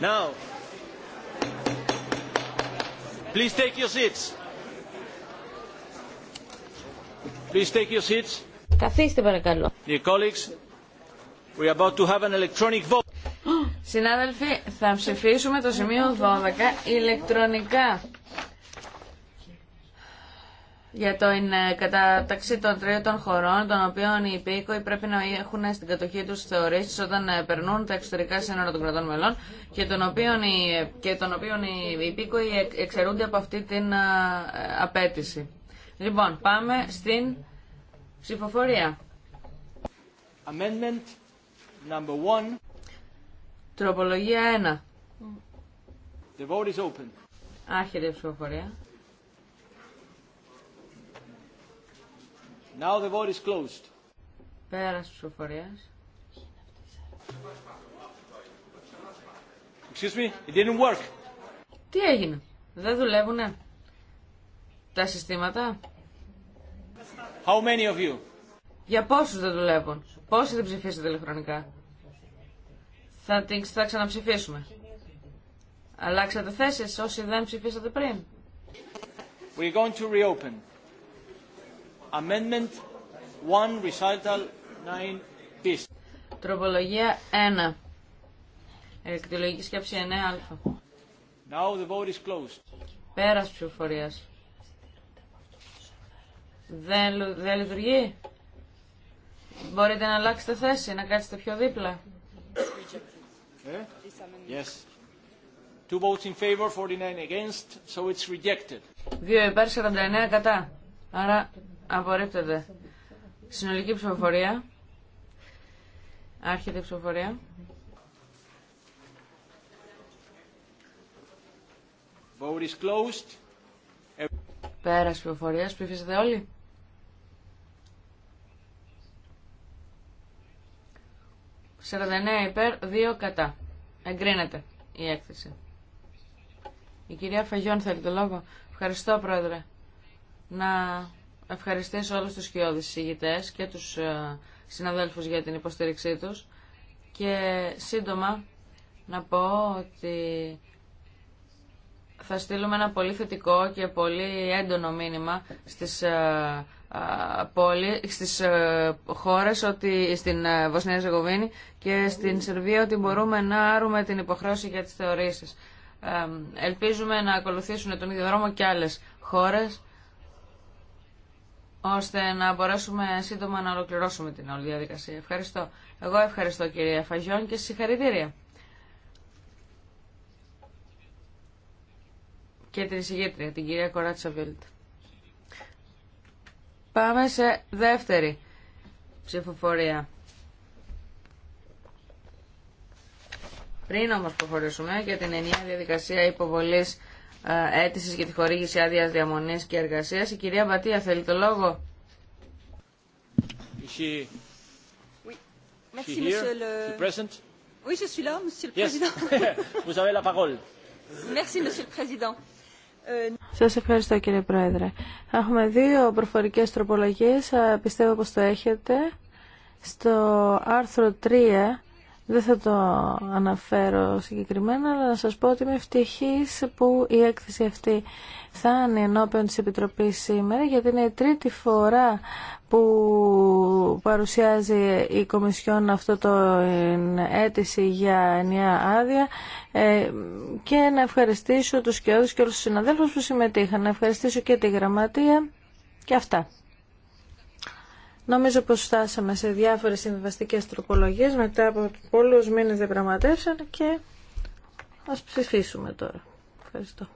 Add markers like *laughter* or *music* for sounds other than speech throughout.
Now. Please take your seats. Please take your seats. Καθίστε παρακαλώ. Dear colleagues, we are about to have an electronic vote. Συνάδελφοι, θα ψηφίσουμε το σημείο 12 ηλεκτρονικά για το ε, κατάταξη των τρίτων χωρών, των οποίων οι υπήκοοι πρέπει να έχουν στην κατοχή τους θεωρήσεις όταν ε, περνούν τα εξωτερικά σύνορα των κρατών μελών και των οποίων οι, ε, και των οποίων οι υπήκοοι εξαιρούνται από αυτή την απέτηση. Λοιπόν, πάμε στην ψηφοφορία. Amendment number one. Τροπολογία 1. The vote is open. Άρχεται η ψηφοφορία. Now the vote is closed. Πέρας ψηφοφορίας. Excuse me, it didn't work. Τι έγινε, δεν δουλεύουνε τα συστήματα. How many of you? Για πόσους δεν δουλεύουν, πόσοι δεν ψηφίσατε ηλεκτρονικά. Θα την θα ξαναψηφίσουμε. Αλλάξατε θέσεις όσοι δεν ψηφίσατε πριν. We're going to reopen. Amendment 1, Recital 9 Τροπολογία 1. Εκτελογική σκέψη 9α. Now the vote is closed. ψηφοφορίας. Δεν, λειτουργεί. Μπορείτε να αλλάξετε θέση, να κάτσετε πιο δίπλα. Ε? Yes. Two votes in favor, 49 against, so it's rejected. Δύο υπέρ, 49 κατά. Άρα Απορρίπτεται. Συνολική ψηφοφορία. Άρχεται η ψηφοφορία. Vote is closed. Πέρας ψηφοφορία. Ψηφίσατε όλοι. «49 υπέρ, 2 κατά». Εγκρίνεται η έκθεση. Η κυρία Φαγιόν θέλει το λόγο. Ευχαριστώ, Πρόεδρε. Να ευχαριστήσω όλους τους σκιώδεις συγητές και τους ε, συναδέλφους για την υποστήριξή τους και σύντομα να πω ότι θα στείλουμε ένα πολύ θετικό και πολύ έντονο μήνυμα στις χώρε ε, στις ε, χώρες ότι, στην Βοσνία Ζεγοβίνη και στην Σερβία ότι μπορούμε να άρουμε την υποχρέωση για τις θεωρήσεις. Ελπίζουμε να ακολουθήσουν τον ίδιο δρόμο και άλλες χώρες ώστε να μπορέσουμε σύντομα να ολοκληρώσουμε την όλη διαδικασία. Ευχαριστώ. Εγώ ευχαριστώ κυρία Φαγιόν και συγχαρητήρια. Και την συγγήτρια, την κυρία Κοράτσα Βίλτ. Πάμε σε δεύτερη ψηφοφορία. Πριν όμως προχωρήσουμε για την ενιαία διαδικασία υποβολής ε, αίτηση για τη χορήγηση άδεια διαμονή και εργασία. Η κυρία Μπατία θέλει το λόγο. *laughs* Euh, Σα ευχαριστώ κύριε Πρόεδρε. Έχουμε δύο προφορικέ τροπολογίε. πιστεύω πω το έχετε. Στο άρθρο 3 δεν θα το αναφέρω συγκεκριμένα, αλλά να σας πω ότι είμαι ευτυχής που η έκθεση αυτή θα είναι ενώπιον της Επιτροπής σήμερα, γιατί είναι η τρίτη φορά που παρουσιάζει η Κομισιόν αυτό το αίτηση για ενιαία άδεια ε, και να ευχαριστήσω τους και όλους τους συναδέλφους που συμμετείχαν, να ευχαριστήσω και τη Γραμματεία και αυτά. Νομίζω πως φτάσαμε σε διάφορες συμβιβαστικές τροπολογίες μετά από πολλούς μήνες πραγματεύσαν και ας ψηφίσουμε τώρα. Ευχαριστώ.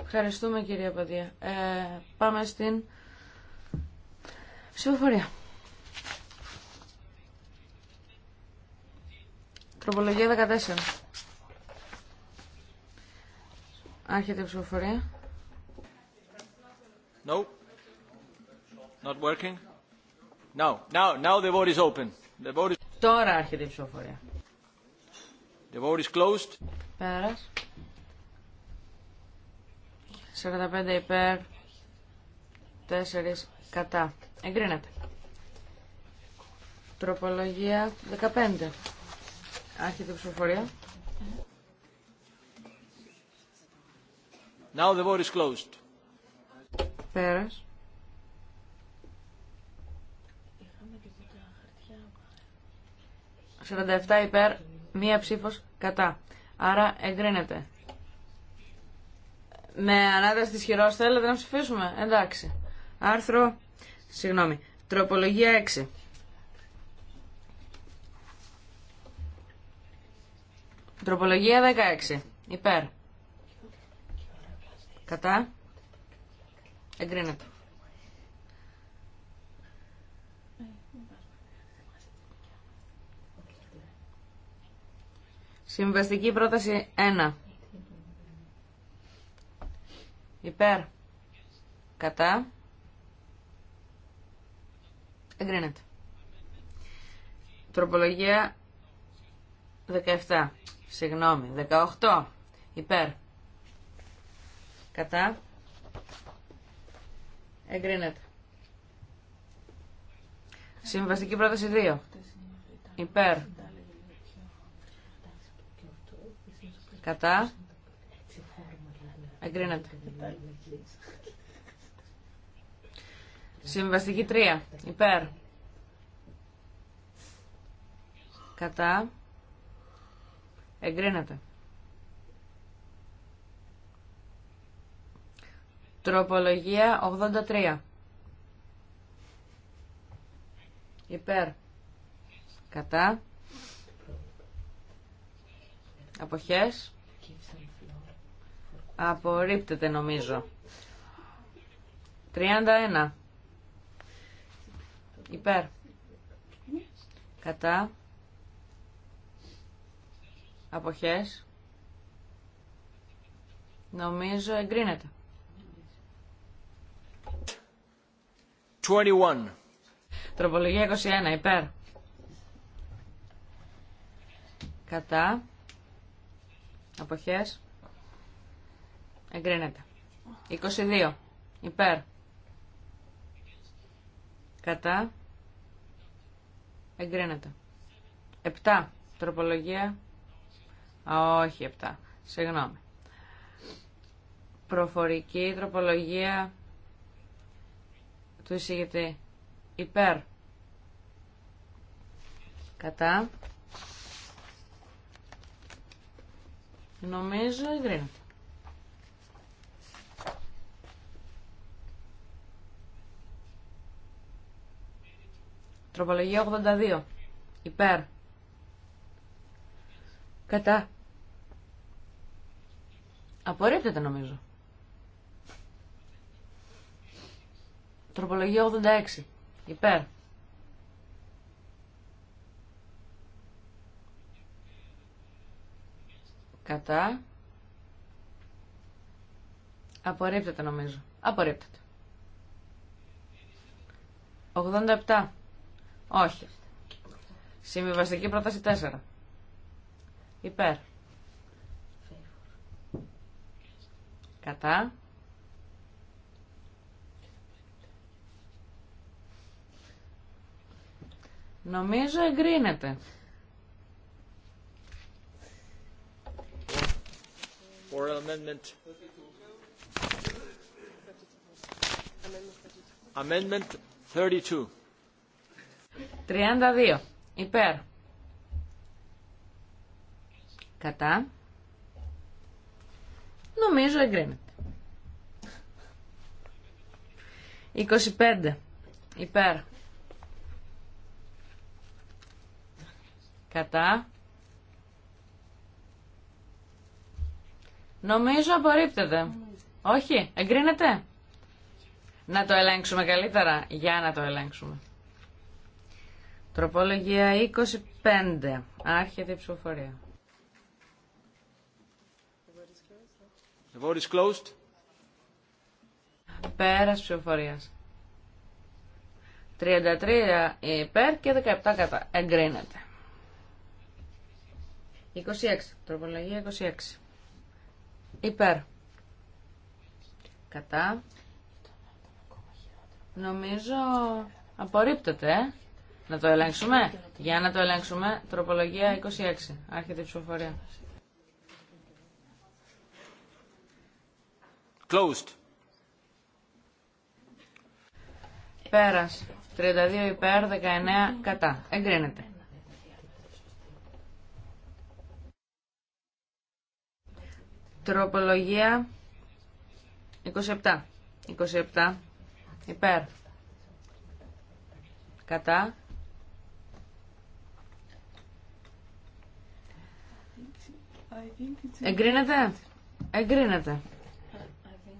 Ευχαριστούμε κυρία Παδία. Ε, πάμε στην ψηφοφορία. Τροπολογία 14. Άρχεται η ψηφοφορία. No. Not working. Now, now, now the vote is open. The vote is... Τώρα άρχεται η ψηφοφορία. The vote is closed. Πέρας. 45 υπέρ, 4 κατά. Εγκρίνεται. Τροπολογία 15. Άρχεται η ψηφοφορία. Now the vote is closed. Πέρας. Είχαμε και 47 υπέρ, μία ψήφος κατά. Άρα εγκρίνεται. Με ανάταση της χειρός θέλετε να ψηφίσουμε. Εντάξει. Άρθρο, συγγνώμη, τροπολογία 6. Τροπολογία 16. Υπέρ. Κατά. Εγκρίνεται. Συμβαστική πρόταση 1. Υπέρ. Κατά. Εγκρίνεται. Τροπολογία 17. Συγγνώμη. 18. Υπέρ. Κατά. Εγκρίνεται. Συμβαστική πρόταση 2. Υπέρ. Κατά. Εγκρίνεται. Συμβαστική 3. Υπέρ. Κατά. Εγκρίνεται. Τροπολογία 83. Υπέρ. Κατά. Αποχές. Απορρίπτεται νομίζω. 31. Υπέρ. Κατά. Αποχές. Νομίζω εγκρίνεται. Τροπολογία 21. Υπέρ. Κατά. Αποχές. Εγκρίνεται. 22. Υπέρ. Κατά. Εγκρίνεται. 7. Τροπολογία. όχι 7. Συγγνώμη. Προφορική τροπολογία του εισηγητή. Υπέρ. Κατά. Νομίζω εγκρίνεται. Τροπολογία 82. Υπέρ. Κατά. Απορρίπτεται νομίζω. Τροπολογία 86. Υπέρ. Κατά. Απορρίπτεται νομίζω. Απορρίπτεται. 87. Όχι. Συμβιβαστική πρόταση 4. Υπέρ. Κατά. Νομίζω εγκρίνεται. Oral amendment. Amendment 32. 32. Υπέρ. Κατά. Νομίζω εγκρίνεται. 25. Υπέρ. Κατά. Νομίζω απορρίπτεται. Όχι, εγκρίνεται. Να το ελέγξουμε καλύτερα. Για να το ελέγξουμε. Τροπολογία 25. Άρχεται η ψηφοφορία. The vote is closed. Πέρας ψηφοφορίας. 33 υπέρ και 17 κατά. Εγκρίνεται. 26. Τροπολογία 26. Υπέρ. Κατά. Νομίζω απορρίπτεται, ε. Να το ελέγξουμε. Για να το ελέγξουμε. Τροπολογία 26. Άρχεται η ψηφοφορία. Closed. Πέρας. 32 υπέρ, 19 κατά. Εγκρίνεται. Τροπολογία 27. 27. Υπέρ. Κατά. Εγκρίνεται. Εγκρίνεται.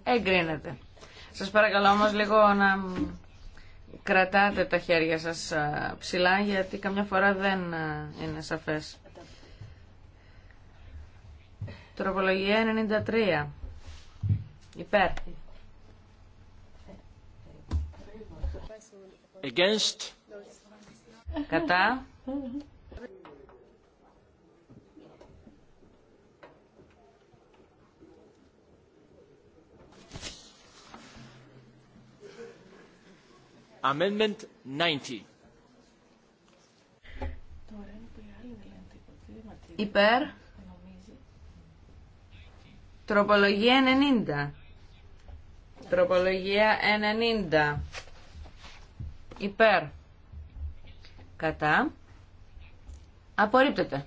Εγκρίνεται. Σας παρακαλώ όμως λίγο να κρατάτε τα χέρια σας ε, ψηλά γιατί καμιά φορά δεν ε, είναι σαφές. Τροπολογία 93. Υπέρ. Against. Κατά. Amendment 90. Υπέρ. Τροπολογία 90. Τροπολογία 90. Υπέρ. Κατά. Απορρίπτεται.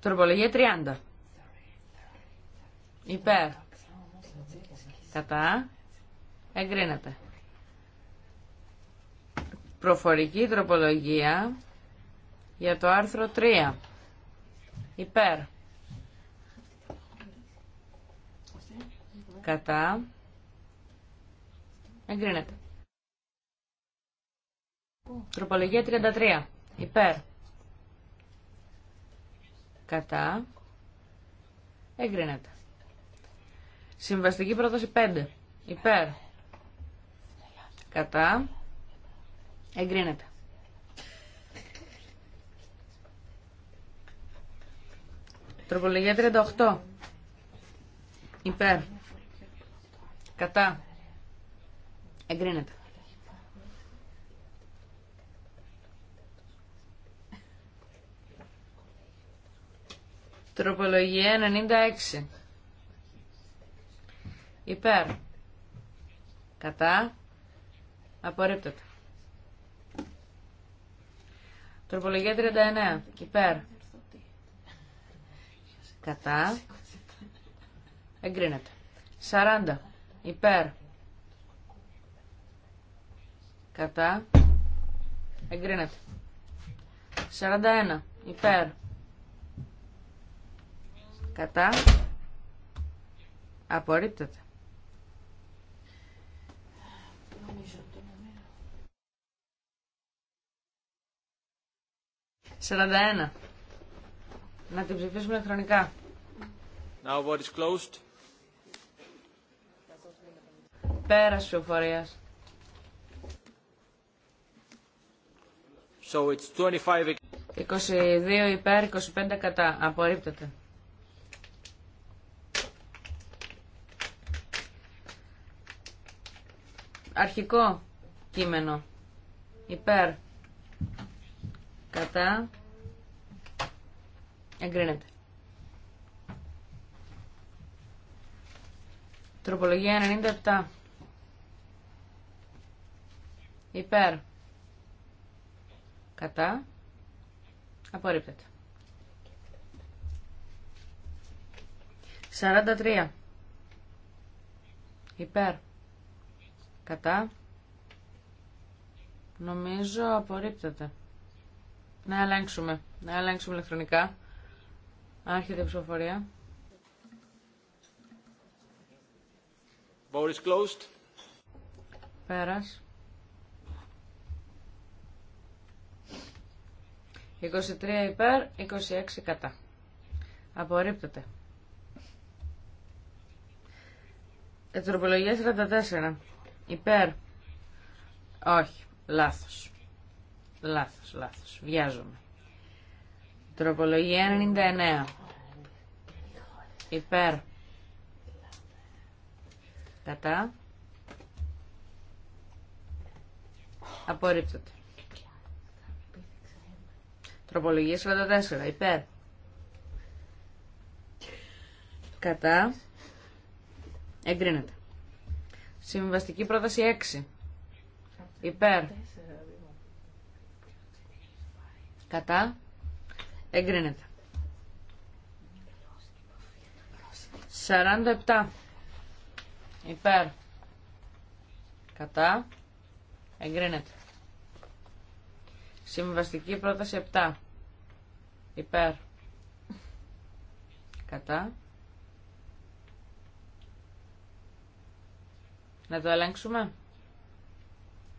Τροπολογία 30. Υπέρ. Κατά. Εγκρίνεται. Προφορική τροπολογία για το άρθρο 3. Υπέρ. Κατά. Εγκρίνεται. Τροπολογία 33. Υπέρ. Κατά. Εγκρίνεται. Συμβαστική πρόταση 5. Υπέρ. Κατά. Εγκρίνεται. Τροπολογία 38. Υπέρ. Κατά. Εγκρίνεται. Τροπολογία 96. Υπέρ. Κατά. Απορρίπτεται. Τροπολογία 39. Υπέρ. Κατά. Εγκρίνεται. 40. Υπέρ. Κατά. Εγκρίνεται. 41. Υπέρ. Κατά. Απορρίπτεται. 41. Να την ψηφίσουμε ηλεκτρονικά. Now what is closed. Πέρας ψηφοφορίας. So it's 25... 22 υπέρ, 25 κατά. Απορρίπτεται. Αρχικό κείμενο. Υπέρ. Κατά. Εγκρίνεται. Τροπολογία 97. Υπέρ. Κατά. Απορρίπτεται. 43. Υπέρ. Κατά. Νομίζω απορρίπτεται. Να ελέγξουμε. Να ελέγξουμε ηλεκτρονικά. Άρχεται η ψηφοφορία. Vote is closed. Πέρας. 23 υπέρ, 26 κατά. Απορρίπτεται. Ε, τροπολογία 44. Υπέρ. Όχι. Λάθος. Λάθος, λάθος. Βιάζομαι. Τροπολογία 99 υπέρ κατά απορρίπτωτο Τροπολογία 44 υπέρ κατά εγκρίνεται. Συμβαστική πρόταση 6 υπέρ κατά εγκρίνεται. 47 υπέρ κατά εγκρίνεται. Συμβαστική πρόταση 7 υπέρ κατά Να το ελέγξουμε.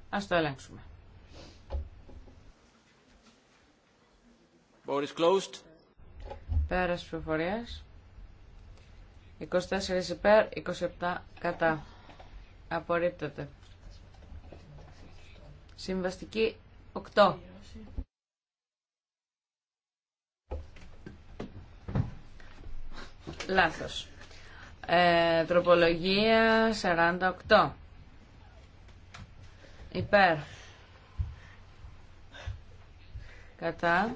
Ας το ελέγξουμε. Board is closed. Πέρας 24 υπέρ, 27 κατά. Απορρίπτεται. Συμβαστική 8. Λάθος. Ε, τροπολογία 48. Υπέρ. Κατά.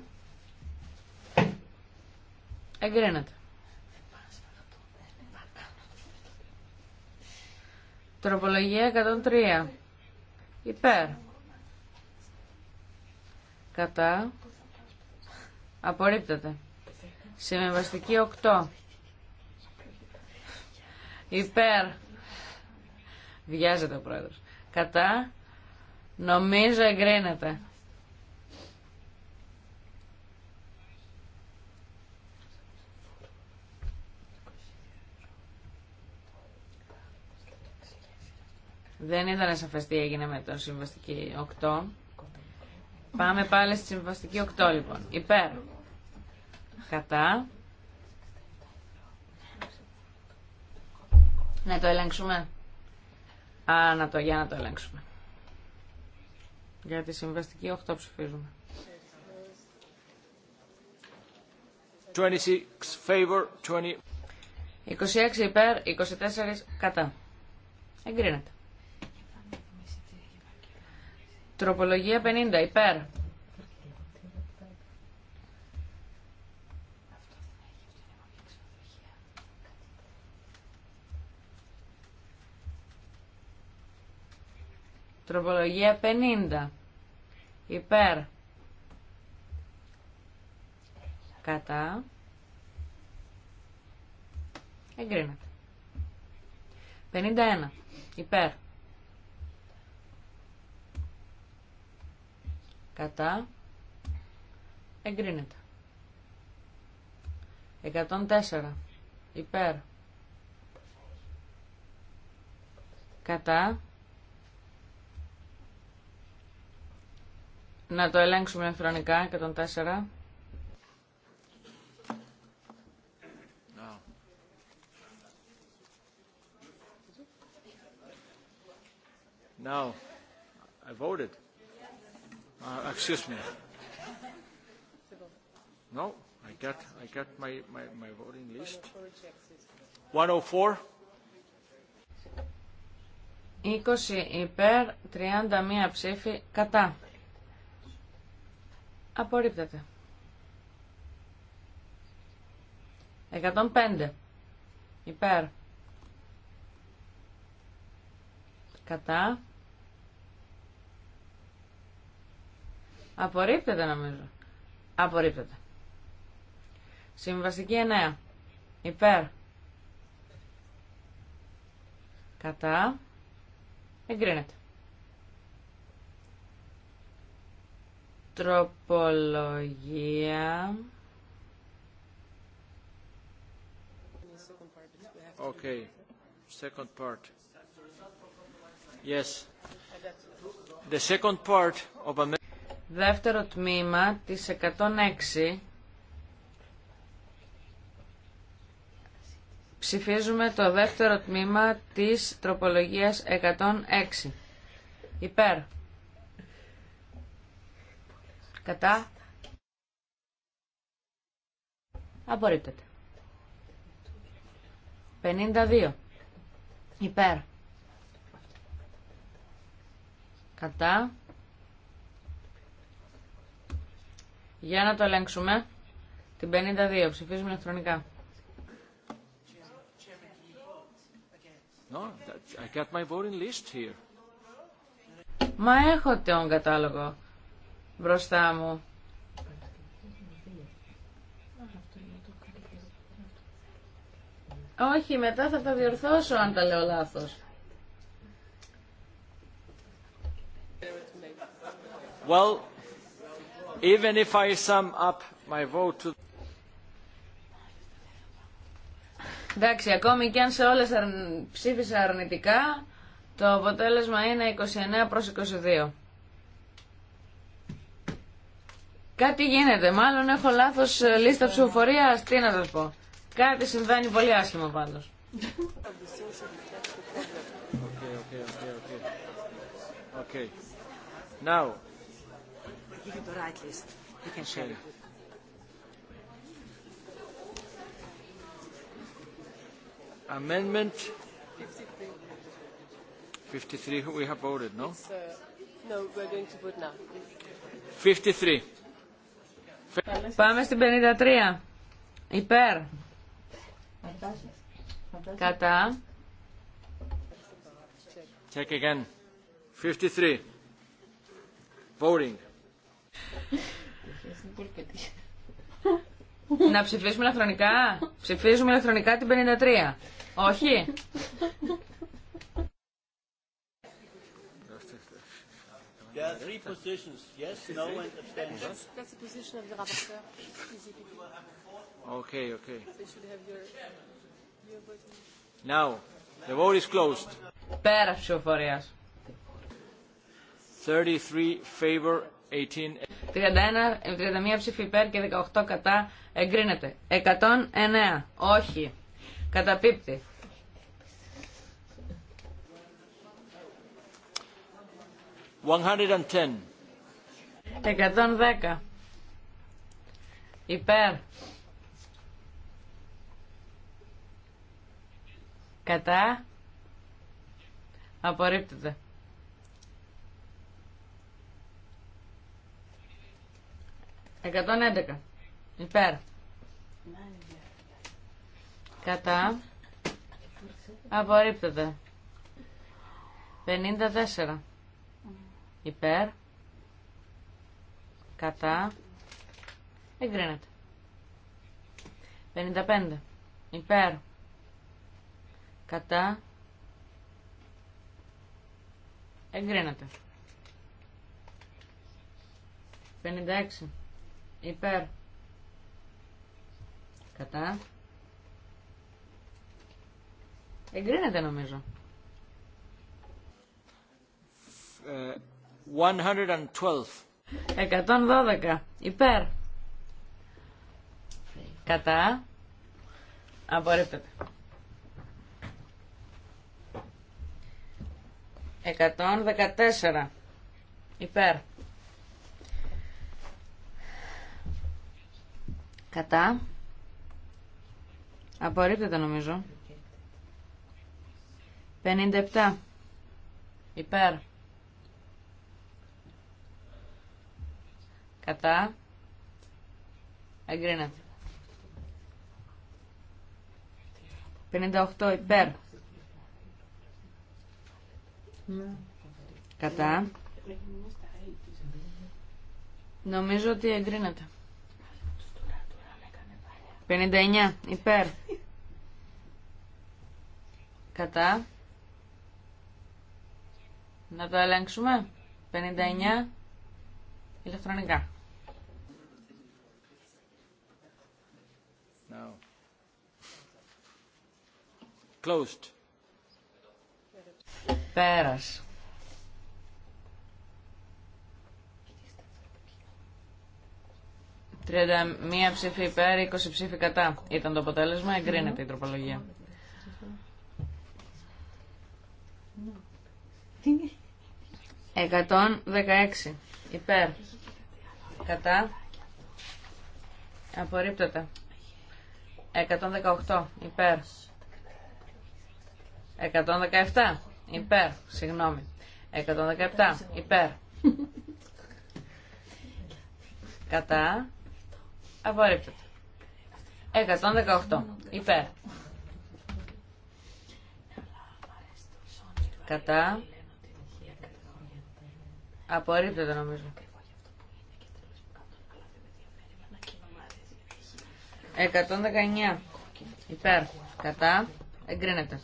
Εγκρίνεται. Τροπολογία 103. Υπέρ. Κατά. Απορρίπτεται. Συμβαστική 8. Υπέρ. Βιάζεται ο πρόεδρος. Κατά. Νομίζω εγκρίνεται. Δεν ήταν σαφέ τι έγινε με το συμβαστική 8. Πάμε πάλι στη συμβαστική 8 λοιπόν. Υπέρ. Κατά. Να το ελέγξουμε. Α, να το, για να το ελέγξουμε. Για τη συμβαστική 8 ψηφίζουμε. 26 favor, 20... 26 υπέρ, 24 κατά. Εγκρίνεται. Τροπολογία 50 υπέρ. Τροπολογία 50 υπέρ. Κατά. Εγκρίνεται. 51 υπέρ. κατά εγκρίνεται 104 υπέρ κατά να το ελέγξουμε ηλεκτρονικά 104 Now, I voted. Uh, excuse me. No, I got I got my my my voting list. 104. 20 υπέρ, 31 ψήφι κατά. Απορρίπτεται. 105 υπέρ. Κατά. Απορρίπτεται νομίζω. Απορρίπτεται. Συμβαστική εννέα. Υπέρ. Κατά. Εγκρίνεται. Τροπολογία. Okay. Second part. Yes. The second part of a Δεύτερο τμήμα της 106 ψηφίζουμε το δεύτερο τμήμα της τροπολογίας 106. Υπέρ. Κατά. Απορρίπτεται. 52. Υπέρ. Κατά. Για να το ελέγξουμε. Την 52 ψηφίζουμε ηλεκτρονικά. Μα έχω τον κατάλογο μπροστά μου. Όχι, μετά θα τα διορθώσω αν τα λέω λάθος. Well, even up my vote Εντάξει, ακόμη και αν σε όλες ψήφισα αρνητικά, το αποτέλεσμα είναι 29 προς 22. Κάτι γίνεται, μάλλον έχω λάθος ε, λίστα ψηφοφορίας, τι να σας πω. Κάτι συμβαίνει πολύ άσχημα πάντως. Okay, okay, okay, okay. Okay. Now, give you the right list. We can share it Amendment 53. We have voted, no? No, we're going to vote now. 53. Πάμε στην 53. Υπέρ. Κατά. Check again. 53. Voting. Να ψηφίσουμε ηλεκτρονικά. Ψηφίζουμε ηλεκτρονικά την 53. Όχι. There are three positions. Yes, no, and abstention. That's the position of the rapporteur. Okay, okay. They should have your, your voting. Now, the vote is closed. Πέρα ψηφοφορίας. 33 favor 31 ε, ψήφοι υπέρ και 18 κατά εγκρίνεται. 109. Όχι. Καταπίπτει. Εκατόν δέκα. Υπέρ. Κατά. Απορρίπτεται. 111. Υπέρ. Κατά. Απορρίπτεται. 54. Υπέρ. Κατά. Εγκρίνεται. 55. Υπέρ. Κατά. Εγκρίνεται. 56 υπέρ κατά εγκρίνεται νομίζω 112 ε, υπέρ κατά απορρίπτεται 114 υπέρ Κατά. Απορρίπτεται νομίζω. 57. Υπέρ. Κατά. Εγκρίνεται. 58. Υπέρ. Κατά. Νομίζω ότι εγκρίνεται. 59 υπέρ. Κατά. Να το ελέγξουμε. 59 ηλεκτρονικά. No. Closed. 31 ψήφοι υπέρ, 20 ψήφοι κατά ήταν το αποτέλεσμα. Εγκρίνεται η τροπολογία. 116 υπέρ κατά απορρίπτεται 118 υπέρ 117 υπέρ συγγνώμη 117 υπέρ κατά Απορρίπτεται. 118. Υπέρ. Κατά. Απορρίπτεται νομίζω. 119. Υπέρ. Κατά. Εγκρίνεται.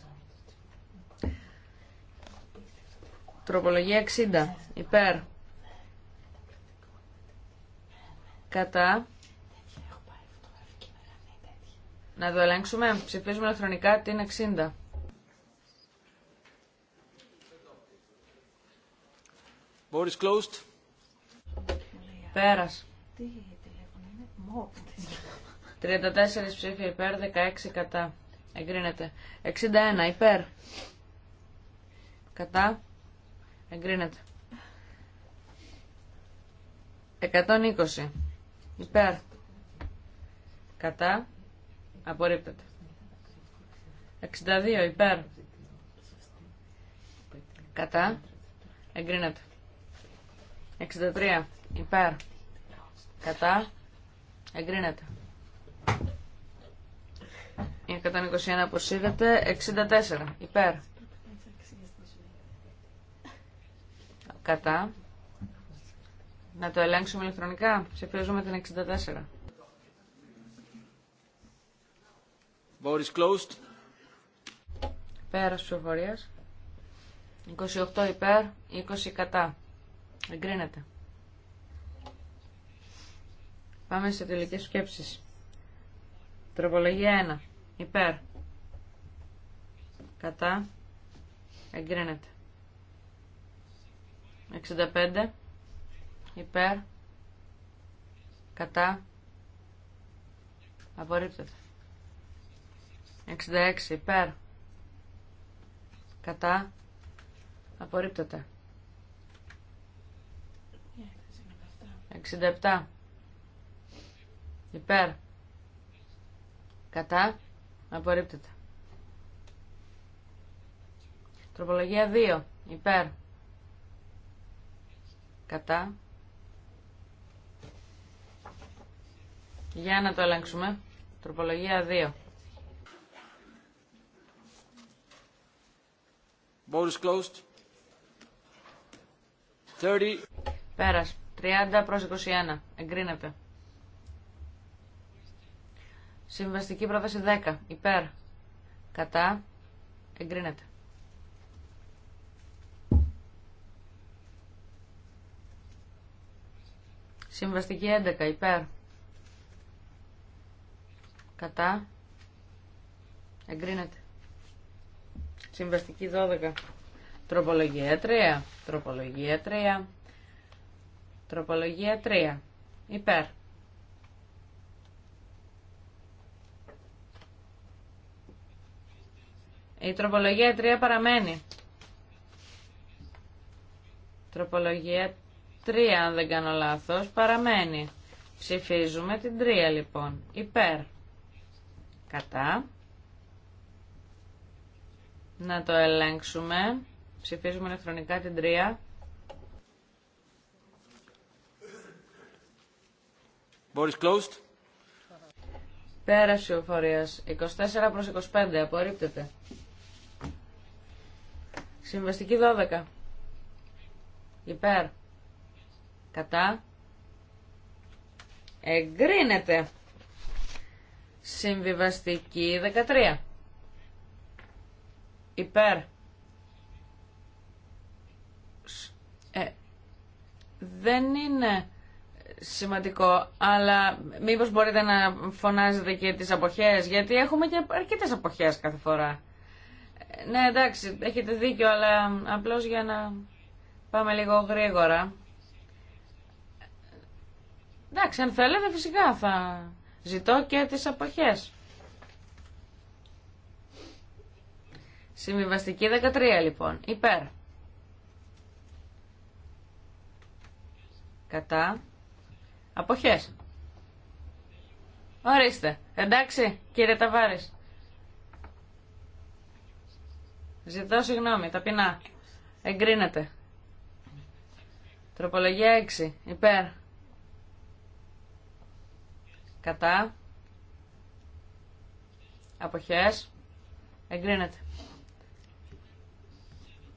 Τροπολογία 60. Υπέρ. Κατά. Να το ελέγξουμε. Ψηφίζουμε ηλεκτρονικά την 60. Board is closed. Πέρας. 34 ψήφια υπέρ, 16 κατά. Εγκρίνεται. 61 υπέρ. Κατά. Εγκρίνεται. 120 υπέρ. Κατά. Απορρίπτεται. 62 υπέρ. Κατά. Εγκρίνεται. 63 υπέρ. Κατά. Εγκρίνεται. Η 121 αποσύρεται. 64 υπέρ. Κατά. Να το ελέγξουμε ηλεκτρονικά. Ψηφίζουμε την 64. Vote is Πέρας ψηφοφορίας. 28 υπέρ, 20 κατά. Εγκρίνεται. Πάμε σε τελικές σκέψεις. Τροπολογία 1. Υπέρ. Κατά. Εγκρίνεται. 65. Υπέρ. Κατά. Απορρίπτεται. 66 υπέρ. Κατά. Απορρίπτεται. 67 υπέρ. Κατά. Απορρίπτεται. Τροπολογία 2 υπέρ. Κατά. Για να το ελέγξουμε. Τροπολογία 2. Vote 30. Πέρας. 30 προς 21. Εγκρίνεται. Συμβαστική πρόταση 10. Υπέρ. Κατά. Εγκρίνεται. Συμβαστική 11. Υπέρ. Κατά. Εγκρίνεται. Συμβαστική 12. Τροπολογία 3. Τροπολογία 3. Τροπολογία 3. Υπέρ. Η τροπολογία 3 παραμένει. Τροπολογία 3, αν δεν κάνω λάθος, παραμένει. Ψηφίζουμε την 3 λοιπόν. Υπέρ. Κατά. Να το ελέγξουμε. Ψηφίζουμε ηλεκτρονικά την 3. Board is closed. Πέρασε ο 24 προς 25. Απορρίπτεται. Συμβαστική 12. Υπέρ. Κατά. Εγκρίνεται. Συμβιβαστική 13 υπέρ ε, δεν είναι σημαντικό, αλλά μήπως μπορείτε να φωνάζετε και τις αποχές, γιατί έχουμε και αρκετές αποχές κάθε φορά. Ε, ναι, εντάξει, έχετε δίκιο, αλλά απλώς για να πάμε λίγο γρήγορα. Ε, εντάξει, αν θέλετε φυσικά θα ζητώ και τις αποχές. Συμβιβαστική 13 λοιπόν. Υπέρ. Κατά. Αποχές. Ορίστε. Εντάξει κύριε Ταβάρης. Ζητώ συγγνώμη, ταπεινά. Εγκρίνεται. Τροπολογία 6. Υπέρ. Κατά. Αποχές. Εγκρίνεται.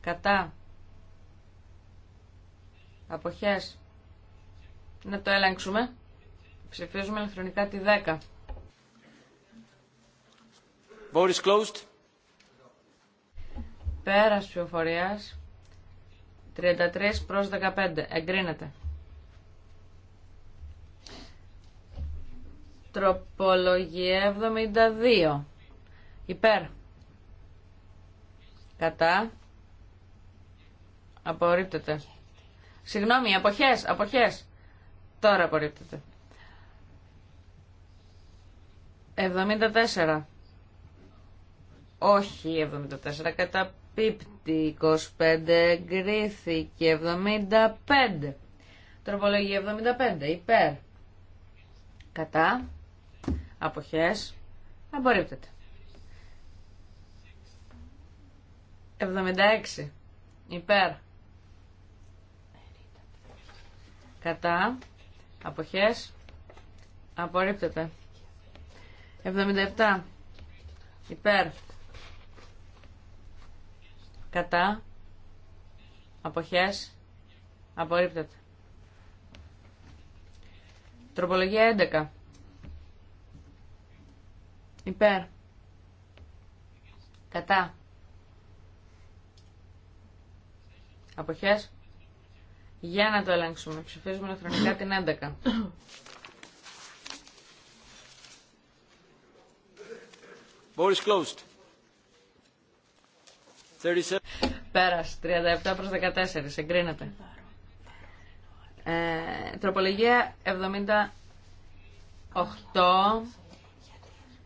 κατά αποχές να το ελέγξουμε ψηφίζουμε ηλεκτρονικά τη 10 Vote is closed. Πέρας ψηφοφορίας 33 προς 15 εγκρίνεται Τροπολογία 72 υπέρ κατά Απορρίπτεται. Συγγνώμη, αποχές, αποχές. Τώρα απορρίπτεται. 74. Όχι, 74. Καταπίπτει. 25 εγκρίθηκε. 75. Τροπολογία 75. Υπέρ. Κατά. Αποχές. Απορρίπτεται. 76. Υπέρ. κατά, αποχές, απορρίπτεται. 77 υπέρ, κατά, αποχές, απορρίπτεται. Τροπολογία 11 υπέρ, κατά, αποχές, για να το ελέγξουμε. Ψηφίζουμε χρονικά την 11. Boris closed. 37. Πέρας. 37 προς 14. Εγκρίνεται. Ε, τροπολογία 78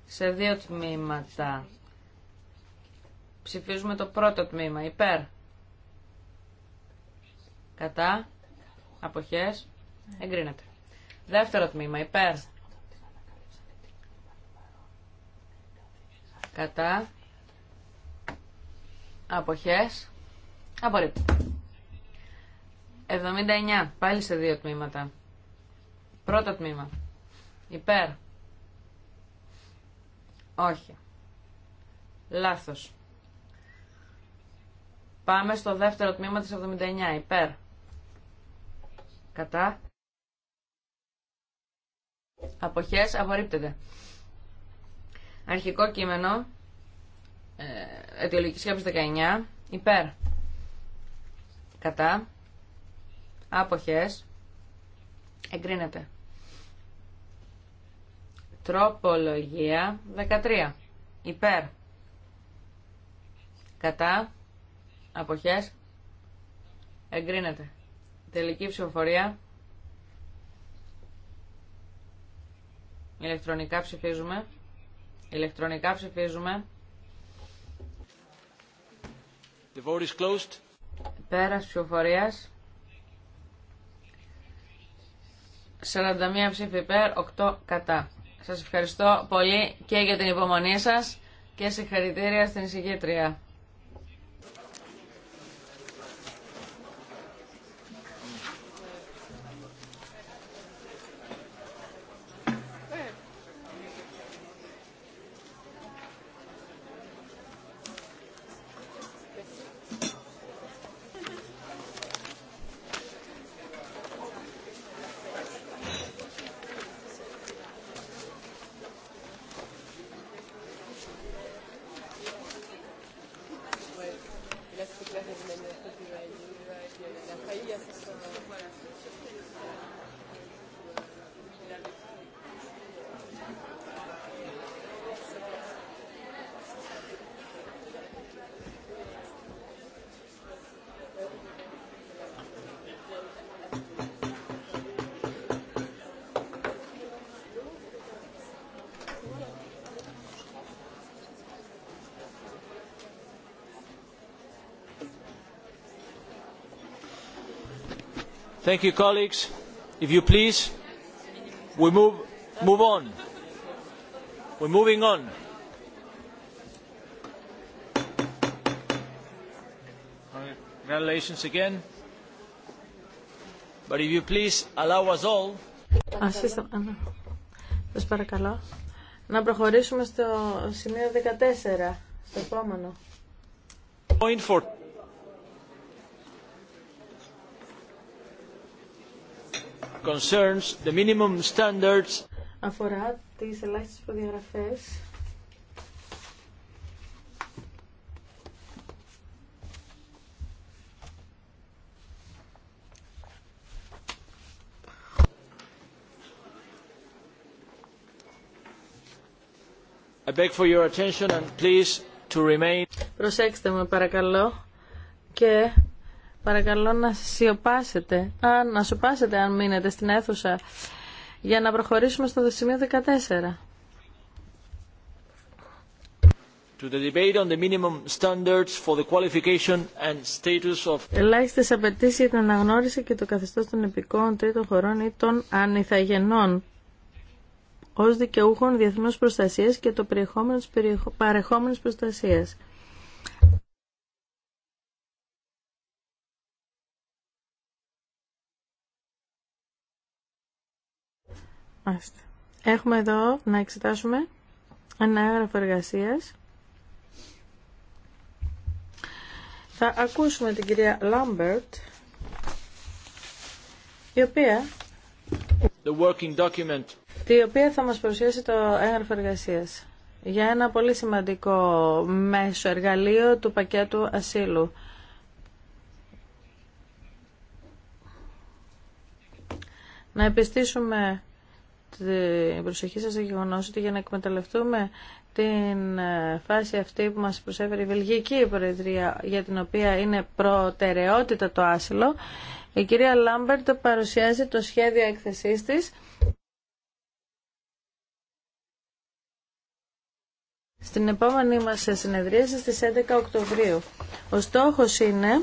σε δύο τμήματα. Ψηφίζουμε το πρώτο τμήμα. Υπέρ κατά, αποχές, εγκρίνεται. Δεύτερο τμήμα, υπέρ, κατά, αποχές, απορρίπτεται. 79, πάλι σε δύο τμήματα. Πρώτο τμήμα, υπέρ, όχι, λάθος. Πάμε στο δεύτερο τμήμα της 79, υπέρ. Κατά. Αποχές απορρίπτεται. Αρχικό κείμενο. Ε, αιτιολογική σκέψη 19. Υπέρ. Κατά. Άποχες. Εγκρίνεται. Τροπολογία 13. Υπέρ. Κατά. Αποχές. Εγκρίνεται. Τελική ψηφοφορία. Ηλεκτρονικά ψηφίζουμε. Ηλεκτρονικά ψηφίζουμε. The vote is closed. Πέρας ψηφοφορίας. 41 ψήφοι υπέρ, 8 κατά. Σας ευχαριστώ πολύ και για την υπομονή σας και συγχαρητήρια στην εισηγήτρια. Thank you, colleagues. If you please, we move, move on. We're moving on. Congratulations again. But if you please allow us all. σας παρακαλώ, να προχωρήσουμε στο σημείο 14, στο επόμενο. Point for concerns the minimum standards. Αφορά τις ελάχιστες προδιαγραφές I beg for your attention and please to remain. Προσέξτε με παρακαλώ και Παρακαλώ να σιωπάσετε, α, να σιωπάσετε αν μείνετε στην αίθουσα, για να προχωρήσουμε στο σημείο 14. Ελάχιστες απαιτήσει για την αναγνώριση και το καθεστώς των επικών τρίτων χωρών ή των ανιθαγενών ως δικαιούχων διεθνούς προστασίας και το παρεχόμενης προστασίας. Έχουμε εδώ να εξετάσουμε ένα έγγραφο εργασίας. Θα ακούσουμε την κυρία Λάμπερτ, η οποία... The working document. οποία θα μας παρουσιάσει το έγγραφο εργασίας για ένα πολύ σημαντικό μέσο εργαλείο του πακέτου ασύλου. Να επιστήσουμε την προσοχή σας στο ότι για να εκμεταλλευτούμε την ε, φάση αυτή που μας προσέφερε η Βελγική Προεδρία για την οποία είναι προτεραιότητα το άσυλο η κυρία Λάμπερτ παρουσιάζει το σχέδιο έκθεσής της στην επόμενή μας συνεδρία στις 11 Οκτωβρίου. Ο στόχος είναι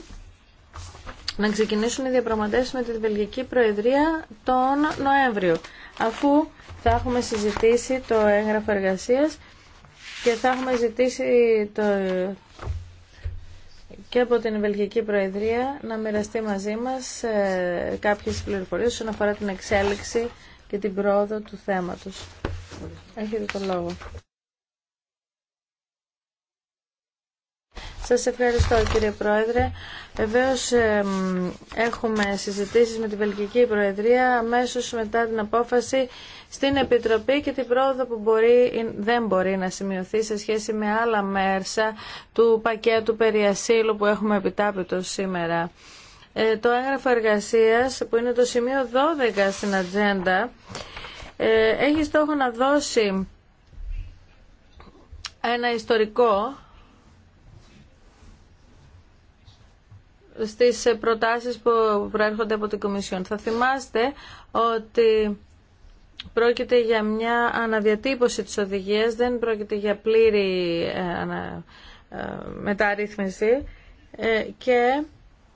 να ξεκινήσουν οι διαπραγματεύσεις με τη Βελγική Προεδρία τον Νοέμβριο αφού θα έχουμε συζητήσει το έγγραφο εργασίας και θα έχουμε ζητήσει το... και από την Βελγική Προεδρία να μοιραστεί μαζί μας ε, κάποιες πληροφορίες όσον αφορά την εξέλιξη και την πρόοδο του θέματος. Έχετε το λόγο. Σας ευχαριστώ κύριε Πρόεδρε. Βεβαίω ε, έχουμε συζητήσεις με την Βελγική Προεδρία αμέσως μετά την απόφαση στην Επιτροπή και την πρόοδο που μπορεί, δεν μπορεί να σημειωθεί σε σχέση με άλλα μέρσα του πακέτου περί που έχουμε επιτάπητο σήμερα. Ε, το έγγραφο εργασίας που είναι το σημείο 12 στην ατζέντα ε, έχει στόχο να δώσει ένα ιστορικό στις προτάσεις που προέρχονται από την Κομισιόν. Θα θυμάστε ότι πρόκειται για μια αναδιατύπωση της οδηγίας, δεν πρόκειται για πλήρη ε, ε, μεταρρύθμιση ε, και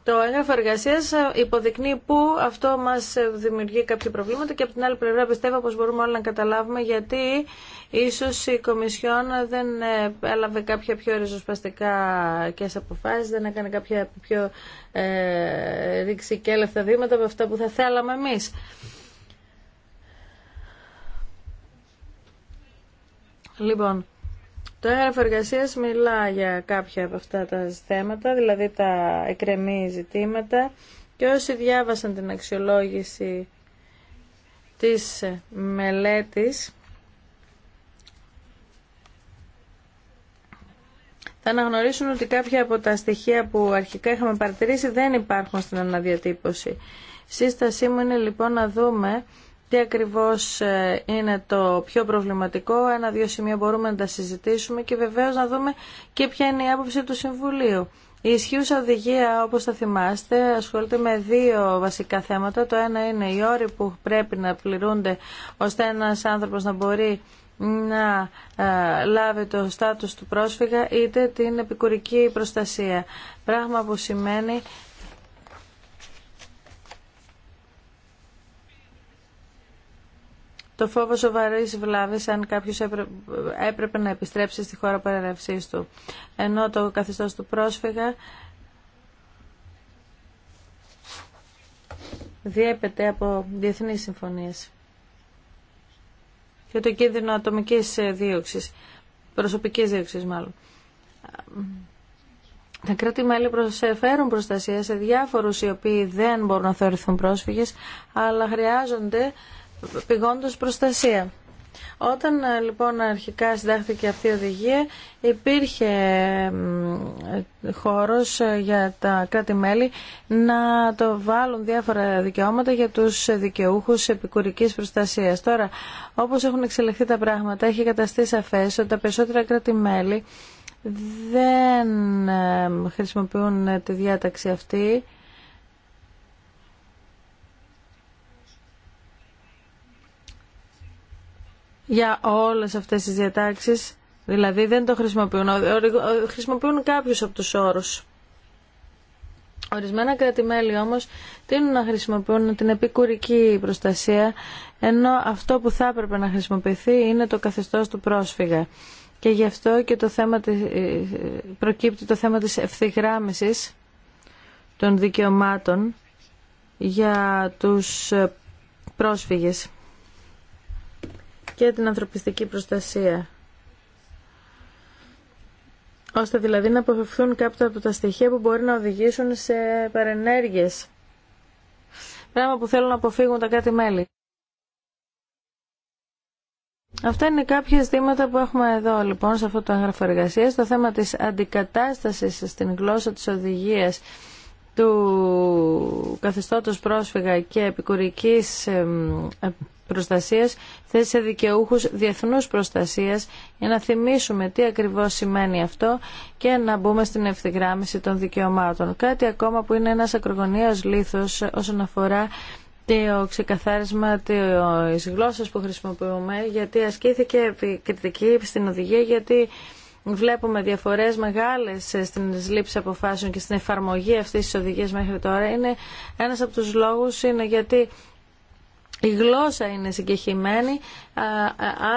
το έγγραφο εργασία ε, υποδεικνύει που αυτό μα ε, δημιουργεί κάποια προβλήματα και από την άλλη πλευρά πιστεύω πω μπορούμε όλοι να καταλάβουμε γιατί ίσω η Κομισιόν δεν ε, έλαβε κάποια πιο ριζοσπαστικά και αποφάσει, δεν έκανε κάποια πιο ε, έλευτα βήματα από αυτά που θα θέλαμε εμεί. Λοιπόν, το έγγραφο εργασία μιλά για κάποια από αυτά τα θέματα, δηλαδή τα εκρεμή ζητήματα και όσοι διάβασαν την αξιολόγηση της μελέτης θα αναγνωρίσουν ότι κάποια από τα στοιχεία που αρχικά είχαμε παρατηρήσει δεν υπάρχουν στην αναδιατύπωση. Σύστασή μου είναι λοιπόν να δούμε τι ακριβώς ε, είναι το πιο προβληματικό. Ένα-δύο σημεία μπορούμε να τα συζητήσουμε και βεβαίως να δούμε και ποια είναι η άποψη του Συμβουλίου. Η ισχύουσα οδηγία, όπως θα θυμάστε, ασχολείται με δύο βασικά θέματα. Το ένα είναι οι όροι που πρέπει να πληρούνται ώστε ένας άνθρωπος να μπορεί να ε, λάβει το στάτους του πρόσφυγα είτε την επικουρική προστασία. Πράγμα που σημαίνει το φόβο σοβαρή βλάβη αν κάποιο έπρεπε να επιστρέψει στη χώρα παρελευσή του. Ενώ το καθεστώ του πρόσφυγα διέπεται από διεθνείς συμφωνίες και το κίνδυνο ατομικής ε, δίωξης, προσωπικής δίωξης μάλλον. Τα κράτη-μέλη προσφέρουν προστασία σε διάφορους οι οποίοι δεν μπορούν να θεωρηθούν πρόσφυγες, αλλά χρειάζονται πηγόντως προστασία. Όταν ε, λοιπόν αρχικά συντάχθηκε αυτή η οδηγία υπήρχε ε, χώρος ε, για τα κράτη-μέλη να το βάλουν διάφορα δικαιώματα για τους δικαιούχους επικουρικής προστασίας. Τώρα, όπως έχουν εξελιχθεί τα πράγματα, έχει καταστεί σαφές ότι τα περισσότερα κράτη-μέλη δεν χρησιμοποιούν τη διάταξη αυτή για όλες αυτές τις διατάξεις, δηλαδή δεν το χρησιμοποιούν, χρησιμοποιούν κάποιους από τους όρους. Ορισμένα κράτη-μέλη όμως τείνουν να χρησιμοποιούν την επικουρική προστασία, ενώ αυτό που θα έπρεπε να χρησιμοποιηθεί είναι το καθεστώς του πρόσφυγα. Και γι' αυτό και το θέμα της, ε, προκύπτει το θέμα της ευθυγράμμισης των δικαιωμάτων για τους ε, πρόσφυγες και την ανθρωπιστική προστασία ώστε δηλαδή να αποφευθούν κάποια από τα στοιχεία που μπορεί να οδηγήσουν σε παρενέργειες. Πράγμα που θέλουν να αποφύγουν τα κάτι μέλη. Αυτά είναι κάποια ζητήματα που έχουμε εδώ λοιπόν σε αυτό το έγγραφο εργασία. Το θέμα της αντικατάστασης στην γλώσσα της οδηγίας του καθεστώτος πρόσφυγα και επικουρικής ε, προστασίας θέσει σε δικαιούχους διεθνούς προστασίας για να θυμίσουμε τι ακριβώς σημαίνει αυτό και να μπούμε στην ευθυγράμμιση των δικαιωμάτων. Κάτι ακόμα που είναι ένας ακρογωνίας λήθος όσον αφορά το ξεκαθάρισμα της γλώσσας που χρησιμοποιούμε γιατί ασκήθηκε κριτική στην οδηγία γιατί βλέπουμε διαφορές μεγάλες ε, στην λήψη αποφάσεων και στην εφαρμογή αυτής της οδηγίας μέχρι τώρα είναι ένας από τους λόγους είναι γιατί η γλώσσα είναι συγκεχημένη,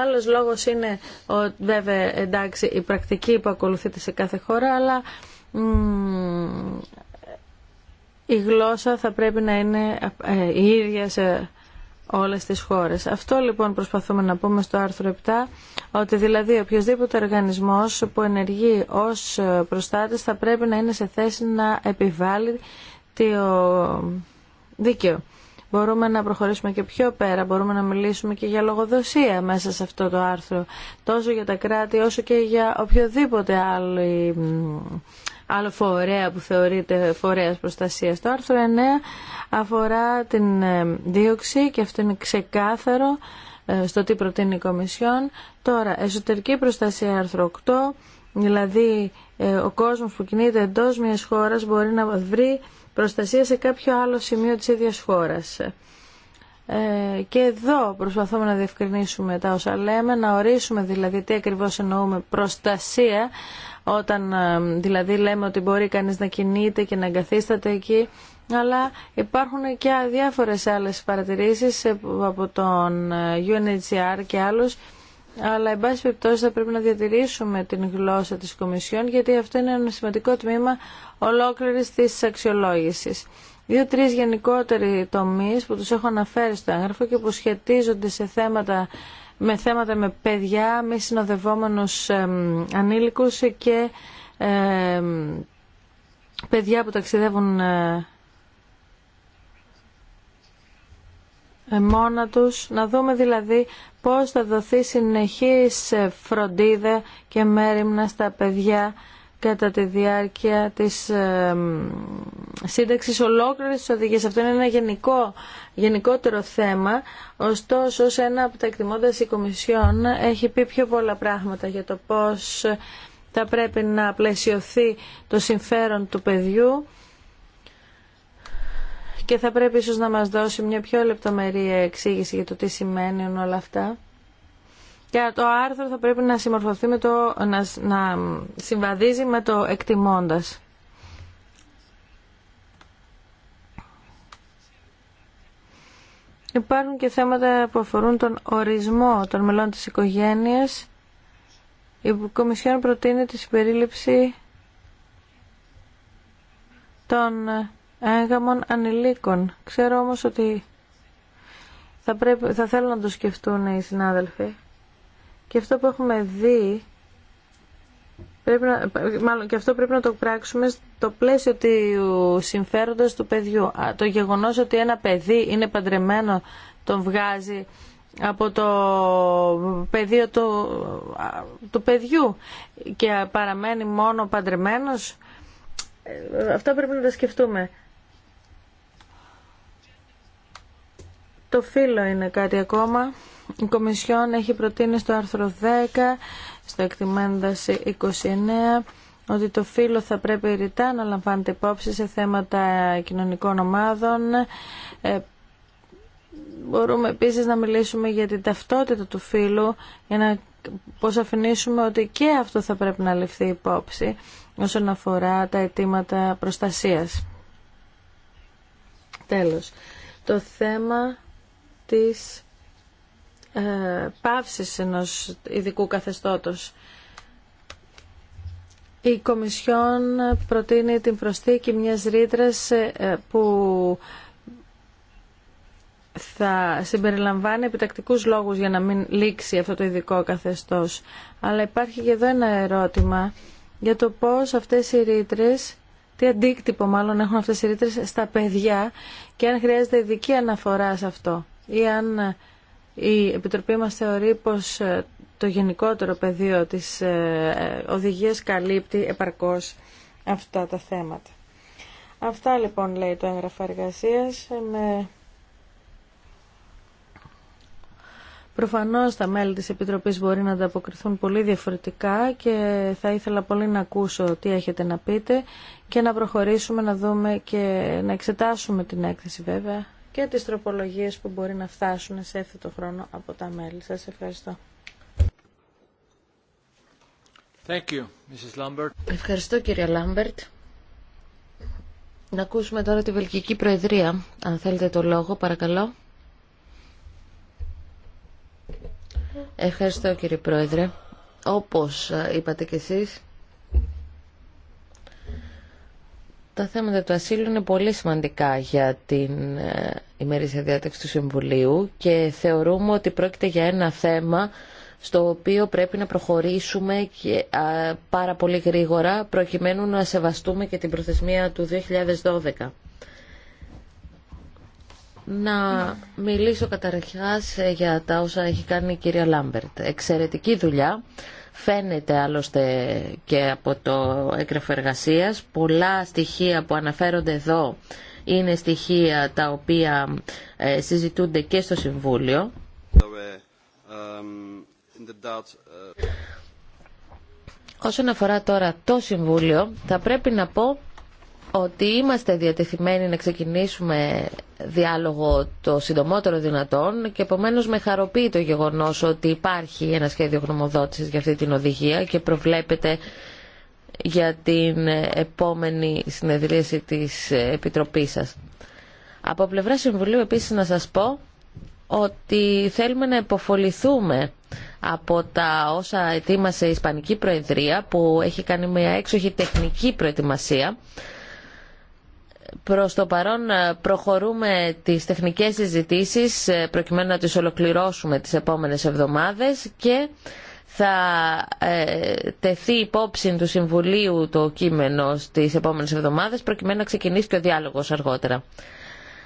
άλλος λόγος είναι βέβαια εντάξει η πρακτική που ακολουθείται σε κάθε χώρα αλλά η γλώσσα θα πρέπει να είναι ε, η ίδια σε όλες τις χώρες. Αυτό λοιπόν προσπαθούμε να πούμε στο άρθρο 7, ότι δηλαδή οποιοδήποτε οργανισμός που ενεργεί ως προστάτης θα πρέπει να είναι σε θέση να επιβάλλει το δίκαιο. Μπορούμε να προχωρήσουμε και πιο πέρα, μπορούμε να μιλήσουμε και για λογοδοσία μέσα σε αυτό το άρθρο, τόσο για τα κράτη όσο και για οποιοδήποτε άλλη άλλο φορέα που θεωρείται φορέας προστασίας. Το άρθρο 9 αφορά την ε, δίωξη και αυτό είναι ξεκάθαρο ε, στο τι προτείνει η Κομισιόν. Τώρα, εσωτερική προστασία άρθρο 8, δηλαδή ε, ο κόσμος που κινείται εντός μιας χώρας μπορεί να βρει προστασία σε κάποιο άλλο σημείο της ίδιας χώρας. και εδώ προσπαθούμε να διευκρινίσουμε τα όσα λέμε, να ορίσουμε δηλαδή τι ακριβώς εννοούμε προστασία όταν ε, δηλαδή λέμε ότι μπορεί κανείς να κινείται και να εγκαθίσταται εκεί αλλά υπάρχουν και διάφορες άλλες παρατηρήσεις ε, από τον ε, UNHCR και άλλους αλλά εν πάση περιπτώσει θα πρέπει να διατηρήσουμε την γλώσσα της Κομισιόν γιατί αυτό είναι ένα σημαντικό τμήμα ολόκληρης της αξιολόγησης. Δύο-τρεις γενικότεροι τομείς που τους έχω αναφέρει στο έγγραφο και που σχετίζονται σε θέματα με θέματα με παιδιά, μη συνοδευόμενους ανήλικους και παιδιά που ταξιδεύουν ε, ε, μόνα τους, να δούμε δηλαδή πώς θα δοθεί συνεχής φροντίδα και μέρημνα στα παιδιά κατά τη διάρκεια της ε, σύνταξης ολόκληρης της οδηγίας. Αυτό είναι ένα γενικό, γενικότερο θέμα, ωστόσο σε ένα από τα εκτιμώντας η Κομισιόν έχει πει πιο πολλά πράγματα για το πώς θα πρέπει να πλαισιωθεί το συμφέρον του παιδιού και θα πρέπει ίσως να μας δώσει μια πιο λεπτομερή εξήγηση για το τι σημαίνουν όλα αυτά και το άρθρο θα πρέπει να συμμορφωθεί με το, να, να συμβαδίζει με το εκτιμώντας. Υπάρχουν και θέματα που αφορούν τον ορισμό των μελών της οικογένειας. Η Κομισιόν προτείνει τη συμπερίληψη των έγγαμων ανηλίκων. Ξέρω όμως ότι θα, πρέπει, θα θέλουν να το σκεφτούν οι συνάδελφοι. Και αυτό που έχουμε δει, πρέπει να, μάλλον και αυτό πρέπει να το πράξουμε στο πλαίσιο του συμφέροντος του παιδιού. Το γεγονός ότι ένα παιδί είναι παντρεμένο τον βγάζει από το πεδίο του, του παιδιού και παραμένει μόνο παντρεμένος. Ε, αυτό πρέπει να τα σκεφτούμε. Το φίλο είναι κάτι ακόμα. Η Κομισιόν έχει προτείνει στο άρθρο 10, στο εκτιμάνταση 29, ότι το φύλλο θα πρέπει ρητά να λαμβάνεται υπόψη σε θέματα κοινωνικών ομάδων. Ε, μπορούμε επίσης να μιλήσουμε για την ταυτότητα του φύλλου, για να πώς αφηνήσουμε ότι και αυτό θα πρέπει να ληφθεί υπόψη όσον αφορά τα αιτήματα προστασίας. Τέλος, το θέμα της ε, πάυσης ενός ειδικού καθεστώτος. Η Κομισιόν προτείνει την προσθήκη μιας ρήτρας ε, ε, που θα συμπεριλαμβάνει επιτακτικούς λόγους για να μην λήξει αυτό το ειδικό καθεστώς. Αλλά υπάρχει και εδώ ένα ερώτημα για το πώς αυτές οι ρήτρες, τι αντίκτυπο μάλλον έχουν αυτές οι ρήτρες στα παιδιά και αν χρειάζεται ειδική αναφορά σε αυτό ή αν η Επιτροπή μας θεωρεί πως ε, το γενικότερο πεδίο της ε, ε, οδηγίας καλύπτει επαρκώς αυτά τα θέματα. Αυτά λοιπόν λέει το έγγραφο εργασία με... Προφανώς τα μέλη της Επιτροπής μπορεί να ανταποκριθούν πολύ διαφορετικά και θα ήθελα πολύ να ακούσω τι έχετε να πείτε και να προχωρήσουμε να δούμε και να εξετάσουμε την έκθεση βέβαια και τις τροπολογίες που μπορεί να φτάσουν σε το χρόνο από τα μέλη. Σας ευχαριστώ. Thank you, Mrs. Lambert. Ευχαριστώ κύριε Λάμπερτ. Να ακούσουμε τώρα τη Βελγική Προεδρία. Αν θέλετε το λόγο, παρακαλώ. Ευχαριστώ κύριε Πρόεδρε. Όπως ε, είπατε κι εσείς, Τα θέματα του ασύλου είναι πολύ σημαντικά για την ε, ημερήσια διάταξη του Συμβουλίου και θεωρούμε ότι πρόκειται για ένα θέμα στο οποίο πρέπει να προχωρήσουμε και, πάρα πολύ γρήγορα προκειμένου να σεβαστούμε και την προθεσμία του 2012. Να μιλήσω καταρχάς ε, για τα όσα έχει κάνει η κυρία Λάμπερτ. Εξαιρετική δουλειά. Φαίνεται άλλωστε και από το έγγραφο εργασία. Πολλά στοιχεία που αναφέρονται εδώ είναι στοιχεία τα οποία ε, συζητούνται και στο Συμβούλιο. Όσον αφορά τώρα το Συμβούλιο, θα πρέπει να πω ότι είμαστε διατεθειμένοι να ξεκινήσουμε διάλογο το συντομότερο δυνατόν και επομένω με χαροποιεί το γεγονός ότι υπάρχει ένα σχέδιο γνωμοδότηση για αυτή την οδηγία και προβλέπεται για την επόμενη συνεδρίαση της Επιτροπής σας. Από πλευρά Συμβουλίου επίσης να σας πω ότι θέλουμε να υποφοληθούμε από τα όσα ετοίμασε η Ισπανική Προεδρία που έχει κάνει μια έξοχη τεχνική προετοιμασία προς το παρόν ε, προχωρούμε τις τεχνικές συζητήσεις ε, προκειμένου να τις ολοκληρώσουμε τις επόμενες εβδομάδες και θα ε, τεθεί υπόψη του Συμβουλίου το κείμενο στις επόμενες εβδομάδες προκειμένου να ξεκινήσει και ο διάλογος αργότερα.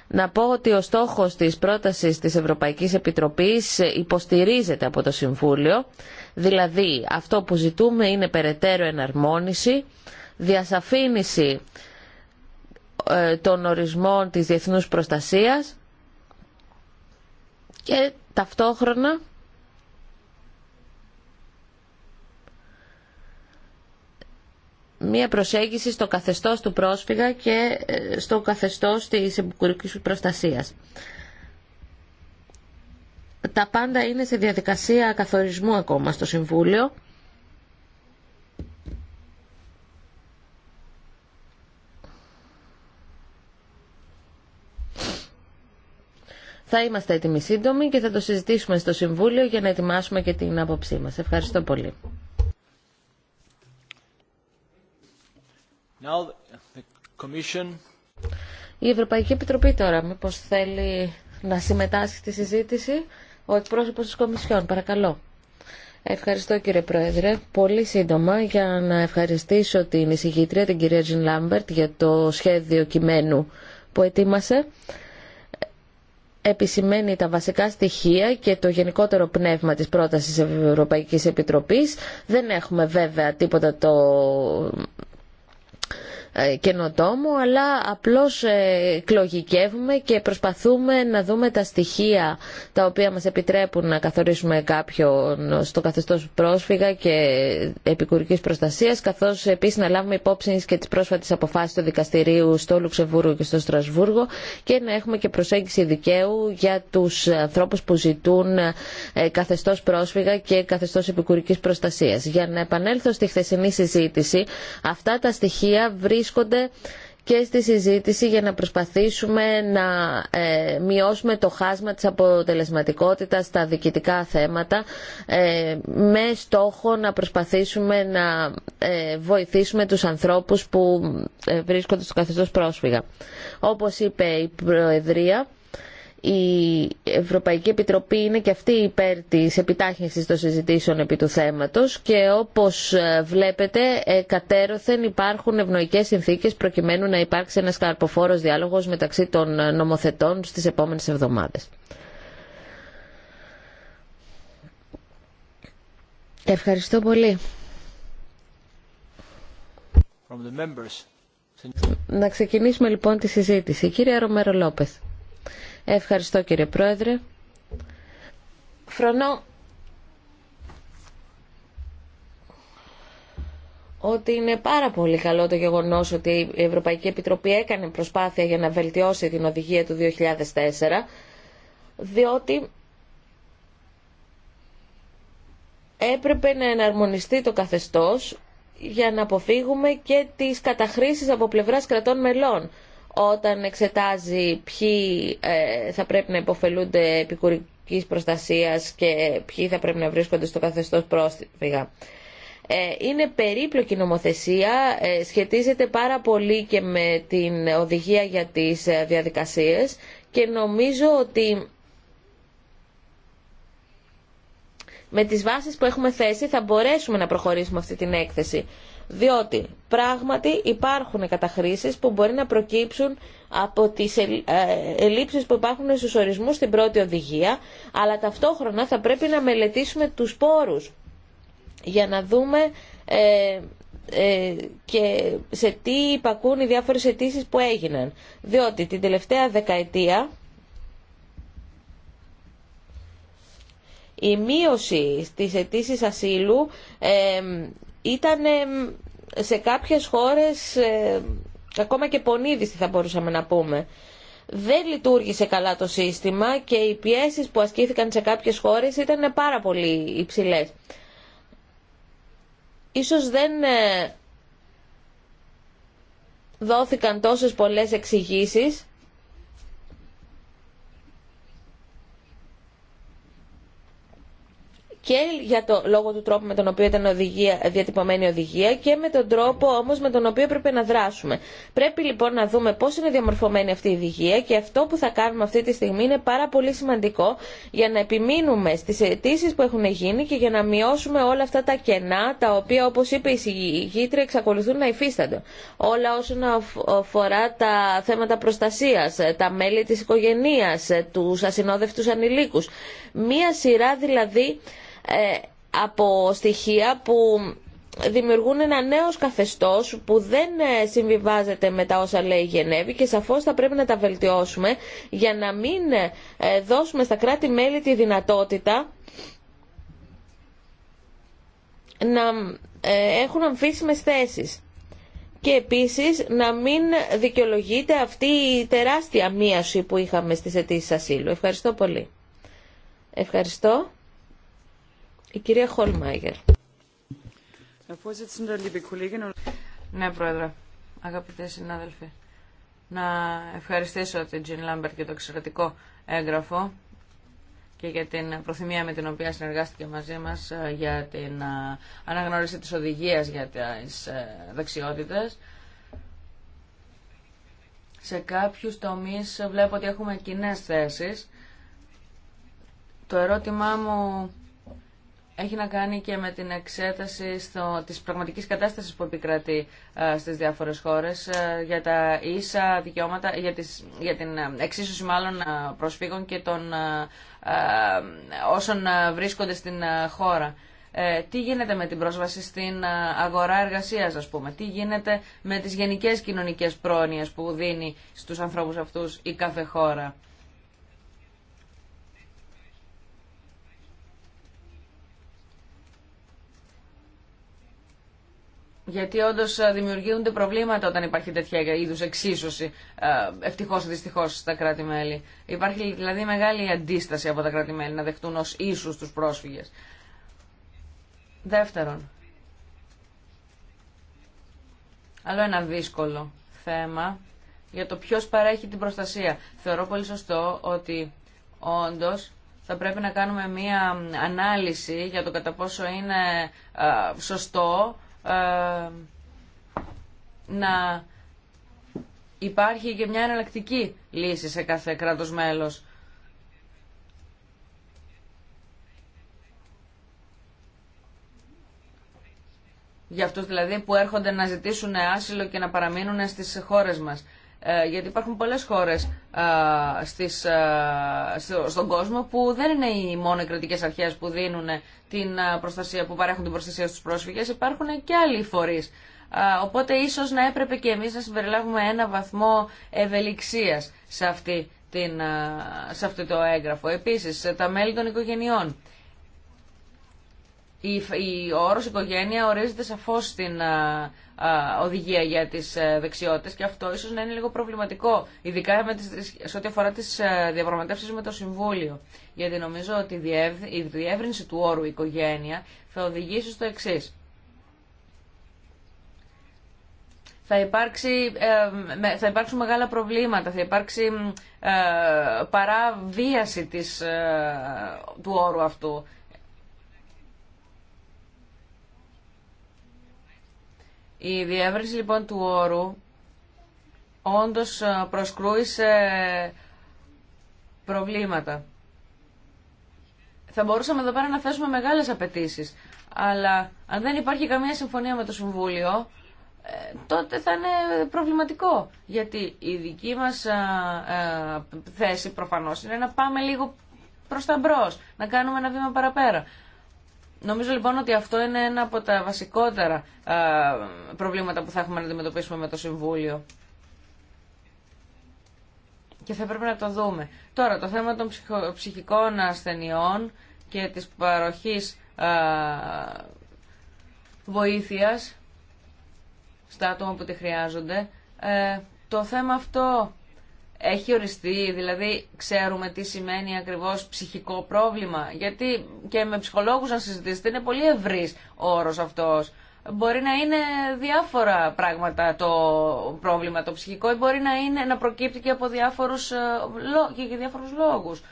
Να πω ότι ο στόχος της πρότασης της Ευρωπαϊκής Επιτροπής υποστηρίζεται από το Συμβούλιο, δηλαδή αυτό που ζητούμε είναι περαιτέρω εναρμόνιση, διασαφήνιση ε, των ορισμών της διεθνούς προστασίας και ταυτόχρονα μία προσέγγιση στο καθεστώς του πρόσφυγα και ε, στο καθεστώς της εμπουκουρικής προστασίας. Τα πάντα είναι σε διαδικασία καθορισμού ακόμα στο Συμβούλιο. Θα είμαστε έτοιμοι σύντομοι και θα το συζητήσουμε στο Συμβούλιο για να ετοιμάσουμε και την άποψή μας. Ευχαριστώ πολύ. Η Ευρωπαϊκή Επιτροπή τώρα, μήπως θέλει να συμμετάσχει στη συζήτηση, ο εκπρόσωπος της Κομισιόν, παρακαλώ. Ευχαριστώ κύριε Πρόεδρε. Πολύ σύντομα για να ευχαριστήσω την εισηγήτρια, την κυρία Τζιν Λάμπερτ, για το σχέδιο κειμένου που ετοίμασε επισημαίνει τα βασικά στοιχεία και το γενικότερο πνεύμα της πρότασης Ευρωπαϊκής Επιτροπής. Δεν έχουμε βέβαια τίποτα το ε, καινοτόμου, αλλά απλώς ε, εκλογικεύουμε και προσπαθούμε να δούμε τα στοιχεία τα οποία μας επιτρέπουν να καθορίσουμε κάποιον στο καθεστώς πρόσφυγα και επικουρικής προστασίας, καθώς επίσης να λάβουμε υπόψη και τις πρόσφατες αποφάσεις του δικαστηρίου στο Λουξεμβούργο και στο Στρασβούργο και να έχουμε και προσέγγιση δικαίου για τους ανθρώπους που ζητούν ε, καθεστώς πρόσφυγα και καθεστώς επικουρικής προστασίας. Για να επανέλθω στη χθεσινή συζήτηση, αυτά τα στοιχεία βρίσκονται βρίσκονται και στη συζήτηση για να προσπαθήσουμε να ε, μειώσουμε το χάσμα της αποτελεσματικότητας στα διοικητικά θέματα ε, με στόχο να προσπαθήσουμε να ε, βοηθήσουμε τους ανθρώπους που βρίσκονται στο καθεστώς πρόσφυγα. Όπως είπε η Προεδρία, η Ευρωπαϊκή Επιτροπή είναι και αυτή υπέρ της επιτάχυνσης των συζητήσεων επί του θέματος και όπως ε, βλέπετε ε, κατέρωθεν υπάρχουν ευνοϊκές συνθήκες προκειμένου να υπάρξει ένας καρποφόρος διάλογος μεταξύ των ε, νομοθετών στις επόμενες εβδομάδες. Ευχαριστώ πολύ. Να ξεκινήσουμε λοιπόν τη συζήτηση. Κύριε Ρομέρο Λόπεθ. Ευχαριστώ κύριε Πρόεδρε. Φρονώ ότι είναι πάρα πολύ καλό το γεγονός ότι η Ευρωπαϊκή Επιτροπή έκανε προσπάθεια για να βελτιώσει την οδηγία του 2004, διότι έπρεπε να εναρμονιστεί το καθεστώς για να αποφύγουμε και τις καταχρήσεις από πλευράς κρατών μελών όταν εξετάζει ποιοι ε, θα πρέπει να υποφελούνται επικουρικής προστασίας και ποιοι θα πρέπει να βρίσκονται στο καθεστώς πρόσφυγα. Ε, είναι περίπλοκη νομοθεσία, ε, σχετίζεται πάρα πολύ και με την οδηγία για τις διαδικασίες και νομίζω ότι με τις βάσεις που έχουμε θέσει θα μπορέσουμε να προχωρήσουμε αυτή την έκθεση. Διότι πράγματι υπάρχουν καταχρήσεις που μπορεί να προκύψουν από τις ε, ε, ελλείψεις που υπάρχουν στους ορισμούς στην πρώτη οδηγία, αλλά ταυτόχρονα θα πρέπει να μελετήσουμε τους πόρους για να δούμε ε, και σε τι υπακούν οι διάφορες αιτήσει που έγιναν. Διότι την τελευταία δεκαετία η μείωση στις αιτήσει ασύλου ήταν σε κάποιες χώρες ε, ακόμα και πονίδιστη θα μπορούσαμε να πούμε. Δεν λειτουργήσε καλά το σύστημα και οι πιέσεις που ασκήθηκαν σε κάποιες χώρες ήταν πάρα πολύ υψηλές. Ίσως δεν ε, δόθηκαν τόσες πολλές εξηγήσει και για το λόγο του τρόπου με τον οποίο ήταν οδηγία, διατυπωμένη η οδηγία και με τον τρόπο όμως με τον οποίο πρέπει να δράσουμε. Πρέπει λοιπόν να δούμε πώς είναι διαμορφωμένη αυτή η οδηγία και αυτό που θα κάνουμε αυτή τη στιγμή είναι πάρα πολύ σημαντικό για να επιμείνουμε στις αιτήσει που έχουν γίνει και για να μειώσουμε όλα αυτά τα κενά τα οποία όπως είπε η συγγήτρια εξακολουθούν να υφίστανται. Όλα όσον αφορά τα θέματα προστασίας, τα μέλη της οικογένειας, τους ασυνόδευτους ανηλίκους. Μία σειρά δηλαδή ε, από στοιχεία που δημιουργούν ένα νέο καθεστώς που δεν ε, συμβιβάζεται με τα όσα λέει η Γενέβη και σαφώς θα πρέπει να τα βελτιώσουμε για να μην ε, δώσουμε στα κράτη-μέλη τη δυνατότητα να έχουν αμφίσιμες θέσεις. Και επίσης να μην δικαιολογείται αυτή η τεράστια μίαση που είχαμε στις αιτήσεις ασύλου. Ευχαριστώ πολύ. Ευχαριστώ. Η κυρία Χολμάγερ. Ναι, Πρόεδρε, αγαπητέ συνάδελφοι, να ευχαριστήσω την Τζιν Λάμπερτ για το εξαιρετικό έγγραφο και για την προθυμία με την οποία συνεργάστηκε μαζί μας ε, για την ε, αναγνώριση της οδηγίας για τις ε, δεξιότητες. Σε κάποιους τομείς βλέπω ότι έχουμε κοινέ θέσεις. Το ερώτημά μου έχει να κάνει και με την εξέταση στο, της πραγματικής κατάστασης που επικρατεί ε, στις διάφορες χώρες ε, για τα ίσα δικαιώματα, για, για την ε, εξίσωση μάλλον προσφύγων και των όσων βρίσκονται στην χώρα. τι γίνεται με την πρόσβαση στην αγορά εργασίας, ας πούμε. Τι γίνεται με τις γενικές κοινωνικές πρόνοιες που δίνει στους ανθρώπους αυτούς η κάθε χώρα. Γιατί όντω ε, δημιουργούνται προβλήματα όταν υπάρχει τέτοια είδου εξίσωση, ε, ευτυχώ ή δυστυχώ, στα κράτη-μέλη. Υπάρχει δηλαδή μεγάλη αντίσταση από τα κράτη-μέλη να δεχτούν ω ίσου του πρόσφυγε. Δεύτερον, άλλο ένα δύσκολο θέμα για το ποιο παρέχει την προστασία. Θεωρώ πολύ σωστό ότι όντω θα πρέπει να κάνουμε μία ανάλυση για το κατά πόσο είναι ε, σωστό ε, να υπάρχει και μια εναλλακτική λύση σε κάθε κράτος μέλος. Για αυτούς δηλαδή που έρχονται να ζητήσουν άσυλο και να παραμείνουν στις χώρες μας. Ε, γιατί υπάρχουν πολλές χώρες στις, στον κόσμο που δεν είναι οι μόνο οι κρατικές αρχές που δίνουν την προστασία, που παρέχουν την προστασία στους πρόσφυγες, υπάρχουν και άλλοι φορείς. Οπότε ίσως να έπρεπε και εμείς να συμπεριλάβουμε ένα βαθμό ευελιξίας σε, αυτή την, σε αυτό το έγγραφο. Επίσης, τα μέλη των οικογενειών η, η, ο όρος οικογένεια ορίζεται σαφώς στην οδηγία για τις α, ε, δεξιότητες και αυτό ίσως να είναι λίγο προβληματικό, ειδικά με τις, σε ό,τι αφορά τις ε, α, με το Συμβούλιο. Γιατί νομίζω ότι η, διεύρυνση του όρου οικογένεια θα οδηγήσει στο εξή. Θα, υπάρξει, ε, θα υπάρξουν μεγάλα προβλήματα, θα υπάρξει παραβίαση της, του όρου αυτού Η διεύρυνση λοιπόν του όρου όντως ε, προσκρούει σε προβλήματα. Θα μπορούσαμε εδώ πέρα να θέσουμε μεγάλες απαιτήσει, αλλά αν δεν υπάρχει καμία συμφωνία με το Συμβούλιο, ε, τότε θα είναι προβληματικό. Γιατί η δική μας ε, θέση προφανώς είναι να πάμε λίγο προς τα μπρος, να κάνουμε ένα βήμα παραπέρα. Νομίζω λοιπόν ότι αυτό είναι ένα από τα βασικότερα προβλήματα που θα έχουμε να αντιμετωπίσουμε με το Συμβούλιο. Και θα πρέπει να το δούμε. Τώρα, το θέμα των ψυχικών ασθενειών και της παροχής βοήθειας στα άτομα που τη χρειάζονται. Ε, το θέμα αυτό έχει οριστεί, δηλαδή ξέρουμε τι σημαίνει ακριβώς ψυχικό πρόβλημα. Γιατί και με ψυχολόγους να συζητήσετε είναι πολύ ευρύς όρος αυτός. Μπορεί να είναι διάφορα πράγματα το πρόβλημα το ψυχικό ή μπορεί να, είναι, να προκύπτει και από διάφορους, ε, και για διάφορους λόγους.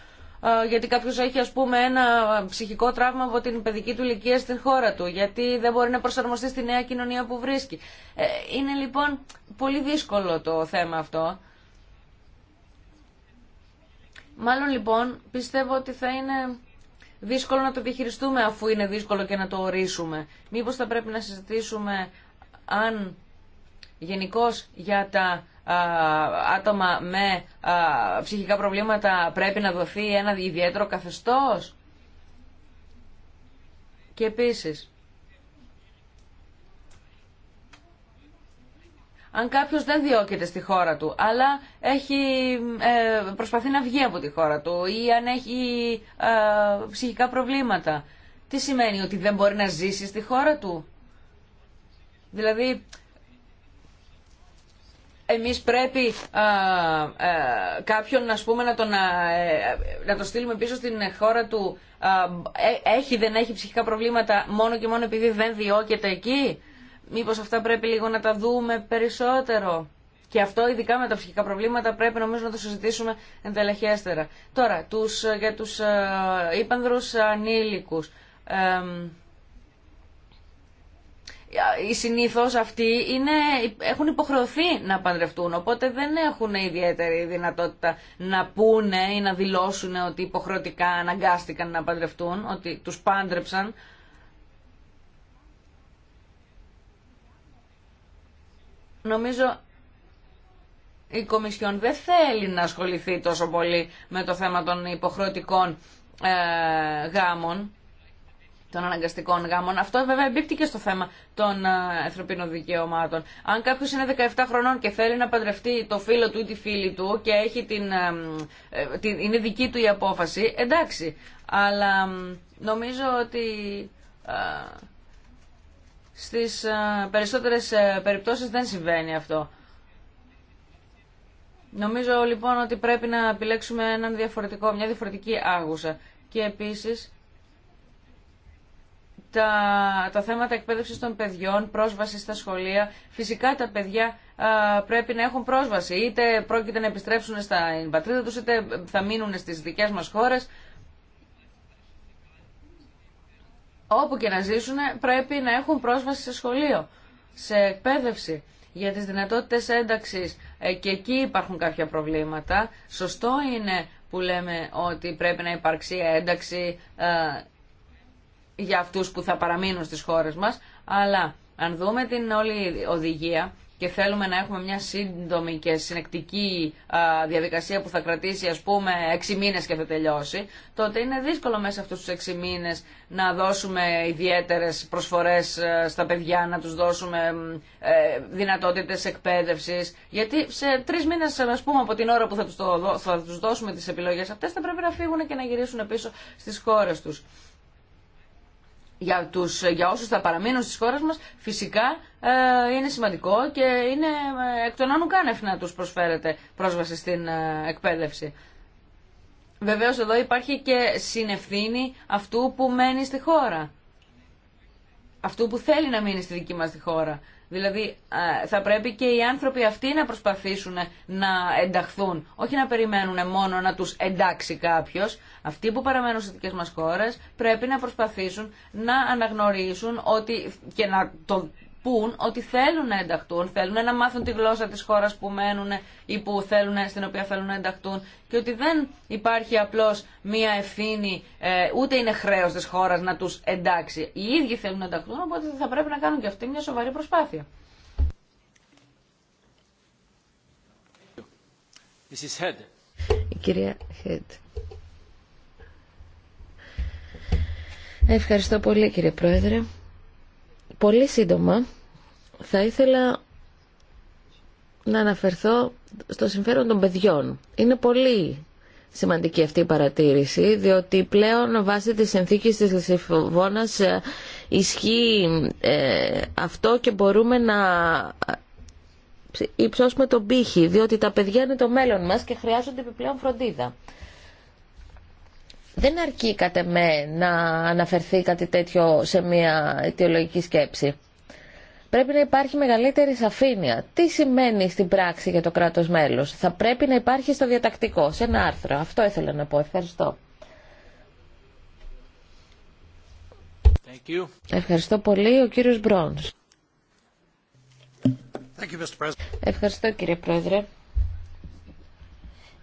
Ε, γιατί κάποιος έχει ας πούμε ένα ψυχικό τραύμα από την παιδική του ηλικία στην χώρα του, γιατί δεν μπορεί να προσαρμοστεί στη νέα κοινωνία που βρίσκει. Ε, είναι λοιπόν πολύ δύσκολο το θέμα αυτό. Μάλλον λοιπόν πιστεύω ότι θα είναι δύσκολο να το διαχειριστούμε αφού είναι δύσκολο και να το ορίσουμε. Μήπως θα πρέπει να συζητήσουμε αν γενικώ για τα άτομα με ψυχικά προβλήματα πρέπει να δοθεί ένα ιδιαίτερο καθεστώς. Και επίσης, αν κάποιος δεν διώκεται στη χώρα του, αλλά έχει, ε, προσπαθεί να βγει από τη χώρα του ή αν έχει ε, ψυχικά προβλήματα. Τι σημαίνει ότι δεν μπορεί να ζήσει στη χώρα του. Δηλαδή, εμείς πρέπει ε, κάποιον να, τον, να το στείλουμε πίσω στην χώρα του. έχει, δεν έχει ψυχικά προβλήματα μόνο και μόνο επειδή δεν διώκεται εκεί μήπως αυτά πρέπει λίγο να τα δούμε περισσότερο. Και αυτό ειδικά με τα ψυχικά προβλήματα πρέπει νομίζω να το συζητήσουμε εντελεχέστερα. Τώρα, τους, ε, για τους ε, ύπανδρους ανήλικους. οι συνήθως αυτοί είναι, έχουν υποχρεωθεί να παντρευτούν, οπότε δεν έχουν ιδιαίτερη δυνατότητα να πούνε ή να δηλώσουν ότι υποχρεωτικά αναγκάστηκαν να παντρευτούν, ότι τους πάντρεψαν. Νομίζω η Κομισιόν δεν θέλει να ασχοληθεί τόσο πολύ με το θέμα των υποχρεωτικών ε, γάμων, των αναγκαστικών γάμων. Αυτό βέβαια εμπίπτει και στο θέμα των ε, ανθρωπίνων δικαιωμάτων. Αν κάποιο είναι 17 χρονών και θέλει να παντρευτεί το φίλο του ή τη φίλη του και έχει την, ε, την, είναι δική του η απόφαση, εντάξει. Αλλά νομίζω ότι... Στις ε, περισσότερες ε, περιπτώσεις δεν συμβαίνει αυτό. Νομίζω λοιπόν ότι πρέπει να επιλέξουμε έναν διαφορετικό, μια διαφορετική άγουσα. Και επίσης τα, τα θέματα εκπαίδευση των παιδιών, πρόσβαση στα σχολεία. Φυσικά τα παιδιά πρέπει να έχουν πρόσβαση. Είτε πρόκειται να επιστρέψουν στα πατρίδα του, είτε θα μείνουν στι δικέ μα χώρε. όπου και να ζήσουν πρέπει να έχουν πρόσβαση σε σχολείο, σε εκπαίδευση για τις δυνατότητες ένταξης ε, και εκεί υπάρχουν κάποια προβλήματα. Σωστό είναι που λέμε ότι πρέπει να υπάρξει ένταξη ε, για αυτούς που θα παραμείνουν στις χώρες μας, αλλά αν δούμε την όλη οδηγία και θέλουμε να έχουμε μια σύντομη και συνεκτική διαδικασία που θα κρατήσει ας πούμε έξι μήνες και θα τελειώσει, τότε είναι δύσκολο μέσα αυτούς τους έξι μήνες να δώσουμε ιδιαίτερες προσφορές στα παιδιά, να τους δώσουμε ε, δυνατότητες εκπαίδευσης, γιατί σε 3 μήνες ας πούμε από την ώρα που θα τους, θα τους δώσουμε τις επιλογές αυτές θα πρέπει να φύγουν και να γυρίσουν πίσω στις χώρες τους για, τους, για όσους θα παραμείνουν στις χώρες μας φυσικά ε, είναι σημαντικό και είναι ε, εκ των όνων να τους προσφέρεται πρόσβαση στην ε, εκπαίδευση. Βεβαίως εδώ υπάρχει και συνευθύνη αυτού που μένει στη χώρα. Αυτού που θέλει να μείνει στη δική μας τη χώρα. Δηλαδή θα πρέπει και οι άνθρωποι αυτοί να προσπαθήσουν να ενταχθούν, όχι να περιμένουν μόνο να τους εντάξει κάποιος. Αυτοί που παραμένουν στις δικές μας χώρες πρέπει να προσπαθήσουν να αναγνωρίσουν ότι και να το πούν ότι θέλουν να ενταχτούν, θέλουν να μάθουν τη γλώσσα της χώρας που μένουν ή που θέλουν, στην οποία θέλουν να ενταχτούν και ότι δεν υπάρχει απλώς μία ευθύνη, ε, ούτε είναι χρέος της χώρας να τους εντάξει. Οι ίδιοι θέλουν να ενταχτούν, οπότε θα πρέπει να κάνουν και αυτοί μια σοβαρή προσπάθεια. Η κυρία Ευχαριστώ πολύ κύριε Πρόεδρε. Πολύ σύντομα θα ήθελα να αναφερθώ στο συμφέρον των παιδιών. Είναι πολύ σημαντική αυτή η παρατήρηση, διότι πλέον βάσει της συνθήκης της Λισιφοβόνας ε, ισχύει ε, αυτό και μπορούμε να ε, υψώσουμε τον πύχη, διότι τα παιδιά είναι το μέλλον μας και χρειάζονται επιπλέον φροντίδα. Δεν αρκεί κατ' με να αναφερθεί κάτι τέτοιο σε μια αιτιολογική σκέψη. Πρέπει να υπάρχει μεγαλύτερη σαφήνεια. Τι σημαίνει στην πράξη για το κράτος μέλος. Θα πρέπει να υπάρχει στο διατακτικό, σε ένα άρθρο. Αυτό ήθελα να πω. Ευχαριστώ. Ευχαριστώ πολύ. Ο κύριος Μπρόνς. Ευχαριστώ κύριε Πρόεδρε.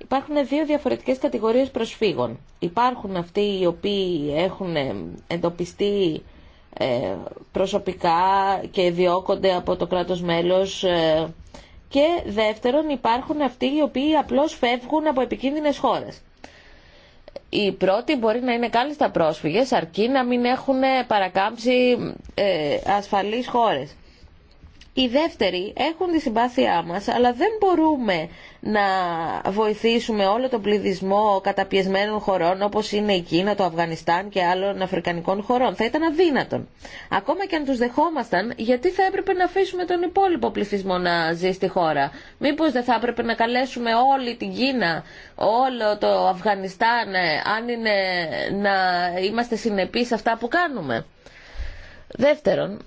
Υπάρχουν δύο διαφορετικές κατηγορίες προσφύγων. Υπάρχουν αυτοί οι οποίοι έχουν εντοπιστεί ε, προσωπικά και διώκονται από το κράτος μέλος ε, και δεύτερον υπάρχουν αυτοί οι οποίοι απλώς φεύγουν από επικίνδυνες χώρες. Οι πρώτοι μπορεί να είναι κάλλιστα πρόσφυγες αρκεί να μην έχουν παρακάμψει ε, ασφαλείς χώρες. Οι δεύτεροι έχουν τη συμπάθειά μας, αλλά δεν μπορούμε να βοηθήσουμε όλο τον πληθυσμό καταπιεσμένων χωρών όπως είναι η Κίνα, το Αφγανιστάν και άλλων αφρικανικών χωρών. Θα ήταν αδύνατον. Ακόμα και αν τους δεχόμασταν, γιατί θα έπρεπε να αφήσουμε τον υπόλοιπο πληθυσμό να ζει στη χώρα. Μήπως δεν θα έπρεπε να καλέσουμε όλη την Κίνα, όλο το Αφγανιστάν, ε, αν είναι να είμαστε συνεπείς σε αυτά που κάνουμε. Δεύτερον,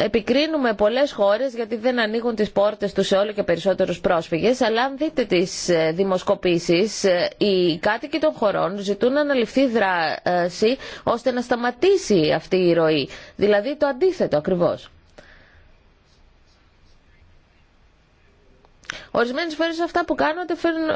επικρίνουμε πολλές χώρες γιατί δεν ανοίγουν τις πόρτες τους σε όλο και περισσότερους πρόσφυγες, αλλά αν δείτε τις ε, δημοσκοπήσεις, ε, οι κάτοικοι των χωρών ζητούν να αναλυφθεί δράση ώστε να σταματήσει αυτή η ροή. Δηλαδή το αντίθετο ακριβώς. Ορισμένε φορές αυτά που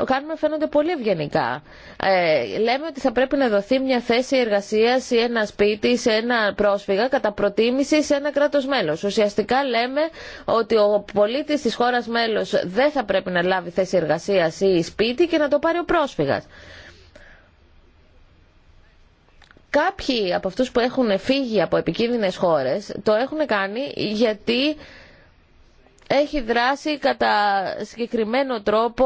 κάνουμε φαίνονται πολύ ευγενικά. Ε, λέμε ότι θα πρέπει να δοθεί μια θέση εργασίας ή ένα σπίτι σε ένα πρόσφυγα κατά προτίμηση σε ένα κράτος μέλος. Ουσιαστικά λέμε ότι ο πολίτης της χώρας μέλο δεν θα πρέπει να λάβει θέση εργασίας ή σπίτι και να το πάρει ο πρόσφυγα. Κάποιοι από αυτούς που έχουν φύγει από επικίνδυνες χώρες το έχουν κάνει γιατί έχει δράσει κατά συγκεκριμένο τρόπο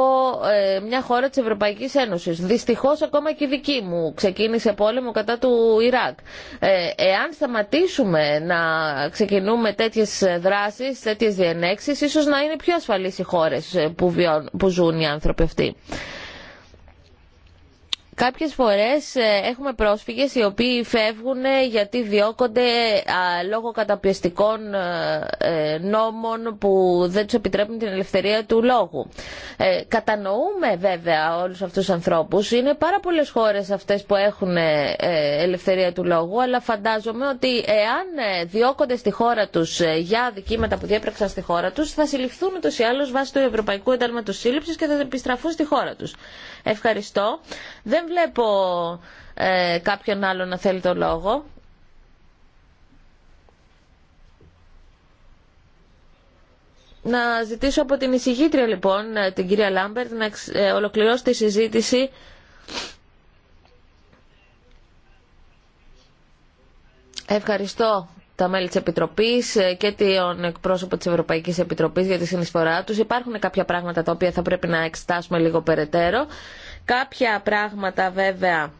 ε, μια χώρα της Ευρωπαϊκής Ένωσης. Δυστυχώς ακόμα και η δική μου ξεκίνησε πόλεμο κατά του Ιράκ. Ε, εάν σταματήσουμε να ξεκινούμε τέτοιες δράσεις, τέτοιες διενέξεις, ίσως να είναι πιο ασφαλείς οι χώρες ε, που, που ζουν οι άνθρωποι αυτοί. Κάποιες φορές ε, έχουμε πρόσφυγες οι οποίοι φεύγουν ε, γιατί διώκονται λόγω καταπιεστικών ε, νόμων που δεν τους επιτρέπουν την ελευθερία του λόγου. Κατανοούμε βέβαια όλους αυτούς τους ανθρώπους. Είναι πάρα πολλές χώρες αυτές που έχουν ελευθερία του λόγου, αλλά φαντάζομαι ότι εάν διώκονται στη χώρα τους για αδικήματα που διέπραξαν στη χώρα τους, θα συλληφθούν ούτως ή βάσει του Ευρωπαϊκού Εντάλματος Σύλληψης και θα επιστραφούν στη χώρα τους. Ευχαριστώ βλέπω ε, κάποιον άλλο να θέλει το λόγο. Να ζητήσω από την εισηγήτρια λοιπόν, ε, την κυρία Λάμπερτ, να ε, ολοκληρώσει τη συζήτηση Ευχαριστώ τα μέλη της Επιτροπής και τον εκπρόσωπο της Ευρωπαϊκής Επιτροπής για τη συνεισφορά τους. Υπάρχουν κάποια πράγματα τα οποία θα πρέπει να εξετάσουμε λίγο περαιτέρω. Κάποια πράγματα βέβαια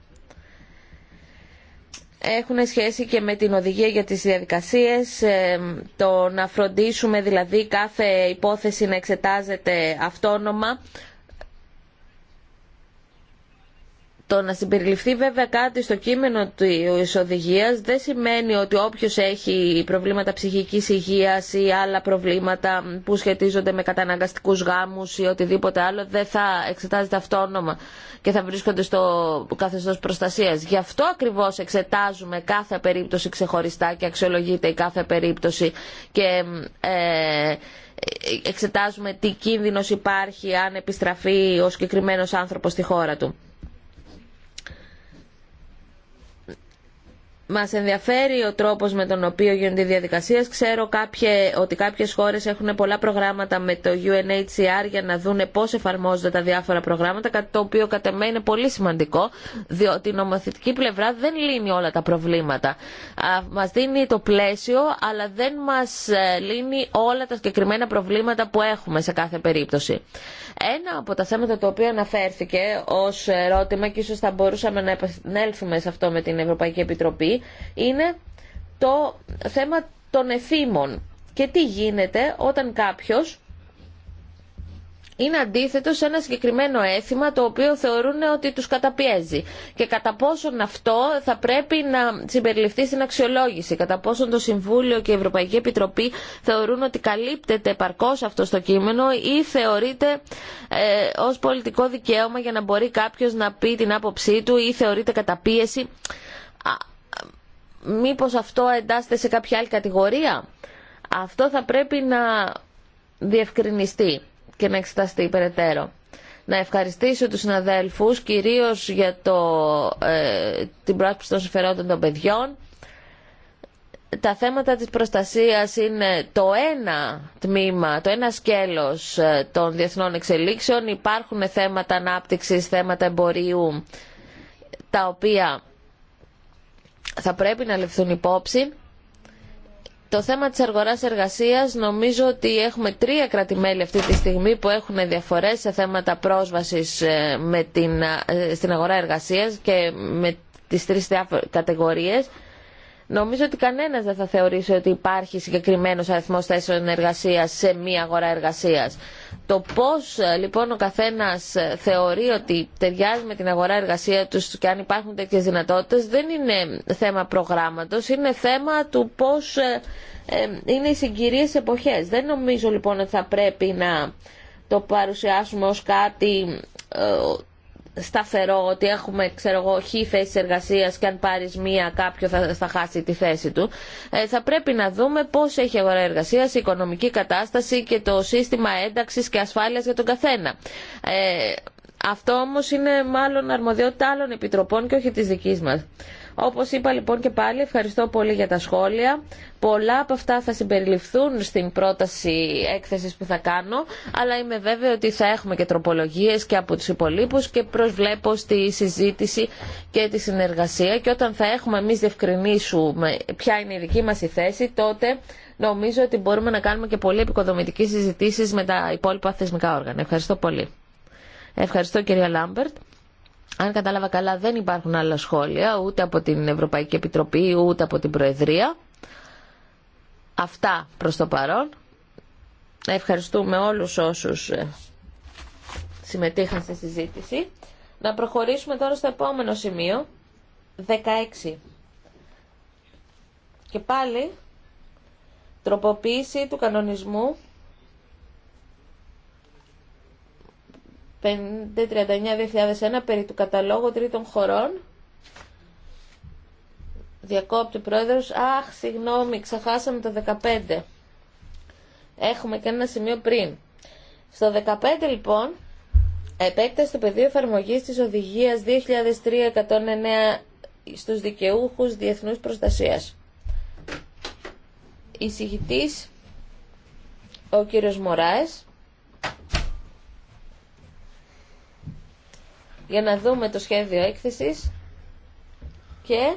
έχουν σχέση και με την οδηγία για τις διαδικασίες, ε, το να φροντίσουμε δηλαδή κάθε υπόθεση να εξετάζεται αυτόνομα. Το να συμπεριληφθεί βέβαια κάτι στο κείμενο τη οδηγία δεν σημαίνει ότι όποιο έχει προβλήματα ψυχική υγεία ή άλλα προβλήματα που σχετίζονται με καταναγκαστικού γάμου ή οτιδήποτε άλλο δεν θα εξετάζεται αυτόνομα και θα βρίσκονται στο καθεστώ προστασία. Γι' αυτό ακριβώ εξετάζουμε κάθε περίπτωση ξεχωριστά και αξιολογείται η κάθε περίπτωση και ε, εξετάζουμε τι κίνδυνος υπάρχει αν επιστραφεί ο συγκεκριμένος άνθρωπος στη χώρα του. Μας ενδιαφέρει ο τρόπος με τον οποίο γίνονται οι διαδικασίες. Ξέρω ότι κάποιες χώρες έχουν πολλά προγράμματα με το UNHCR για να δούνε πώς εφαρμόζονται τα διάφορα προγράμματα, κάτι το οποίο κατά μένα είναι πολύ σημαντικό, διότι η νομοθετική πλευρά δεν λύνει όλα τα προβλήματα. Μας δίνει το πλαίσιο, αλλά δεν μας ε, λύνει όλα τα συγκεκριμένα προβλήματα που έχουμε σε κάθε περίπτωση. Ένα από τα θέματα το οποίο αναφέρθηκε ως ερώτημα και ίσω θα μπορούσαμε να επανέλθουμε σε αυτό με την Ευρωπαϊκή Επιτροπή είναι το θέμα των εφήμων και τι γίνεται όταν κάποιος είναι αντίθετο σε ένα συγκεκριμένο έθιμα το οποίο θεωρούν ότι τους καταπιέζει και κατά πόσον αυτό θα πρέπει να συμπεριληφθεί στην αξιολόγηση, κατά πόσον το Συμβούλιο και η Ευρωπαϊκή Επιτροπή θεωρούν ότι καλύπτεται επαρκώς αυτό στο κείμενο ή θεωρείται ε, ως πολιτικό δικαίωμα για να μπορεί κάποιος να πει την άποψή του ή θεωρείται καταπίεση. Μήπως αυτό εντάσσεται σε κάποια άλλη κατηγορία. Αυτό θα πρέπει να διευκρινιστεί και να εξεταστεί περαιτέρω. Να ευχαριστήσω τους συναδέλφους, κυρίως για το, ε, την πρόσπιση των συμφερόντων των παιδιών. Τα θέματα της προστασίας είναι το ένα τμήμα, το ένα σκέλος ε, των διεθνών εξελίξεων. Υπάρχουν θέματα ανάπτυξης, θέματα εμπορίου, τα οποία θα πρέπει να ληφθούν υπόψη. Το θέμα της αγοράς εργασίας νομίζω ότι έχουμε τρία κρατημέλη αυτή τη στιγμή που έχουν διαφορές σε θέματα πρόσβασης ε, με την, ε, στην αγορά εργασίας και με τις τρεις κατηγορίες Νομίζω ότι κανένας δεν θα θεωρήσει ότι υπάρχει συγκεκριμένος αριθμός θέσεων εργασία σε μία αγορά εργασίας. Το πώς ε, λοιπόν ο καθένα ε, θεωρεί ότι ταιριάζει με την αγορά εργασία τους και αν υπάρχουν τέτοιε δυνατότητε, δεν είναι θέμα προγράμματος, είναι θέμα του πώς ε, είναι οι συγκυρίε εποχές. Δεν νομίζω λοιπόν ότι θα πρέπει να το παρουσιάσουμε ως κάτι σταθερό ότι έχουμε ξέρω εγώ χι εργασίας και αν πάρεις μία κάποιο θα, χάσει τη θέση του ε, θα πρέπει να δούμε πώς έχει αγορά εργασίας η οικονομική κατάσταση και το σύστημα ένταξης και ασφάλειας για τον καθένα ε, αυτό όμως είναι μάλλον αρμοδιότητα άλλων επιτροπών και όχι της δικής μας όπως είπα λοιπόν και πάλι, ευχαριστώ πολύ για τα σχόλια. Πολλά από αυτά θα συμπεριληφθούν στην πρόταση έκθεσης που θα κάνω, αλλά είμαι βέβαιη ότι θα έχουμε και τροπολογίες και από τους υπολείπους και προσβλέπω στη συζήτηση και τη συνεργασία και όταν θα έχουμε εμείς διευκρινίσουμε ποια είναι η δική μας η θέση, τότε νομίζω ότι μπορούμε να κάνουμε και πολύ επικοδομητικές συζητήσεις με τα υπόλοιπα θεσμικά όργανα. Ευχαριστώ πολύ. Ευχαριστώ κυρία Λάμπερτ αν κατάλαβα καλά δεν υπάρχουν άλλα σχόλια ούτε από την Ευρωπαϊκή Επιτροπή ούτε από την Προεδρία. Αυτά προς το παρόν. Ευχαριστούμε όλους όσους ε, συμμετείχαν στη συζήτηση. Να προχωρήσουμε τώρα στο επόμενο σημείο, 16. Και πάλι, τροποποίηση του κανονισμού 539-2001 περί του καταλόγου τρίτων χωρών. Διακόπτη πρόεδρος. Αχ, συγγνώμη, ξεχάσαμε το 15. Έχουμε και ένα σημείο πριν. Στο 15 λοιπόν, επέκταση του πεδίου εφαρμογή της οδηγίας στους δικαιούχους διεθνούς προστασίας. Εισηγητής ο κύριος Μωράες. για να δούμε το σχέδιο έκθεσης και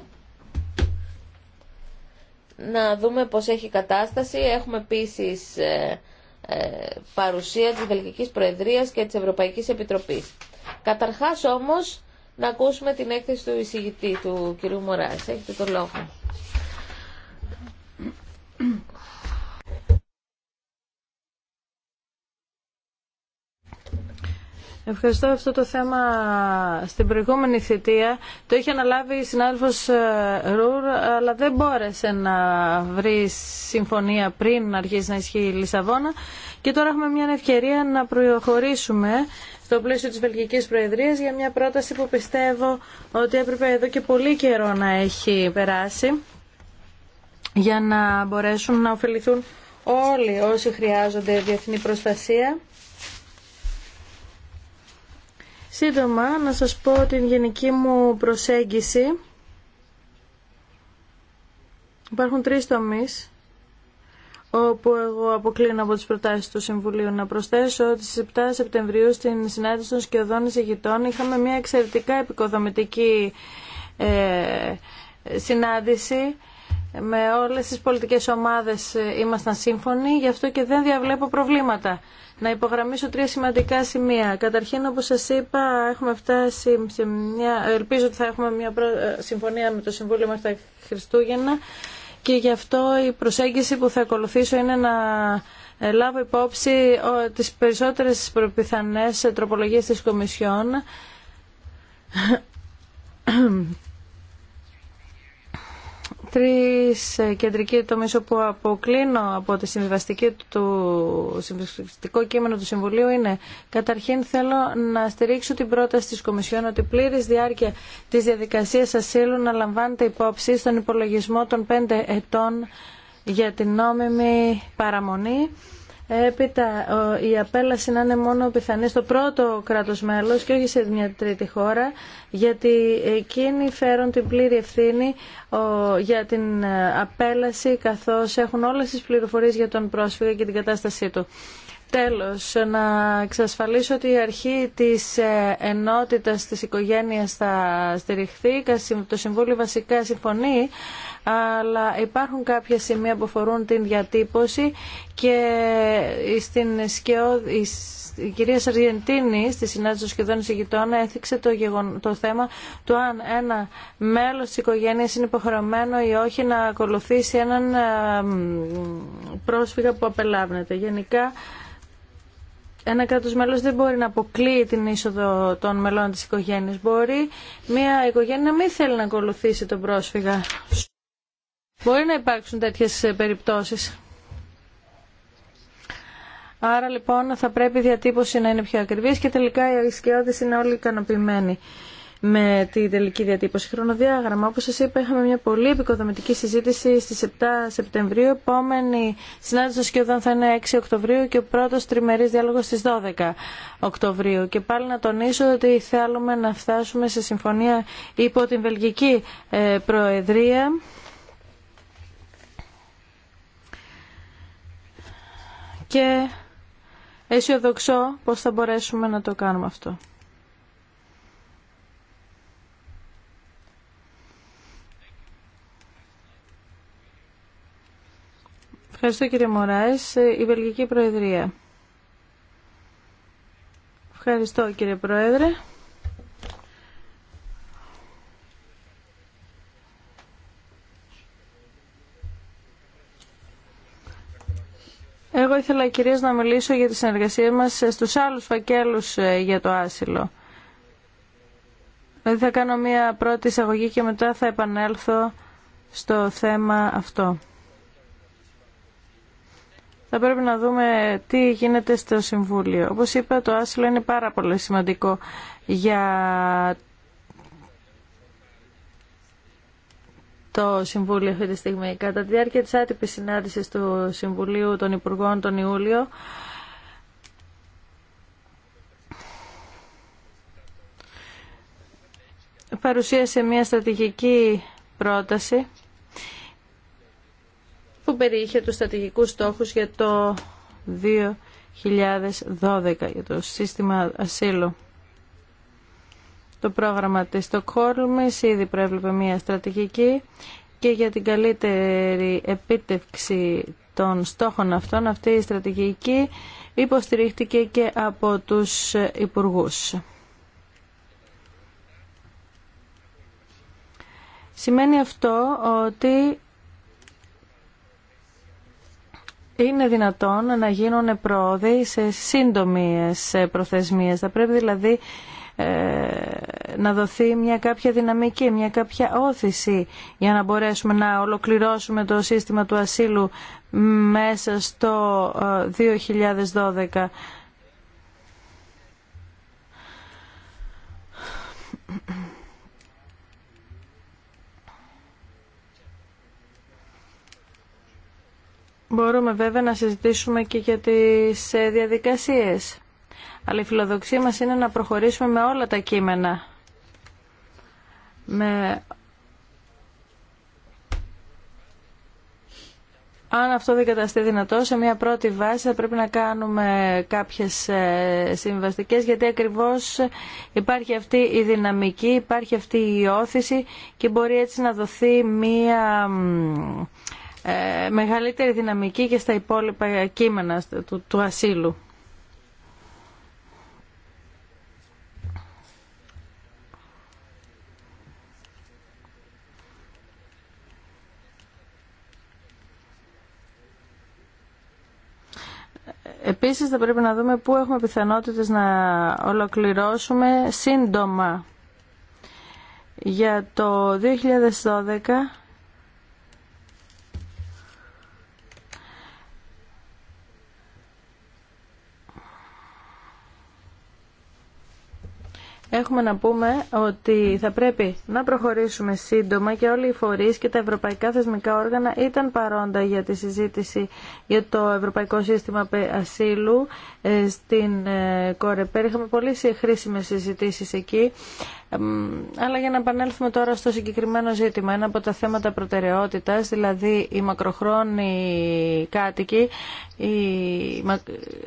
να δούμε πώς έχει κατάσταση. Έχουμε επίσης ε, ε, παρουσία της Βελγικής Προεδρίας και της Ευρωπαϊκής Επιτροπής. Καταρχάς όμως να ακούσουμε την έκθεση του εισηγητή του κυρίου Μωράς. Έχετε το λόγο. Ευχαριστώ. Αυτό το θέμα στην προηγούμενη θητεία το είχε αναλάβει η συνάδελφος ε, Ρουρ, αλλά δεν μπόρεσε να βρει συμφωνία πριν να αρχίσει να ισχύει η Λισαβόνα. Και τώρα έχουμε μια ευκαιρία να προχωρήσουμε στο πλαίσιο της Βελγικής Προεδρίας για μια πρόταση που πιστεύω ότι έπρεπε εδώ και πολύ καιρό να έχει περάσει για να μπορέσουν να ωφεληθούν όλοι όσοι χρειάζονται διεθνή προστασία Σύντομα, να σας πω την γενική μου προσέγγιση. Υπάρχουν τρεις τομείς όπου εγώ αποκλίνω από τις προτάσεις του Συμβουλίου. Να προσθέσω ότι στις 7 Σεπτεμβρίου στην συνάντηση των σκιωδών εισηγητών είχαμε μια εξαιρετικά επικοδομητική ε, συνάντηση με όλες τις πολιτικές ομάδες ήμασταν σύμφωνοι, γι' αυτό και δεν διαβλέπω προβλήματα. Να υπογραμμίσω τρία σημαντικά σημεία. Καταρχήν, όπως σας είπα, έχουμε φτάσει μια... ελπίζω ότι θα έχουμε μια ε, συμφωνία με το Συμβούλιο μας τα Χριστούγεννα και γι' αυτό η προσέγγιση που θα ακολουθήσω είναι να ε, λάβω υπόψη τις περισσότερες προπιθανές τροπολογίες της Κομισιόν τρεις ε, κεντρικοί τομείς όπου αποκλίνω από το του συμβιβαστικό κείμενο του Συμβουλίου είναι καταρχήν θέλω να στηρίξω την πρόταση της Κομισιόν ότι πλήρης διάρκεια της διαδικασίας ασύλου να λαμβάνεται υπόψη στον υπολογισμό των πέντε ετών για την νόμιμη παραμονή Έπειτα η απέλαση να είναι μόνο πιθανή στο πρώτο κράτος μέλος και όχι σε μια τρίτη χώρα, γιατί εκείνοι φέρουν την πλήρη ευθύνη για την ε, απέλαση καθώς έχουν όλες τις πληροφορίες για τον πρόσφυγα και την κατάστασή του. Τέλος, να εξασφαλίσω ότι η αρχή της ε, ενότητας της οικογένειας θα στηριχθεί. Το Συμβούλιο βασικά συμφωνεί, αλλά υπάρχουν κάποια σημεία που αφορούν την διατύπωση και ε, στην η κυρία Σαργεντίνη στη συνάντηση των σχεδόν εισηγητών έθιξε το, γεγον... το θέμα του αν ένα μέλος της οικογένειας είναι υποχρεωμένο ή όχι να ακολουθήσει έναν ε, πρόσφυγα που απελάβνεται. Γενικά ένα κράτος μέλος δεν μπορεί να αποκλείει την είσοδο των μελών της οικογένειας. Μπορεί μια οικογένεια να μην θέλει να ακολουθήσει τον πρόσφυγα. Μπορεί να υπάρξουν τέτοιες ε, περιπτώσεις. Άρα λοιπόν θα πρέπει η διατύπωση να είναι πιο ακριβής και τελικά οι αρισκαιώτες είναι όλοι ικανοποιημένοι με τη τελική διατύπωση. Χρονοδιάγραμμα, όπως σας είπα, είχαμε μια πολύ επικοδομητική συζήτηση στις 7 Σεπτεμβρίου. Επόμενη συνάντηση των θα είναι 6 Οκτωβρίου και ο πρώτος τριμερής διάλογος στις 12 Οκτωβρίου. Και πάλι να τονίσω ότι θέλουμε να φτάσουμε σε συμφωνία υπό την Βελγική ε, Προεδρία. Και αισιοδοξώ πως θα μπορέσουμε να το κάνουμε αυτό. Ευχαριστώ κύριε Μωράης. Η Βελγική Προεδρία. Ευχαριστώ κύριε Πρόεδρε. Εγώ ήθελα κυρίως να μιλήσω για τη συνεργασία μας στους άλλους φακέλους ε, για το άσυλο. Δηλαδή θα κάνω μια πρώτη εισαγωγή και μετά θα επανέλθω στο θέμα αυτό θα πρέπει να δούμε τι γίνεται στο Συμβούλιο. Όπως είπα, το άσυλο είναι πάρα πολύ σημαντικό για το Συμβούλιο αυτή τη στιγμή. Κατά τη διάρκεια της άτυπης συνάντησης του Συμβουλίου των Υπουργών τον Ιούλιο, παρουσίασε μια στρατηγική πρόταση που περιείχε τους στρατηγικούς στόχους για το 2012 για το σύστημα ασύλου. Το πρόγραμμα της Στοκχόλμης ήδη προέβλεπε μια στρατηγική και για την καλύτερη επίτευξη των στόχων αυτών αυτή η στρατηγική υποστηρίχτηκε και από τους υπουργούς. Σημαίνει αυτό ότι είναι δυνατόν να γίνουν πρόοδοι σε σύντομες ε, προθεσμίες. Θα πρέπει δηλαδή ε, να δοθεί μια κάποια δυναμική, μια κάποια όθηση για να μπορέσουμε να ολοκληρώσουμε το σύστημα του ασύλου μέσα στο 2012. Ε, Μπορούμε βέβαια να συζητήσουμε και για τις ε, διαδικασίες. Αλλά η φιλοδοξία μας είναι να προχωρήσουμε με όλα τα κείμενα. Με... Αν αυτό δεν καταστεί δυνατό, σε μια πρώτη βάση θα πρέπει να κάνουμε κάποιες ε, συμβαστικές, γιατί ακριβώς υπάρχει αυτή η δυναμική, υπάρχει αυτή η όθηση και μπορεί έτσι να δοθεί μια ε, μεγαλύτερη δυναμική και στα υπόλοιπα κείμενα του, του ασύλου. Επίσης θα πρέπει να δούμε πού έχουμε πιθανότητες να ολοκληρώσουμε σύντομα. Για το 2012 Έχουμε να πούμε ότι θα πρέπει να προχωρήσουμε σύντομα και όλοι οι φορείς και τα ευρωπαϊκά θεσμικά όργανα ήταν παρόντα για τη συζήτηση για το Ευρωπαϊκό Σύστημα Ασύλου ε, στην ε, Κορεπέρ. Είχαμε πολύ χρήσιμες συζητήσεις εκεί. Αλλά για να επανέλθουμε τώρα στο συγκεκριμένο ζήτημα, ένα από τα θέματα προτεραιότητας, δηλαδή οι μακροχρόνοι κάτοικοι, οι...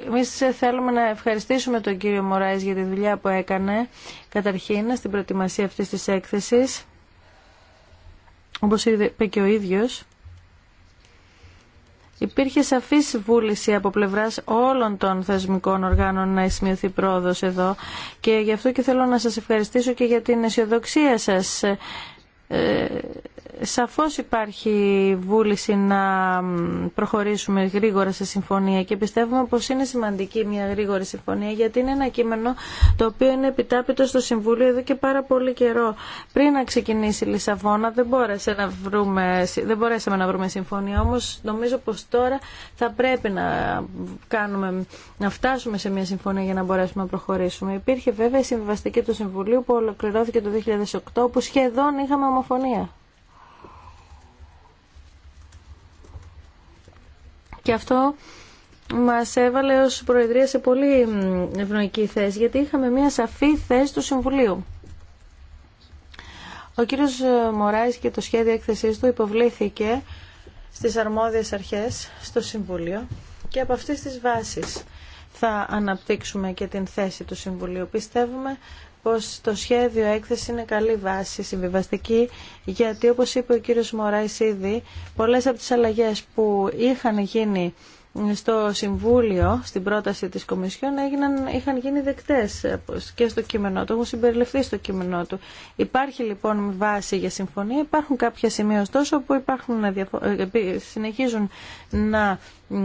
εμείς θέλουμε να ευχαριστήσουμε τον κύριο Μωράης για τη δουλειά που έκανε Καταρχήν, στην προετοιμασία αυτής της έκθεσης, όπως είπε και ο ίδιος, Υπήρχε σαφής βούληση από πλευράς όλων των θεσμικών οργάνων να σημειωθεί πρόοδος εδώ και γι' αυτό και θέλω να σας ευχαριστήσω και για την αισιοδοξία σας ε, σαφώς υπάρχει βούληση να προχωρήσουμε γρήγορα σε συμφωνία και πιστεύουμε πως είναι σημαντική μια γρήγορη συμφωνία γιατί είναι ένα κείμενο το οποίο είναι επιτάπητο στο Συμβούλιο εδώ και πάρα πολύ καιρό. Πριν να ξεκινήσει η Λισαβόνα δεν, μπόρεσε να βρούμε, δεν μπορέσαμε να βρούμε συμφωνία όμως νομίζω πως τώρα θα πρέπει να, κάνουμε, να φτάσουμε σε μια συμφωνία για να μπορέσουμε να προχωρήσουμε. Υπήρχε βέβαια η συμβιβαστική του Συμβουλίου που ολοκληρώθηκε το 2008 που σχεδόν είχαμε ομοφωνία. Και αυτό μας έβαλε ως Προεδρία σε πολύ ευνοϊκή θέση, γιατί είχαμε μια σαφή θέση του Συμβουλίου. Ο κύριος ε, Μωράης και το σχέδιο έκθεσής του υποβλήθηκε στις αρμόδιες αρχές στο Συμβούλιο και από αυτές τις βάσεις θα αναπτύξουμε και την θέση του Συμβουλίου. Πιστεύουμε πως το σχέδιο έκθεση είναι καλή βάση συμβιβαστική γιατί όπως είπε ο κύριος Μωράης ήδη πολλές από τις αλλαγές που είχαν γίνει στο Συμβούλιο, στην πρόταση της Κομισιόν, έγιναν, είχαν γίνει δεκτές και στο κείμενό του, έχουν συμπεριληφθεί στο κείμενό του. Υπάρχει λοιπόν βάση για συμφωνία, υπάρχουν κάποια σημεία ωστόσο που υπάρχουν, ε, ε, συνεχίζουν να ε,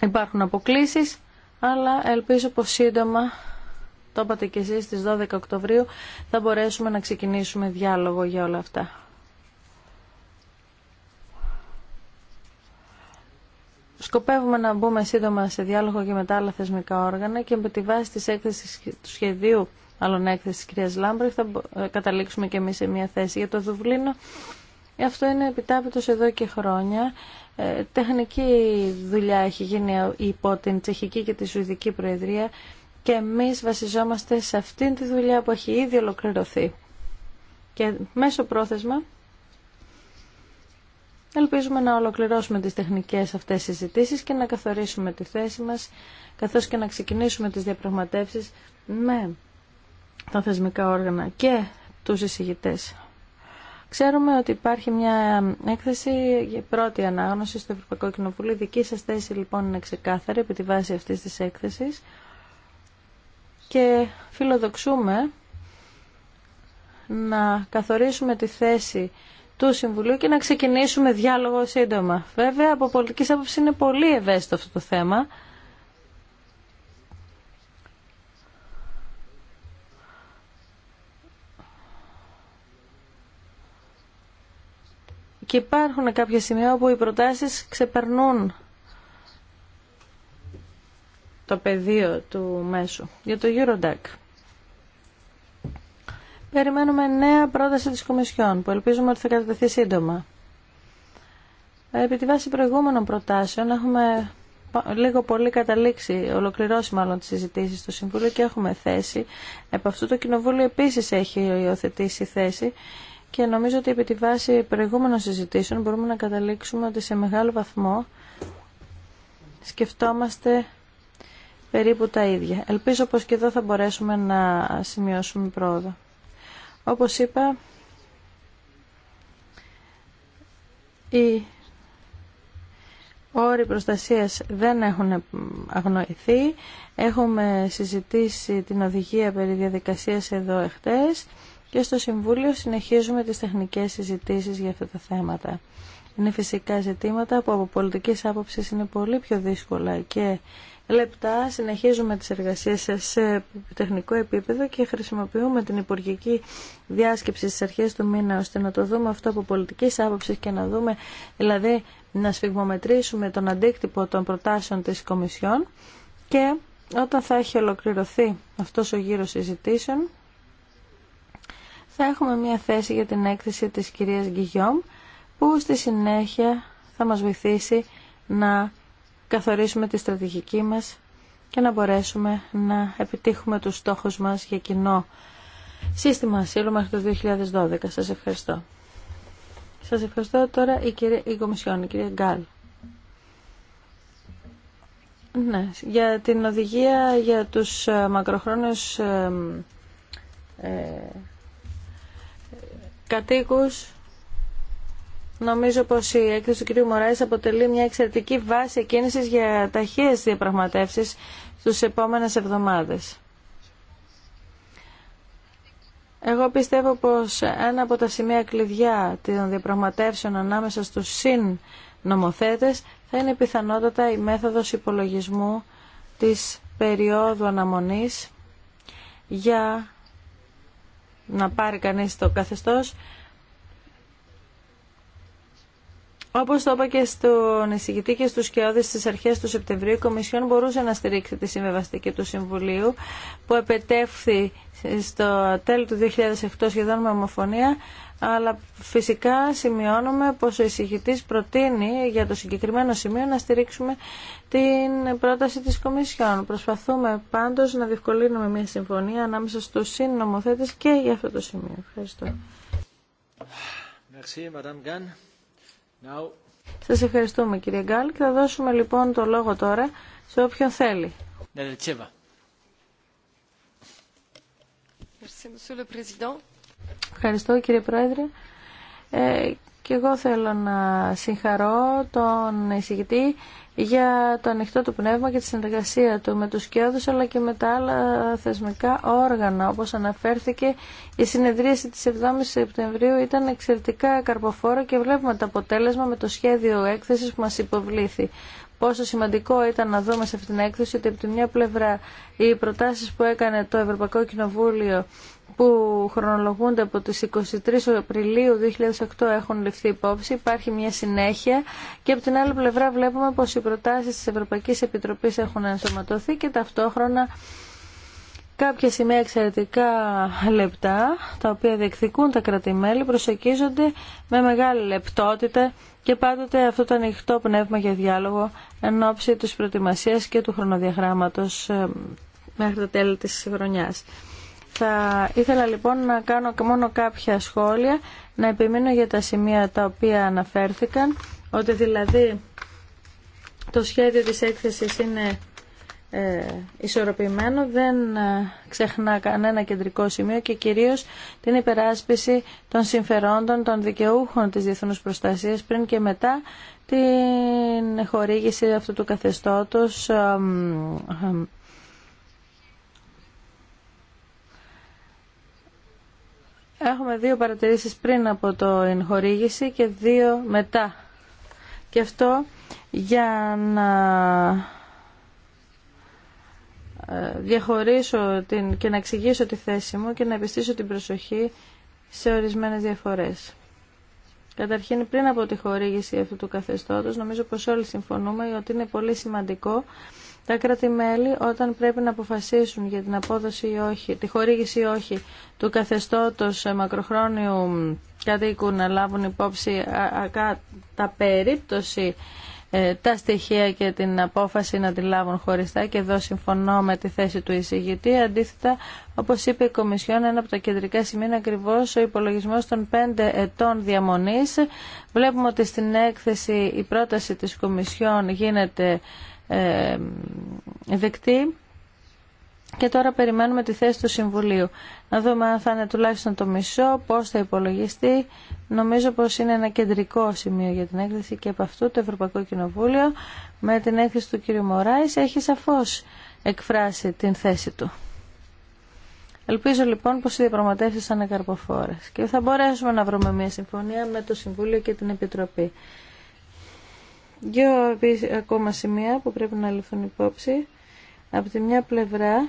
υπάρχουν αποκλήσεις, αλλά ελπίζω πως σύντομα το είπατε και εσείς στις 12 Οκτωβρίου, θα μπορέσουμε να ξεκινήσουμε διάλογο για όλα αυτά. Σκοπεύουμε να μπούμε σύντομα σε διάλογο και με τα άλλα θεσμικά όργανα και με τη βάση της έκθεσης του σχεδίου άλλων έκθεσης τη κυρίας Λάμπρεχ θα ε, καταλήξουμε και εμείς σε μια θέση για το Δουβλίνο. Ε, αυτό είναι επιτάπητος εδώ και χρόνια. Ε, τεχνική δουλειά έχει γίνει υπό την Τσεχική και τη Σουηδική Προεδρία και εμείς βασιζόμαστε σε αυτήν τη δουλειά που έχει ήδη ολοκληρωθεί. Και μέσω πρόθεσμα ελπίζουμε να ολοκληρώσουμε τις τεχνικές αυτές συζητήσεις και να καθορίσουμε τη θέση μας, καθώς και να ξεκινήσουμε τις διαπραγματεύσεις με τα θεσμικά όργανα και τους εισηγητές. Ξέρουμε ότι υπάρχει μια έκθεση για πρώτη ανάγνωση στο Ευρωπαϊκό Κοινοβούλιο. Η δική σας θέση λοιπόν είναι ξεκάθαρη επί τη βάση αυτής της έκθεσης και φιλοδοξούμε να καθορίσουμε τη θέση του Συμβουλίου και να ξεκινήσουμε διάλογο σύντομα. Βέβαια, από πολιτική άποψη είναι πολύ ευαίσθητο αυτό το θέμα. Και υπάρχουν κάποια σημεία όπου οι προτάσεις ξεπερνούν το πεδίο του μέσου. Για το Eurodac. Περιμένουμε νέα πρόταση της Κομισιόν που ελπίζουμε ότι θα κατατεθεί σύντομα. Επί τη βάση προηγούμενων προτάσεων έχουμε λίγο πολύ καταλήξει, ολοκληρώσει μάλλον τις συζητήσεις στο Συμβούλιο και έχουμε θέση. Επ' αυτού το Κοινοβούλιο επίσης έχει υιοθετήσει θέση και νομίζω ότι επί τη βάση προηγούμενων συζητήσεων μπορούμε να καταλήξουμε ότι σε μεγάλο βαθμό σκεφτόμαστε περίπου τα ίδια. Ελπίζω πως και εδώ θα μπορέσουμε να σημειώσουμε πρόοδο. Όπως είπα, οι όροι προστασίας δεν έχουν αγνοηθεί. Έχουμε συζητήσει την οδηγία περί διαδικασίας εδώ εχθές και στο Συμβούλιο συνεχίζουμε τις τεχνικές συζητήσεις για αυτά τα θέματα. Είναι φυσικά ζητήματα που από πολιτικής άποψης είναι πολύ πιο δύσκολα και λεπτά συνεχίζουμε τις εργασίες σε τεχνικό επίπεδο και χρησιμοποιούμε την υπουργική διάσκεψη στις αρχές του μήνα ώστε να το δούμε αυτό από πολιτικής άποψης και να δούμε δηλαδή να σφιγμομετρήσουμε τον αντίκτυπο των προτάσεων της Κομισιόν και όταν θα έχει ολοκληρωθεί αυτός ο γύρος συζητήσεων θα έχουμε μια θέση για την έκθεση της κυρίας Γκυγιόμ που στη συνέχεια θα μας βοηθήσει να καθορίσουμε τη στρατηγική μας και να μπορέσουμε να επιτύχουμε τους στόχους μας για κοινό σύστημα ασύλου μέχρι το 2012. Σας ευχαριστώ. Σας ευχαριστώ τώρα η κυρία η Κομισιόν, η κυρία Γκάλ. Ναι, για την οδηγία για τους ε, μακροχρόνους ε, ε, κατοίκους Νομίζω πω η έκθεση του κ. Μωράη αποτελεί μια εξαιρετική βάση κίνησης για ταχύε διαπραγματεύσεις στους επόμενες εβδομάδες. Εγώ πιστεύω πως ένα από τα σημεία κλειδιά των διαπραγματεύσεων ανάμεσα στους συν θα είναι πιθανότατα η μέθοδος υπολογισμού της περίοδου αναμονής για να πάρει κανείς το καθεστώς Όπω το είπα και στον εισηγητή και στου σκιώδε στι αρχέ του Σεπτεμβρίου, η Κομισιόν μπορούσε να στηρίξει τη συμβεβαστική του Συμβουλίου, που επετεύχθη στο τέλο του 2007 σχεδόν με ομοφωνία, αλλά φυσικά σημειώνουμε πως ο εισηγητή προτείνει για το συγκεκριμένο σημείο να στηρίξουμε την πρόταση της Κομισιόν. Προσπαθούμε πάντως να διευκολύνουμε μια συμφωνία ανάμεσα στους συνομοθέτες και για αυτό το σημείο. Ευχαριστώ. Merci, Madame σας ευχαριστούμε κύριε Γκάλ και θα δώσουμε λοιπόν το λόγο τώρα σε όποιον θέλει. Ευχαριστώ κύριε Πρόεδρε. Ε, και εγώ θέλω να συγχαρώ τον εισηγητή για το ανοιχτό του πνεύμα και τη συνεργασία του με τους κοιόδους αλλά και με τα άλλα θεσμικά όργανα. Όπως αναφέρθηκε η συνεδρίαση της 7 η Σεπτεμβρίου ήταν εξαιρετικά καρποφόρο και βλέπουμε το αποτέλεσμα με το σχέδιο έκθεσης που μας υποβλήθη. Πόσο σημαντικό ήταν να δούμε σε αυτήν την έκθεση ότι από τη μια πλευρά οι προτάσεις που έκανε το Ευρωπαϊκό Κοινοβούλιο που χρονολογούνται από τις 23 Απριλίου 2008 έχουν ληφθεί υπόψη, υπάρχει μια συνέχεια και από την άλλη πλευρά βλέπουμε πως οι προτάσεις της Ευρωπαϊκής Επιτροπής έχουν ενσωματωθεί και ταυτόχρονα κάποια σημεία εξαιρετικά λεπτά, τα οποία διεκδικούν τα κρατημέλη, προσεκίζονται με μεγάλη λεπτότητα και πάντοτε αυτό το ανοιχτό πνεύμα για διάλογο εν ώψη της προετοιμασίας και του χρονοδιαγράμματος ε, μέχρι το τέλη της χρονιάς. Θα ήθελα λοιπόν να κάνω μόνο κάποια σχόλια, να επιμείνω για τα σημεία τα οποία αναφέρθηκαν, ότι δηλαδή το σχέδιο της έκθεσης είναι ε, ισορροπημένο, δεν ε, ξεχνά κανένα κεντρικό σημείο και κυρίως την υπεράσπιση των συμφερόντων των δικαιούχων της διεθνούς προστασίας πριν και μετά την χορήγηση αυτού του καθεστώτος ε, ε, Έχουμε δύο παρατηρήσεις πριν από το χορήγηση και δύο μετά. Και αυτό για να ε, διαχωρίσω την, και να εξηγήσω τη θέση μου και να επιστήσω την προσοχή σε ορισμένες διαφορές. Καταρχήν πριν από τη χορήγηση αυτού του καθεστώτος νομίζω πως όλοι συμφωνούμε ότι είναι πολύ σημαντικό τα κράτη-μέλη όταν πρέπει να αποφασίσουν για την απόδοση ή όχι, τη χορήγηση ή όχι του καθεστώτος μακροχρόνιου κατοίκου να λάβουν υπόψη τα περίπτωση ε, τα στοιχεία και την απόφαση να τη λάβουν χωριστά και εδώ συμφωνώ με τη θέση του εισηγητή. Αντίθετα, όπως είπε η Κομισιόν, ένα από τα κεντρικά σημεία είναι ακριβώς ο υπολογισμός των πέντε ετών διαμονής. Βλέπουμε ότι στην έκθεση η πρόταση της Κομισιόν γίνεται ε, δεκτεί και τώρα περιμένουμε τη θέση του Συμβουλίου. Να δούμε αν θα είναι τουλάχιστον το μισό, πώς θα υπολογιστεί. Νομίζω πως είναι ένα κεντρικό σημείο για την έκθεση και από αυτού το Ευρωπαϊκό Κοινοβούλιο με την έκθεση του κ. Μωράης έχει σαφώς εκφράσει την θέση του. Ελπίζω λοιπόν πως οι διαπραγματεύσεις θα είναι καρποφόρες και θα μπορέσουμε να βρούμε μια συμφωνία με το Συμβούλιο και την Επιτροπή. Δύο ακόμα σημεία που πρέπει να ληφθούν υπόψη. Από τη μια πλευρά,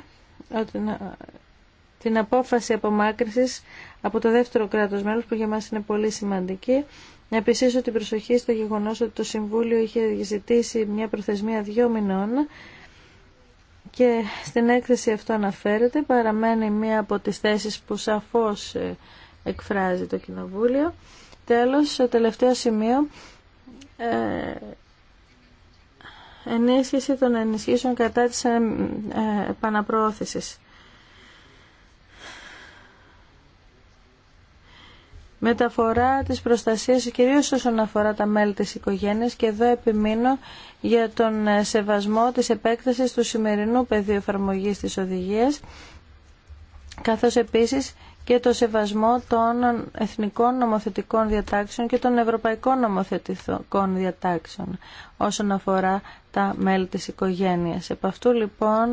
την απόφαση απομάκρυσης από το δεύτερο κράτος μέλος που για μας είναι πολύ σημαντική. Να επισήσω την προσοχή στο γεγονός ότι το Συμβούλιο είχε ζητήσει μια προθεσμία δύο μηνών και στην έκθεση αυτό αναφέρεται, παραμένει μία από τις θέσεις που σαφώς ε, εκφράζει το Κοινοβούλιο. Τέλος, το τελευταίο σημείο ε, ενίσχυση των ενισχύσεων κατά της ε, ε, επαναπροώθησης. Μεταφορά της προστασίας κυρίως όσον αφορά τα μέλη της οικογένειας και εδώ επιμείνω για τον σεβασμό της επέκτασης του σημερινού πεδίου εφαρμογής της οδηγίας καθώς επίσης και το σεβασμό των εθνικών νομοθετικών διατάξεων και των ευρωπαϊκών νομοθετικών διατάξεων όσον αφορά τα μέλη της οικογένειας. Επ' αυτού λοιπόν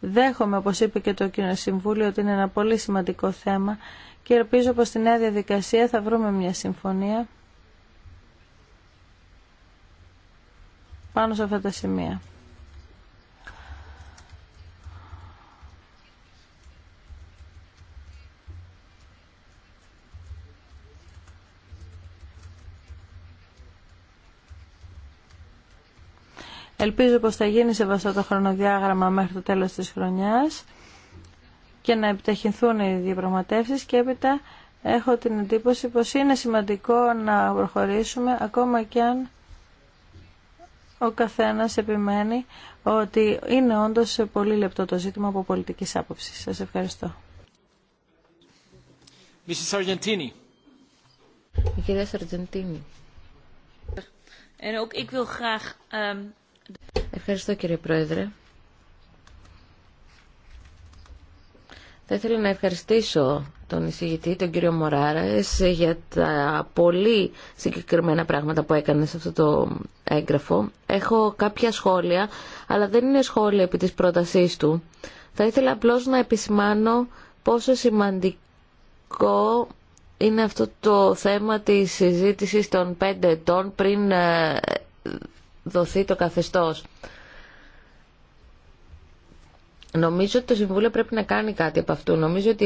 δέχομαι όπως είπε και το Συμβούλιο ότι είναι ένα πολύ σημαντικό θέμα και ελπίζω πως στη νέα διαδικασία θα βρούμε μια συμφωνία πάνω σε αυτά τα σημεία. Ελπίζω πως θα γίνει σεβαστό το χρονοδιάγραμμα μέχρι το τέλος της χρονιάς και να επιταχυνθούν οι διαπραγματεύσεις και έπειτα έχω την εντύπωση πως είναι σημαντικό να προχωρήσουμε ακόμα και αν ο καθένας επιμένει ότι είναι όντως πολύ λεπτό το ζήτημα από πολιτικής άποψης. Σας ευχαριστώ. Mrs. Argentini. κυρία Σαρτζεντίνη. Ευχαριστώ κύριε Πρόεδρε. Θα ήθελα να ευχαριστήσω τον εισηγητή, τον κύριο Μωράρας, για τα πολύ συγκεκριμένα πράγματα που έκανε σε αυτό το έγγραφο. Έχω κάποια σχόλια, αλλά δεν είναι σχόλια επί της πρότασής του. Θα ήθελα απλώς να επισημάνω πόσο σημαντικό είναι αυτό το θέμα της συζήτησης των πέντε ετών πριν ε, δοθεί το καθεστώς. Νομίζω ότι το Συμβούλιο πρέπει να κάνει κάτι από αυτού. Νομίζω ότι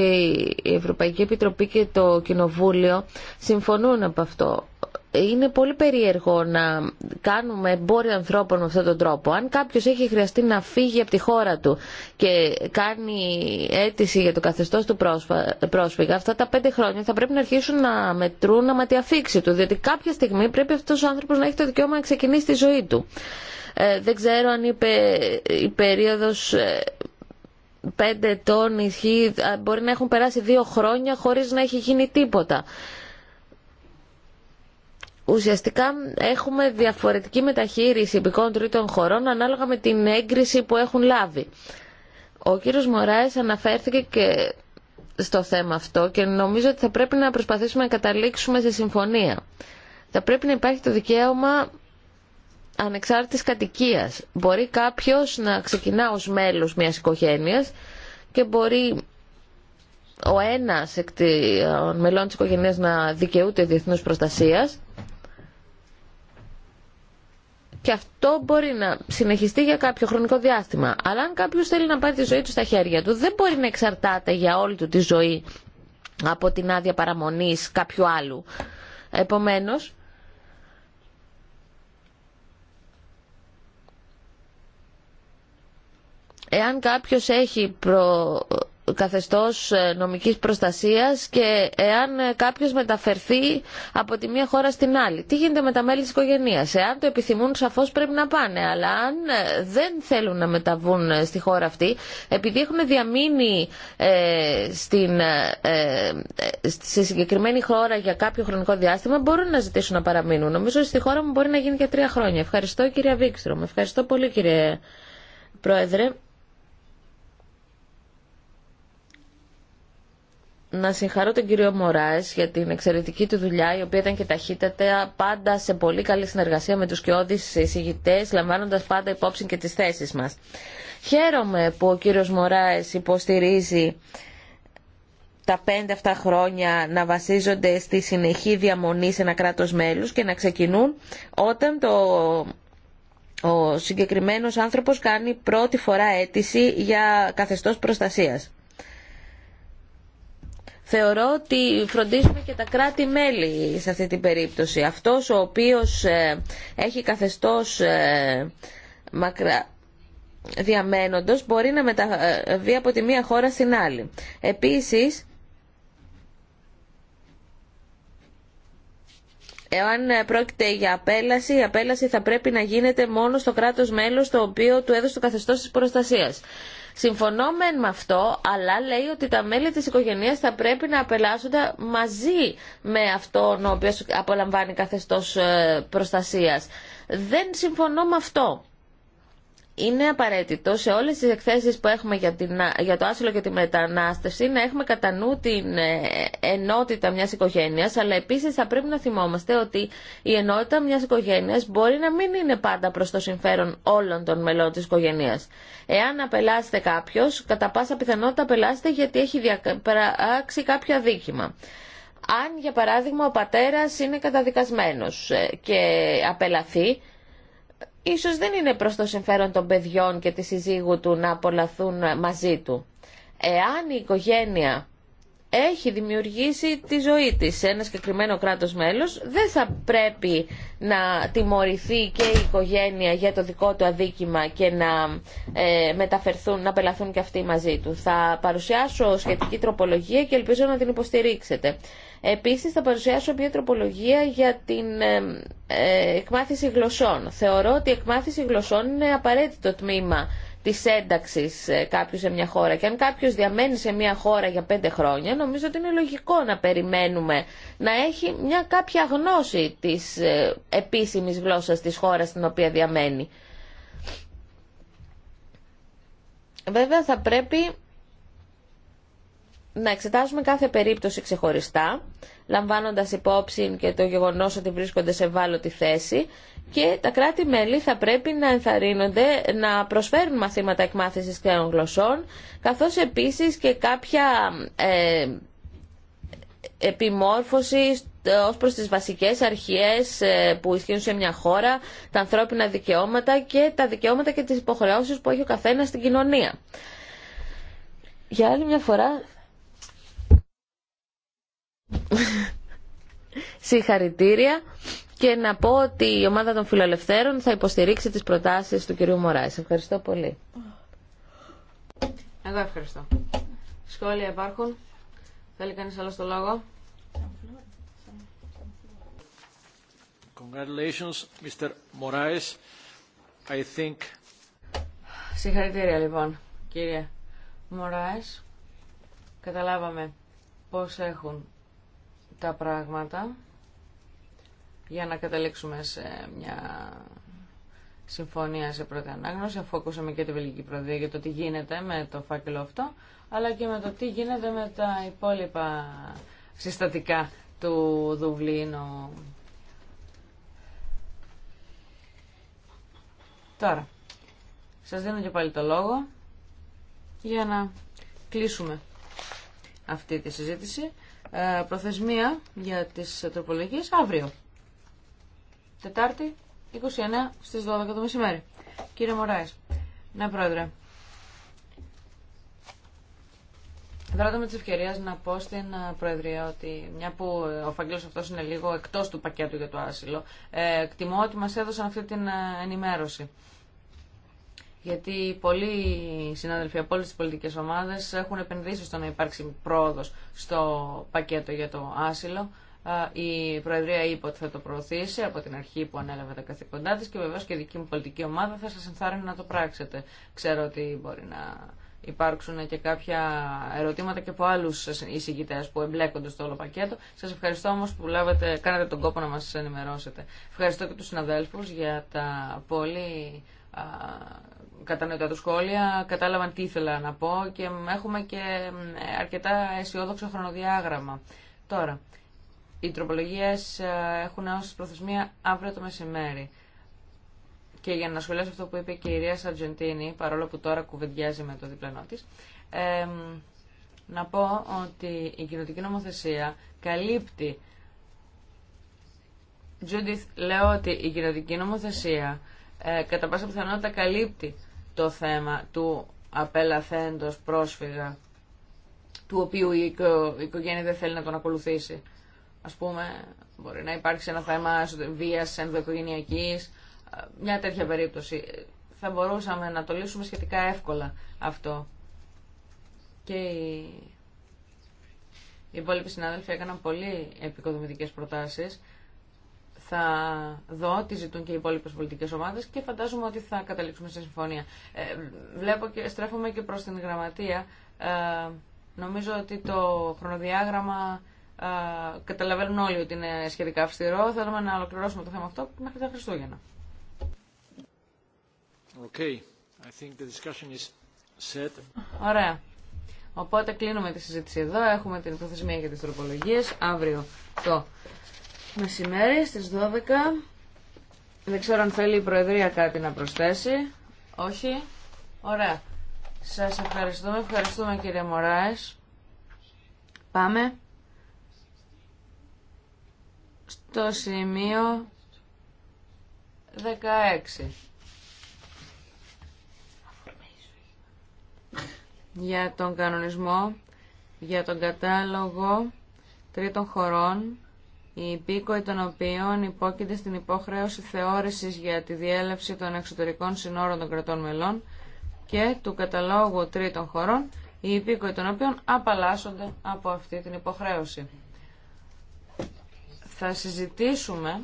η Ευρωπαϊκή Επιτροπή και το Κοινοβούλιο συμφωνούν από αυτό είναι πολύ περίεργο να κάνουμε εμπόριο ανθρώπων με αυτόν τον τρόπο. Αν κάποιο έχει χρειαστεί να φύγει από τη χώρα του και κάνει αίτηση για το καθεστώ του πρόσφυγα, αυτά τα πέντε χρόνια θα πρέπει να αρχίσουν να μετρούν ματιαφήξει του, διότι κάποια στιγμή πρέπει αυτό ο άνθρωπο να έχει το δικαίωμα να ξεκινήσει τη ζωή του. Ε, δεν ξέρω αν είπε η περίοδος ε, πέντε ετών ισχύει, ε, μπορεί να έχουν περάσει δύο χρόνια χωρίς να έχει γίνει τίποτα ουσιαστικά έχουμε διαφορετική μεταχείριση υπηκών τρίτων χωρών ανάλογα με την έγκριση που έχουν λάβει. Ο κύριος Μωράες αναφέρθηκε και στο θέμα αυτό και νομίζω ότι θα πρέπει να προσπαθήσουμε να καταλήξουμε σε συμφωνία. Θα πρέπει να υπάρχει το δικαίωμα ανεξάρτητης κατοικίας. Μπορεί κάποιος να ξεκινά ως μέλος μιας οικογένειας και μπορεί ο ένας εκ των μελών της οικογένειας να δικαιούται διεθνούς προστασίας και αυτό μπορεί να συνεχιστεί για κάποιο χρονικό διάστημα. Αλλά αν κάποιο θέλει να πάρει τη ζωή του στα χέρια του, δεν μπορεί να εξαρτάται για όλη του τη ζωή από την άδεια παραμονής κάποιου άλλου. Επομένως, εάν κάποιος έχει προ καθεστώς ε, νομικής προστασίας και εάν ε, κάποιος μεταφερθεί από τη μία χώρα στην άλλη. Τι γίνεται με τα μέλη της οικογένειας. Εάν το επιθυμούν σαφώς πρέπει να πάνε, αλλά αν ε, δεν θέλουν να μεταβούν στη χώρα αυτή, επειδή έχουν διαμείνει ε, σε συγκεκριμένη χώρα για κάποιο χρονικό διάστημα, μπορούν να ζητήσουν να παραμείνουν. Νομίζω στη χώρα μου μπορεί να γίνει για τρία χρόνια. Ευχαριστώ κυρία Βίξτρομ. Ευχαριστώ πολύ κύριε Πρόεδρε. να συγχαρώ τον κύριο Μωράες για την εξαιρετική του δουλειά, η οποία ήταν και ταχύτατα, πάντα σε πολύ καλή συνεργασία με τους κοιόδης εισηγητές, λαμβάνοντας πάντα υπόψη και τις θέσεις μας. Χαίρομαι που ο κύριος Μωράες υποστηρίζει τα πέντε αυτά χρόνια να βασίζονται στη συνεχή διαμονή σε ένα κράτος μέλους και να ξεκινούν όταν το ο συγκεκριμένος άνθρωπος κάνει πρώτη φορά αίτηση για καθεστώς προστασίας. Θεωρώ ότι φροντίζουμε και τα κράτη-μέλη σε αυτή την περίπτωση. Αυτός ο οποίος ε, έχει καθεστώς ε, μακρά διαμένοντος μπορεί να μεταβεί από τη μία χώρα στην άλλη. Επίσης, Εάν πρόκειται για απέλαση, η απέλαση θα πρέπει να γίνεται μόνο στο κράτος μέλος το οποίο του έδωσε το καθεστώς της προστασίας. Συμφωνώ με αυτό, αλλά λέει ότι τα μέλη της οικογένειας θα πρέπει να απελάσσονται μαζί με αυτόν ο οποίος απολαμβάνει καθεστώς ε, προστασίας. Δεν συμφωνώ με αυτό είναι απαραίτητο σε όλες τις εκθέσεις που έχουμε για, την, για το άσυλο και τη μετανάστευση να έχουμε κατά νου την ε, ενότητα μιας οικογένειας, αλλά επίσης θα πρέπει να θυμόμαστε ότι η ενότητα μιας οικογένειας μπορεί να μην είναι πάντα προς το συμφέρον όλων των μελών της οικογένειας. Εάν απελάσετε κάποιος, κατά πάσα πιθανότητα απελάσετε γιατί έχει διαπράξει κάποιο αδίκημα. Αν για παράδειγμα ο πατέρας είναι καταδικασμένος ε, και απελαθεί, ίσως δεν είναι προς το συμφέρον των παιδιών και της συζύγου του να απολαθούν μαζί του. Εάν η οικογένεια έχει δημιουργήσει τη ζωή της σε ένα συγκεκριμένο κράτος μέλος, δεν θα πρέπει να τιμωρηθεί και η οικογένεια για το δικό του αδίκημα και να ε, μεταφερθούν, να πελαθούν και αυτοί μαζί του. Θα παρουσιάσω σχετική τροπολογία και ελπίζω να την υποστηρίξετε. Επίσης θα παρουσιάσω μια τροπολογία για την ε, ε, εκμάθηση γλωσσών. Θεωρώ ότι η εκμάθηση γλωσσών είναι απαραίτητο τμήμα της ένταξης ε, κάποιου σε μια χώρα. Και αν κάποιος διαμένει σε μια χώρα για πέντε χρόνια, νομίζω ότι είναι λογικό να περιμένουμε να έχει μια κάποια γνώση της επίσημης γλώσσας της χώρας στην οποία διαμένει. Βέβαια θα πρέπει να εξετάσουμε κάθε περίπτωση ξεχωριστά, λαμβάνοντας υπόψη και το γεγονός ότι βρίσκονται σε τη θέση και τα κράτη-μέλη θα πρέπει να ενθαρρύνονται να προσφέρουν μαθήματα εκμάθησης και γλωσσών, καθώς επίσης και κάποια ε, επιμόρφωση ως προς τις βασικές αρχές ε, που ισχύουν σε μια χώρα, τα ανθρώπινα δικαιώματα και τα δικαιώματα και τις υποχρεώσεις που έχει ο καθένας στην κοινωνία. Για άλλη μια φορά Συγχαρητήρια και να πω ότι η ομάδα των φιλελευθέρων θα υποστηρίξει τις προτάσεις του κυρίου Μωράης. Ευχαριστώ πολύ. Εγώ ευχαριστώ. Σχόλια υπάρχουν. Θέλει κανείς άλλο το λόγο. Congratulations, Mr. Moraes. I think... Συγχαρητήρια λοιπόν, κύριε Μωράες. Καταλάβαμε πώς έχουν τα πράγματα για να καταλήξουμε σε μια συμφωνία σε πρώτη ανάγνωση, αφού ακούσαμε και τη Βελγική Προεδρία για το τι γίνεται με το φάκελο αυτό, αλλά και με το τι γίνεται με τα υπόλοιπα συστατικά του Δουβλίνου. Τώρα, σας δίνω και πάλι το λόγο για να κλείσουμε αυτή τη συζήτηση. Ε, προθεσμία για τις τροπολογίες αύριο. Τετάρτη, 29 στις 12 το μεσημέρι. Κύριε Μωράης. Ναι, Πρόεδρε. Δράτω με τη ευκαιρία να πω στην ε, Προεδρία ότι μια που ο φαγγέλο αυτός είναι λίγο εκτός του πακέτου για το άσυλο, ε, εκτιμώ ότι μα έδωσαν αυτή την ενημέρωση γιατί πολλοί συνάδελφοι από όλε τι πολιτικέ ομάδε έχουν επενδύσει στο να υπάρξει πρόοδο στο πακέτο για το άσυλο. Η Προεδρία είπε ότι θα το προωθήσει από την αρχή που ανέλαβε τα καθήκοντά τη και βεβαίω και η δική μου πολιτική ομάδα θα σα ενθάρρυνε να το πράξετε. Ξέρω ότι μπορεί να υπάρξουν και κάποια ερωτήματα και από άλλου εισηγητέ που εμπλέκονται στο όλο πακέτο. Σα ευχαριστώ όμω που λάβατε, κάνατε τον κόπο να μα ενημερώσετε. Ευχαριστώ και του συναδέλφου για τα πολύ κατανοητά του σχόλια, κατάλαβαν τι ήθελα να πω και έχουμε και αρκετά αισιόδοξο χρονοδιάγραμμα. Τώρα, οι τροπολογίες έχουν ως προθεσμία αύριο το μεσημέρι. Και για να σχολιάσω αυτό που είπε και η κυρία Σαρτζεντίνη, παρόλο που τώρα κουβεντιάζει με το διπλανό της, να πω ότι η κοινωτική νομοθεσία καλύπτει λέω ότι η κοινωτική νομοθεσία ε, κατά πάσα πιθανότητα καλύπτει το θέμα του απελαθέντος πρόσφυγα του οποίου η οικογένεια δεν θέλει να τον ακολουθήσει. Ας πούμε, μπορεί να υπάρξει ένα θέμα βίας ενδοοικογενειακής, μια τέτοια περίπτωση. Θα μπορούσαμε να το λύσουμε σχετικά εύκολα αυτό. Και οι υπόλοιποι συνάδελφοι έκαναν πολύ επικοδομητικές προτάσεις θα δω τι ζητούν και οι υπόλοιπε πολιτικέ ομάδε και φαντάζομαι ότι θα καταλήξουμε σε συμφωνία. Ε, βλέπω και στρέφομαι και προ την γραμματεία. Ε, νομίζω ότι το χρονοδιάγραμμα ε, καταλαβαίνουν όλοι ότι είναι σχετικά αυστηρό. Θέλουμε να ολοκληρώσουμε το θέμα αυτό μέχρι τα Χριστούγεννα. Okay. I think the is set. Ωραία. Οπότε κλείνουμε τη συζήτηση εδώ. Έχουμε την προθεσμία για τις τροπολογίες αύριο το μεσημέρι στις 12. Δεν ξέρω αν θέλει η Προεδρία κάτι να προσθέσει. Όχι. Ωραία. Σας ευχαριστούμε. Ευχαριστούμε κύριε Μωράες. Πάμε. Στο σημείο 16. για τον κανονισμό, για τον κατάλογο τρίτων χωρών οι υπήκοοι των οποίων υπόκειται στην υποχρέωση θεώρησης για τη διέλευση των εξωτερικών συνόρων των κρατών μελών και του καταλόγου τρίτων χωρών, οι υπήκοοι των οποίων απαλλάσσονται από αυτή την υποχρέωση. Θα συζητήσουμε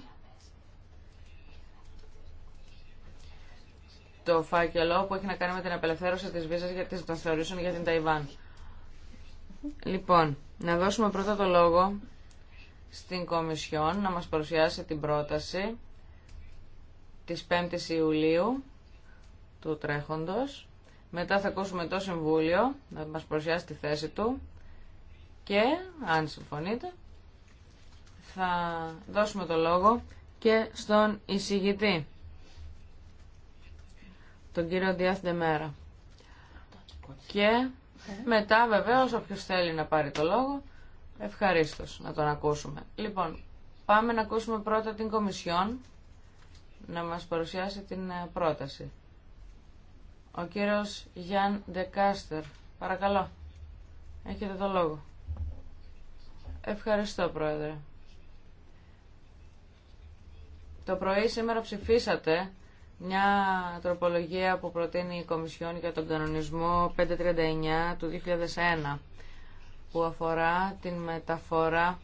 το φάκελο που έχει να κάνει με την απελευθέρωση της βίζας για τις θεωρήσεων για την Ταϊβάν. Λοιπόν, να δώσουμε πρώτα το λόγο στην Κομισιόν να μας παρουσιάσει την πρόταση της 5ης Ιουλίου του τρέχοντος. Μετά θα ακούσουμε το Συμβούλιο να μας παρουσιάσει τη θέση του και, αν συμφωνείτε, θα δώσουμε το λόγο και στον εισηγητή, τον κύριο Διάθ Μέρα. Και μετά βεβαίως όποιος θέλει να πάρει το λόγο Ευχαρίστω να τον ακούσουμε. Λοιπόν, πάμε να ακούσουμε πρώτα την Κομισιόν να μας παρουσιάσει την ε, πρόταση. Ο κύριος Γιάν Ντεκάστερ, παρακαλώ, έχετε το λόγο. Ευχαριστώ, Πρόεδρε. Το πρωί σήμερα ψηφίσατε μια τροπολογία που προτείνει η Κομισιόν για τον κανονισμό 539 του 2001 που αφορά την μεταφορά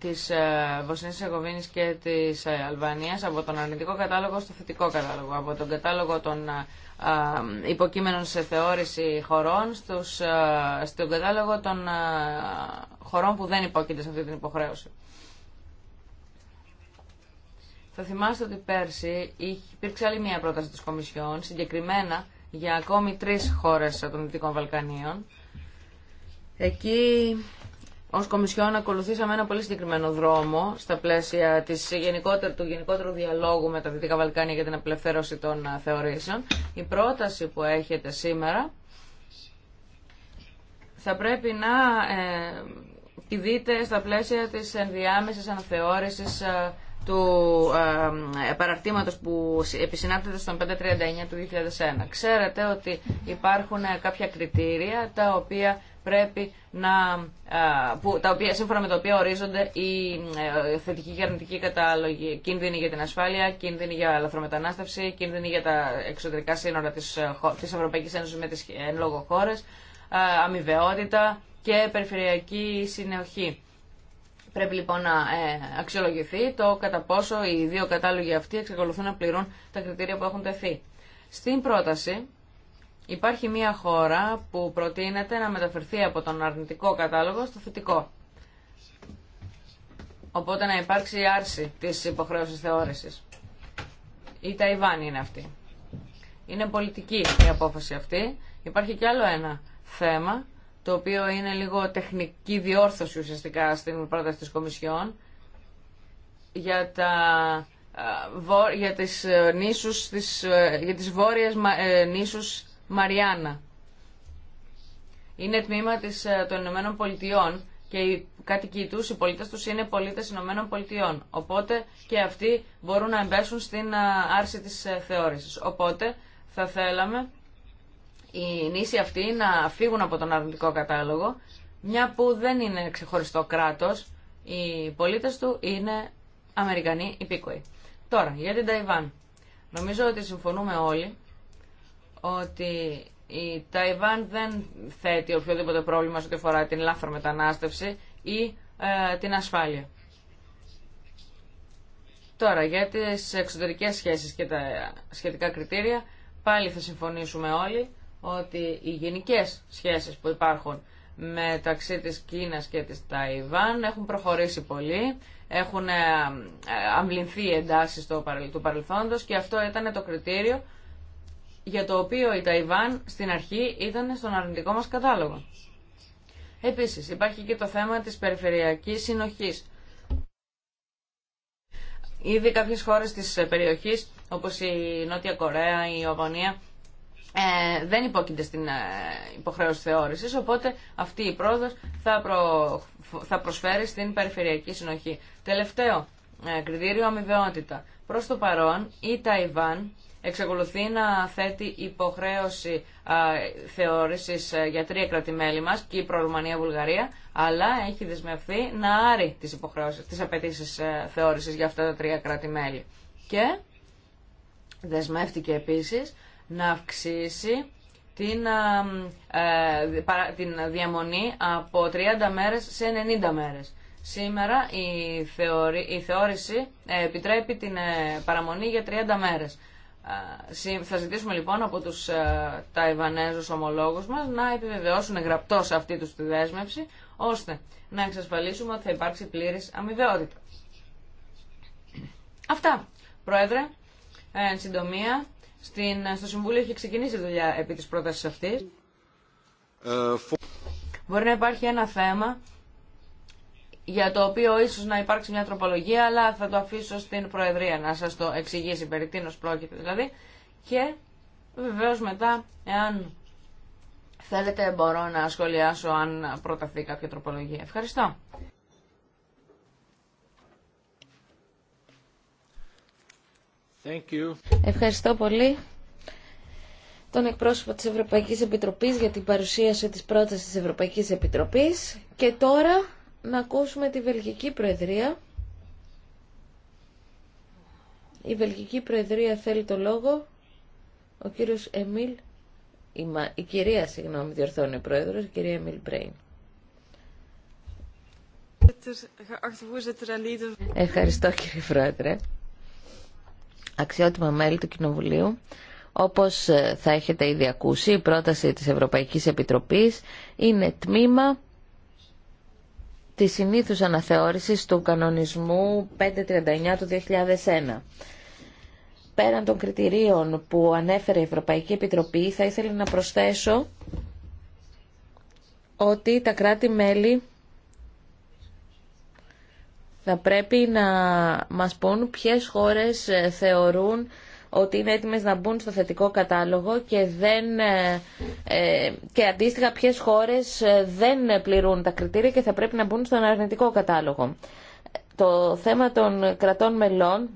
της ε, Βοσνίας Ερκοβίνης και της ε, Αλβανίας από τον αρνητικό κατάλογο στο θετικό κατάλογο, από τον κατάλογο των ε, υποκείμενων σε θεώρηση χωρών στους, στον κατάλογο των χωρών που δεν υπόκειται σε αυτή την υποχρέωση. Θα θυμάστε ότι πέρσι υπήρξε άλλη μία πρόταση της Κομισιόν, συγκεκριμένα για ακόμη τρεις χώρες των Δυτικών Βαλκανίων, Εκεί ως Κομισιόν ακολουθήσαμε ένα πολύ συγκεκριμένο δρόμο στα πλαίσια της γενικότερου, του γενικότερου διαλόγου με τα Δυτικά Βαλκάνια για την απελευθέρωση των ε, θεωρήσεων. Η πρόταση που έχετε σήμερα θα πρέπει να ε, τη δείτε στα πλαίσια της ενδιάμεσης αναθεώρησης ε, του ε, παραρτήματος που επισυνάπτεται στον 539 του 2001. Ξέρετε ότι υπάρχουν ε, κάποια κριτήρια τα οποία πρέπει να, που, τα οποία, σύμφωνα με τα οποία ορίζονται οι ε, θετική και αρνητικοί κατάλογοι, κίνδυνοι για την ασφάλεια, κίνδυνοι για λαθρομετανάστευση, κίνδυνοι για τα εξωτερικά σύνορα της, ε, της Ευρωπαϊκής Ένωσης με τις εν λόγω χώρες, αμοιβαιότητα και περιφερειακή συνοχή. Πρέπει λοιπόν να ε, αξιολογηθεί το κατά πόσο οι δύο κατάλογοι αυτοί εξακολουθούν να πληρούν τα κριτήρια που έχουν τεθεί. Στην πρόταση Υπάρχει μια χώρα που προτείνεται να μεταφερθεί από τον αρνητικό κατάλογο στο θετικό. Οπότε να υπάρξει άρση της υποχρέωσης θεώρησης. Η Ταϊβάν είναι αυτή. Είναι πολιτική η απόφαση αυτή. Υπάρχει κι άλλο ένα θέμα, το οποίο είναι λίγο τεχνική διόρθωση ουσιαστικά στην πρόταση της Κομισιόν, για τα ε, για τις ε, νήσους, ε, για βόρειες νήσους Μαριάννα. Είναι τμήμα της, ε, των Ηνωμένων Πολιτειών και οι κάτοικοι του, οι πολίτε του είναι πολίτε Ηνωμένων Πολιτειών. Οπότε και αυτοί μπορούν να εμπέσουν στην ε, άρση τη ε, θεώρηση. Οπότε θα θέλαμε οι νήσοι αυτοί να φύγουν από τον αρνητικό κατάλογο, μια που δεν είναι ξεχωριστό κράτο, οι πολίτε του είναι Αμερικανοί υπήκοοι. Τώρα, για την Ταϊβάν. Νομίζω ότι συμφωνούμε όλοι ότι η Ταϊβάν δεν θέτει οποιοδήποτε πρόβλημα σε ό,τι αφορά την λάθρο μετανάστευση ή ε, την ασφάλεια. Τώρα, για τις εξωτερικές σχέσεις και τα σχετικά κριτήρια, πάλι θα συμφωνήσουμε όλοι ότι οι γενικές σχέσεις που υπάρχουν μεταξύ της Κίνας και της Ταϊβάν έχουν προχωρήσει πολύ, έχουν ε, αμβληνθεί εντάσεις του παρελθόντος και αυτό ήταν το κριτήριο για το οποίο η Ταϊβάν στην αρχή ήταν στον αρνητικό μας κατάλογο. Επίσης υπάρχει και το θέμα της περιφερειακής συνοχής. Ήδη κάποιες χώρες της περιοχής όπως η Νότια Κορέα, η Ιαπωνία ε, δεν υπόκεινται στην ε, υποχρέωση θεώρησης οπότε αυτή η πρόοδος θα, θα προσφέρει στην περιφερειακή συνοχή. Τελευταίο ε, κριτήριο αμοιβαιότητα. Προς το παρόν η Ταϊβάν εξακολουθεί να θέτει υποχρέωση θεώρησης για τρία κρατημέλη μας, Κύπρο, Ρουμανία, Βουλγαρία, αλλά έχει δεσμευθεί να άρει τις, υποχρέωσεις, τις απαιτήσεις θεώρησης για αυτά τα τρία κρατημέλη. Και δεσμεύτηκε επίσης να αυξήσει την, ε, την διαμονή από 30 μέρες σε 90 μέρες. Σήμερα η, θεώρηση ε, επιτρέπει την ε, παραμονή για 30 μέρες. Θα ζητήσουμε λοιπόν από τους ε, Ταϊβανέζους ομολόγους μας να επιβεβαιώσουν σε αυτή τους τη δέσμευση, ώστε να εξασφαλίσουμε ότι θα υπάρξει πλήρης αμοιβαιότητα. Αυτά, Πρόεδρε, ε, εν συντομία, στην, στο Συμβούλιο έχει ξεκινήσει η δουλειά επί της πρότασης αυτής. Ε, Μπορεί να υπάρχει ένα θέμα για το οποίο ίσως να υπάρξει μια τροπολογία, αλλά θα το αφήσω στην Προεδρία να σας το εξηγήσει περί τίνος πρόκειται δηλαδή. Και βεβαίως μετά, εάν θέλετε, μπορώ να σχολιάσω αν προταθεί κάποια τροπολογία. Ευχαριστώ. Thank you. Ευχαριστώ πολύ τον εκπρόσωπο της Ευρωπαϊκής Επιτροπής για την παρουσίαση της πρότασης της Ευρωπαϊκής Επιτροπής και τώρα να ακούσουμε τη Βελγική Προεδρία. Η Βελγική Προεδρία θέλει το λόγο. Ο κύριος Εμίλ, η, κυρία, συγγνώμη, διορθώνει ο πρόεδρος, η κυρία Εμίλ Μπρέιν. Ευχαριστώ κύριε Πρόεδρε. Αξιότιμα μέλη του Κοινοβουλίου. Όπως ε, θα έχετε ήδη ακούσει, η πρόταση της Ευρωπαϊκής Επιτροπής είναι τμήμα τη συνήθους αναθεώρησης του κανονισμού 539 του 2001. Πέραν των κριτηρίων που ανέφερε η Ευρωπαϊκή Επιτροπή, θα ήθελα να προσθέσω ότι τα κράτη-μέλη θα πρέπει να μας πούν ποιες χώρες θεωρούν ότι είναι έτοιμες να μπουν στο θετικό κατάλογο και, δεν, ε, ε, και αντίστοιχα ποιες χώρες ε, δεν πληρούν τα κριτήρια και θα πρέπει να μπουν στον αρνητικό κατάλογο. Το θέμα των κρατών μελών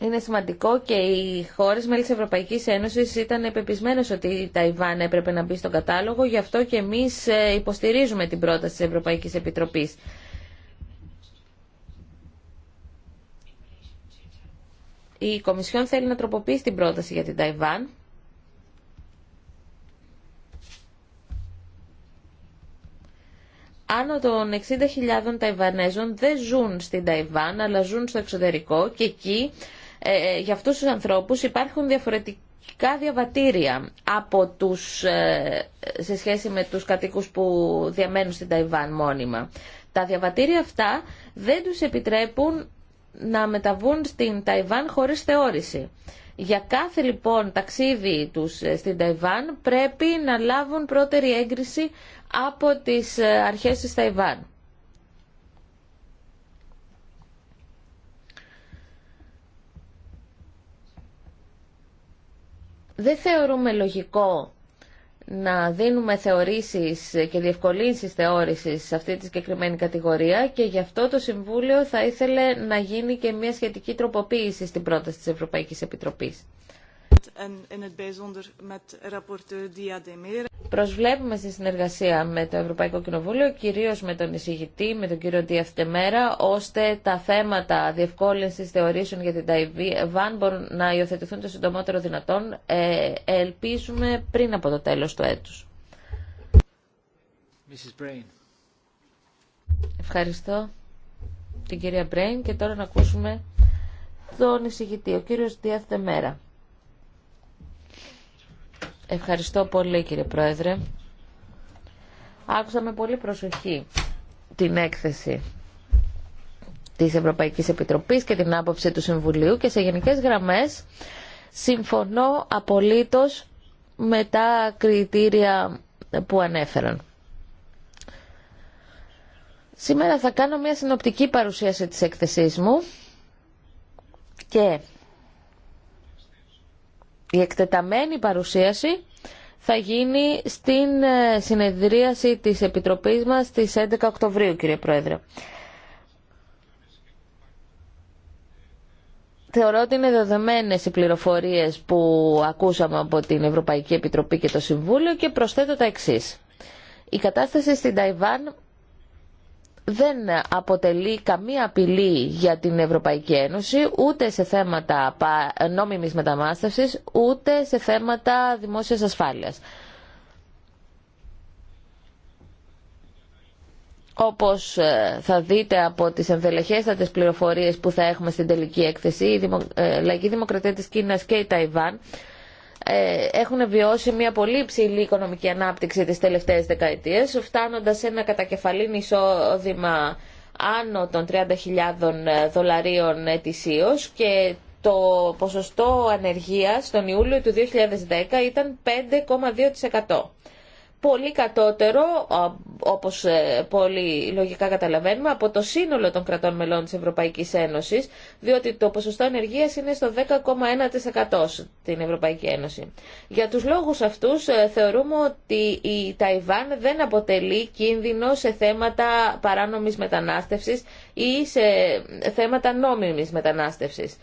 είναι σημαντικό και οι χώρες μέλη της Ευρωπαϊκής Ένωσης ήταν επεπισμένες ότι η Ταϊβάν έπρεπε να μπει στον κατάλογο, γι' αυτό και εμείς υποστηρίζουμε την πρόταση της Ευρωπαϊκής Επιτροπής. η Κομισιόν θέλει να τροποποιήσει την πρόταση για την Ταϊβάν Άνω των 60.000 Ταϊβανέζων δεν ζουν στην Ταϊβάν, αλλά ζουν στο εξωτερικό και εκεί ε, ε, για αυτούς τους ανθρώπους υπάρχουν διαφορετικά διαβατήρια από τους, ε, σε σχέση με τους κατοίκους που διαμένουν στην Ταϊβάν μόνιμα. Τα διαβατήρια αυτά δεν τους επιτρέπουν να μεταβούν στην Ταϊβάν χωρίς θεώρηση. Για κάθε λοιπόν ταξίδι τους ε, στην Ταϊβάν πρέπει να λάβουν πρώτερη έγκριση από τις ε, αρχές της Ταϊβάν. Δεν θεωρούμε λογικό να δίνουμε θεωρήσεις και διευκολύνσεις θεώρησης σε αυτή τη συγκεκριμένη κατηγορία και γι' αυτό το Συμβούλιο θα ήθελε να γίνει και μια σχετική τροποποίηση στην πρόταση της Ευρωπαϊκής Επιτροπής. Προσβλέπουμε στη συνεργασία με το Ευρωπαϊκό Κοινοβούλιο, κυρίως με τον εισηγητή, με τον κύριο Διαυτεμέρα, ώστε τα θέματα διευκόλυνσης θεωρήσεων για την Ταϊβάν μπορούν να υιοθετηθούν το συντομότερο δυνατόν. Ε, ελπίζουμε πριν από το τέλος του έτους. Ευχαριστώ την κυρία Μπρέιν και τώρα να ακούσουμε τον εισηγητή, ο κύριο Διαθεμέρα. Ευχαριστώ πολύ κύριε Πρόεδρε. Άκουσα με πολύ προσοχή την έκθεση της Ευρωπαϊκής Επιτροπής και την άποψη του Συμβουλίου και σε γενικές γραμμές συμφωνώ απολύτως με τα κριτήρια που ανέφεραν. Σήμερα θα κάνω μια συνοπτική παρουσίαση της έκθεσής μου και η εκτεταμένη παρουσίαση θα γίνει στην ε, συνεδρίαση της Επιτροπής μας στις 11 Οκτωβρίου, κύριε Πρόεδρε. Θεωρώ ότι είναι δεδομένες οι πληροφορίες που ακούσαμε από την Ευρωπαϊκή Επιτροπή και το Συμβούλιο και προσθέτω τα εξή. Η κατάσταση στην Ταϊβάν δεν αποτελεί καμία απειλή για την Ευρωπαϊκή Ένωση, ούτε σε θέματα νόμιμης μεταμάστευσης, ούτε σε θέματα δημόσιας ασφάλειας. Όπως ε, θα δείτε από τις ενδελεχέστατες πληροφορίες που θα έχουμε στην τελική έκθεση, η ε, Λαϊκή Δημοκρατία της Κίνας και η Ταϊβάν ε, έχουν βιώσει μια πολύ υψηλή οικονομική ανάπτυξη τις τελευταίες δεκαετίες, φτάνοντας ένα κατακεφαλήν εισόδημα άνω των 30.000 δολαρίων ετησίως και το ποσοστό ανεργίας τον Ιούλιο του 2010 ήταν 5,2% πολύ κατώτερο, όπως ε, πολύ λογικά καταλαβαίνουμε, από το σύνολο των κρατών μελών της Ευρωπαϊκής Ένωσης, διότι το ποσοστό ενεργείας είναι στο 10,1% στην Ευρωπαϊκή Ένωση. Για τους λόγους αυτούς ε, θεωρούμε ότι η Ταϊβάν δεν αποτελεί κίνδυνο σε θέματα παράνομης μετανάστευσης ή σε θέματα νόμιμης μετανάστευσης.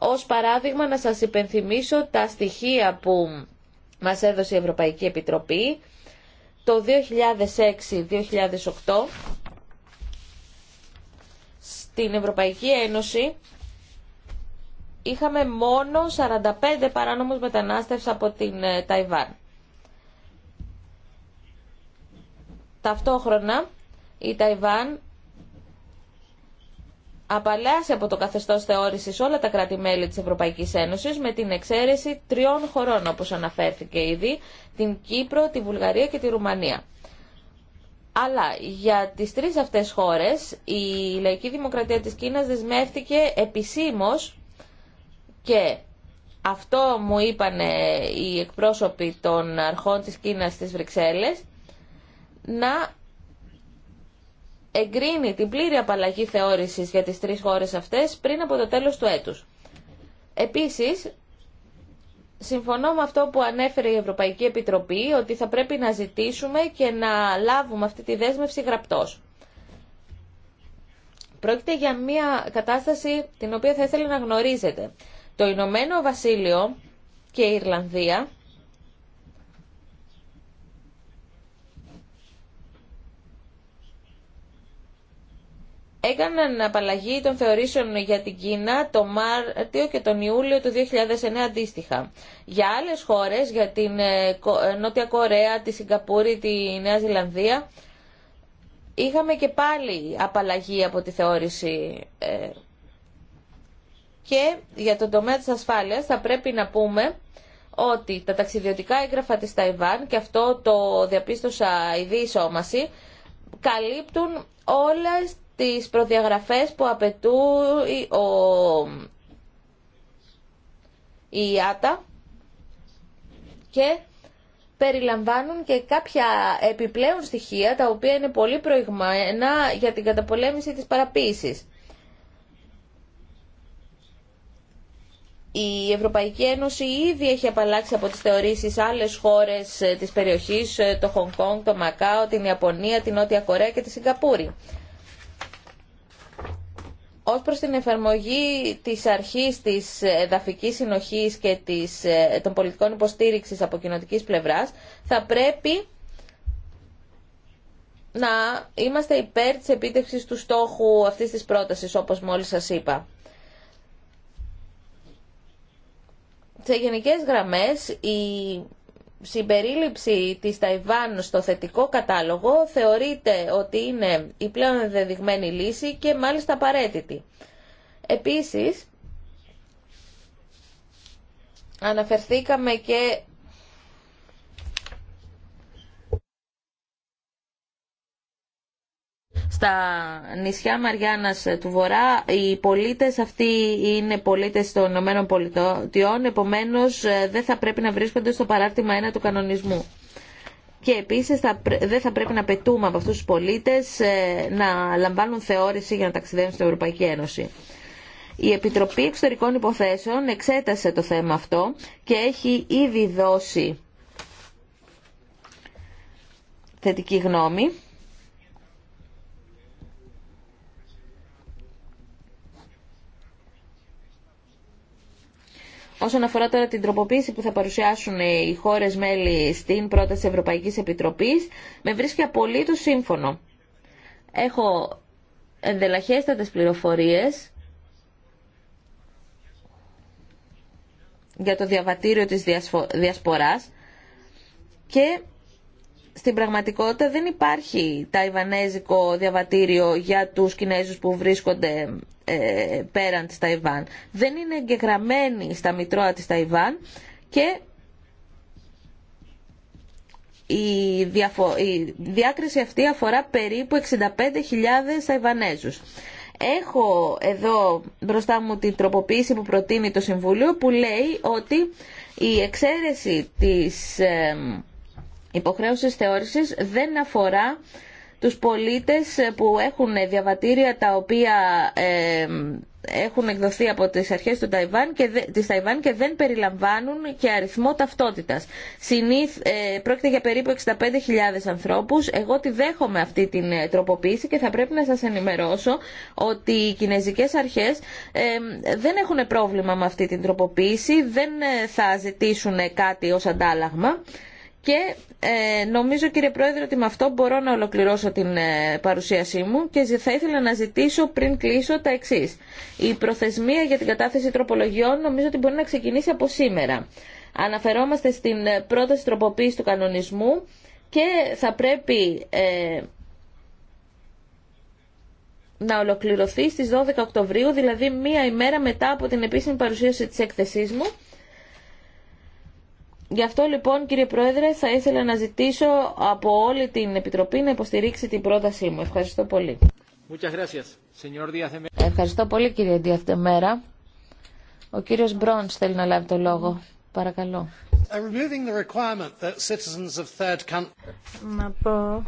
Ως παράδειγμα να σας υπενθυμίσω τα στοιχεία που μας έδωσε η Ευρωπαϊκή Επιτροπή το 2006-2008 στην Ευρωπαϊκή Ένωση είχαμε μόνο 45 παράνομους μετανάστευς από την ε, Ταϊβάν. Ταυτόχρονα η Ταϊβάν απαλλάσσει από το καθεστώς θεώρηση όλα τα κράτη-μέλη της Ευρωπαϊκής Ένωσης με την εξαίρεση τριών χωρών όπως αναφέρθηκε ήδη, την Κύπρο, τη Βουλγαρία και τη Ρουμανία. Αλλά για τις τρεις αυτές χώρες η Λαϊκή Δημοκρατία της Κίνα δεσμεύτηκε επισήμω και αυτό μου είπαν οι εκπρόσωποι των αρχών της Κίνας στις Βρυξέλλες να εγκρίνει την πλήρη απαλλαγή θεώρησης για τις τρεις χώρες αυτές πριν από το τέλος του έτους. Επίσης, συμφωνώ με αυτό που ανέφερε η Ευρωπαϊκή Επιτροπή, ότι θα πρέπει να ζητήσουμε και να λάβουμε αυτή τη δέσμευση γραπτός. Πρόκειται για μια κατάσταση την οποία θα ήθελα να γνωρίζετε. Το Ηνωμένο Βασίλειο και η Ιρλανδία έκαναν απαλλαγή των θεωρήσεων για την Κίνα το Μάρτιο και τον Ιούλιο του 2009 αντίστοιχα. Για άλλες χώρες, για την ε, ε, Νότια Κορέα, τη Σιγκαπούρη, τη Νέα Ζηλανδία, είχαμε και πάλι απαλλαγή από τη θεώρηση ε. και για τον τομέα της ασφάλειας θα πρέπει να πούμε ότι τα ταξιδιωτικά έγγραφα της Ταϊβάν και αυτό το διαπίστωσα η διεισόμαση καλύπτουν όλες τις προδιαγραφές που απαιτούν ο, η ΙΑΤΑ και περιλαμβάνουν και κάποια επιπλέον στοιχεία τα οποία είναι πολύ προηγμένα για την καταπολέμηση της παραποίησης. Η Ευρωπαϊκή Ένωση ήδη έχει απαλλάξει από τις θεωρήσεις άλλες χώρες ε, της περιοχής, ε, το Χονγκ Κόνγκ, το Μακάο, την Ιαπωνία, την Νότια Κορέα και τη Σιγκαπούρη. Ως προς την εφαρμογή της αρχής της εδαφικής συνοχής και της, ε, των πολιτικών υποστήριξης από κοινοτικής πλευράς, θα πρέπει να είμαστε υπέρ της επίτευξης του στόχου αυτής της πρότασης, όπως μόλις σας είπα. Σε γενικές γραμμές, η συμπερίληψη της Ταϊβάν στο θετικό κατάλογο θεωρείται ότι είναι η πλέον δεδειγμένη λύση και μάλιστα απαραίτητη. Επίσης, αναφερθήκαμε και Στα νησιά Μαριάνας του Βορρά οι πολίτες αυτοί είναι πολίτες των Ηνωμένων Πολιτειών, επομένως ε, δεν θα πρέπει να βρίσκονται στο παράρτημα 1 του κανονισμού. Και επίσης θα, δεν θα πρέπει να πετούμε από αυτούς τους πολίτες ε, να λαμβάνουν θεώρηση για να ταξιδεύουν στην Ευρωπαϊκή Ένωση. Η Επιτροπή Εξωτερικών Υποθέσεων εξέτασε το θέμα αυτό και έχει ήδη δώσει θετική γνώμη. Όσον αφορά τώρα την τροποποίηση που θα παρουσιάσουν οι χώρες μέλη στην πρόταση ευρωπαϊκή Επιτροπή με βρίσκει απολύτως σύμφωνο. Έχω ενδελαχέστατε πληροφορίες για το διαβατήριο της διασποράς και στην πραγματικότητα δεν υπάρχει ταϊβανέζικο διαβατήριο για τους Κινέζους που βρίσκονται ε, πέραν της Ταϊβάν. Δεν είναι εγγεγραμμένη στα Μητρώα της Ταϊβάν και η, διάκριση αυτή αφορά περίπου 65.000 Ταϊβανέζους. Έχω εδώ μπροστά μου την τροποποίηση που προτείνει το Συμβούλιο που λέει ότι η εξαίρεση της ε, υποχρέωσης θεώρησης δεν αφορά τους πολίτες ε, που έχουν διαβατήρια τα οποία ε, έχουν εκδοθεί από τις αρχές του Ταϊβάν και, της Ταϊβάν και δεν περιλαμβάνουν και αριθμό ταυτότητας. Συνήθ, ε, πρόκειται για περίπου 65.000 ανθρώπους. Εγώ τη δέχομαι αυτή την ε, τροποποίηση και θα πρέπει να σας ενημερώσω ότι οι κινέζικες αρχές ε, δεν έχουν πρόβλημα με αυτή την τροποποίηση, δεν θα ζητήσουν κάτι ως αντάλλαγμα. Και ε, νομίζω κύριε Πρόεδρε ότι με αυτό μπορώ να ολοκληρώσω την ε, παρουσίασή μου και θα ήθελα να ζητήσω πριν κλείσω τα εξή. Η προθεσμία για την κατάθεση τροπολογιών νομίζω ότι μπορεί να ξεκινήσει από σήμερα. Αναφερόμαστε στην ε, πρόταση τροποποίηση του κανονισμού και θα πρέπει να ολοκληρωθεί στις 12 Οκτωβρίου, δηλαδή μία ημέρα μετά από την επίσημη παρουσίαση της έκθεσής μου Γι' αυτό λοιπόν κύριε Πρόεδρε θα ήθελα να ζητήσω από όλη την Επιτροπή να υποστηρίξει την πρότασή μου. Ευχαριστώ πολύ. Ευχαριστώ πολύ κύριε Διαθεμέρα. Ο κύριος Μπρόντς θέλει να λάβει το λόγο. Παρακαλώ. Να πω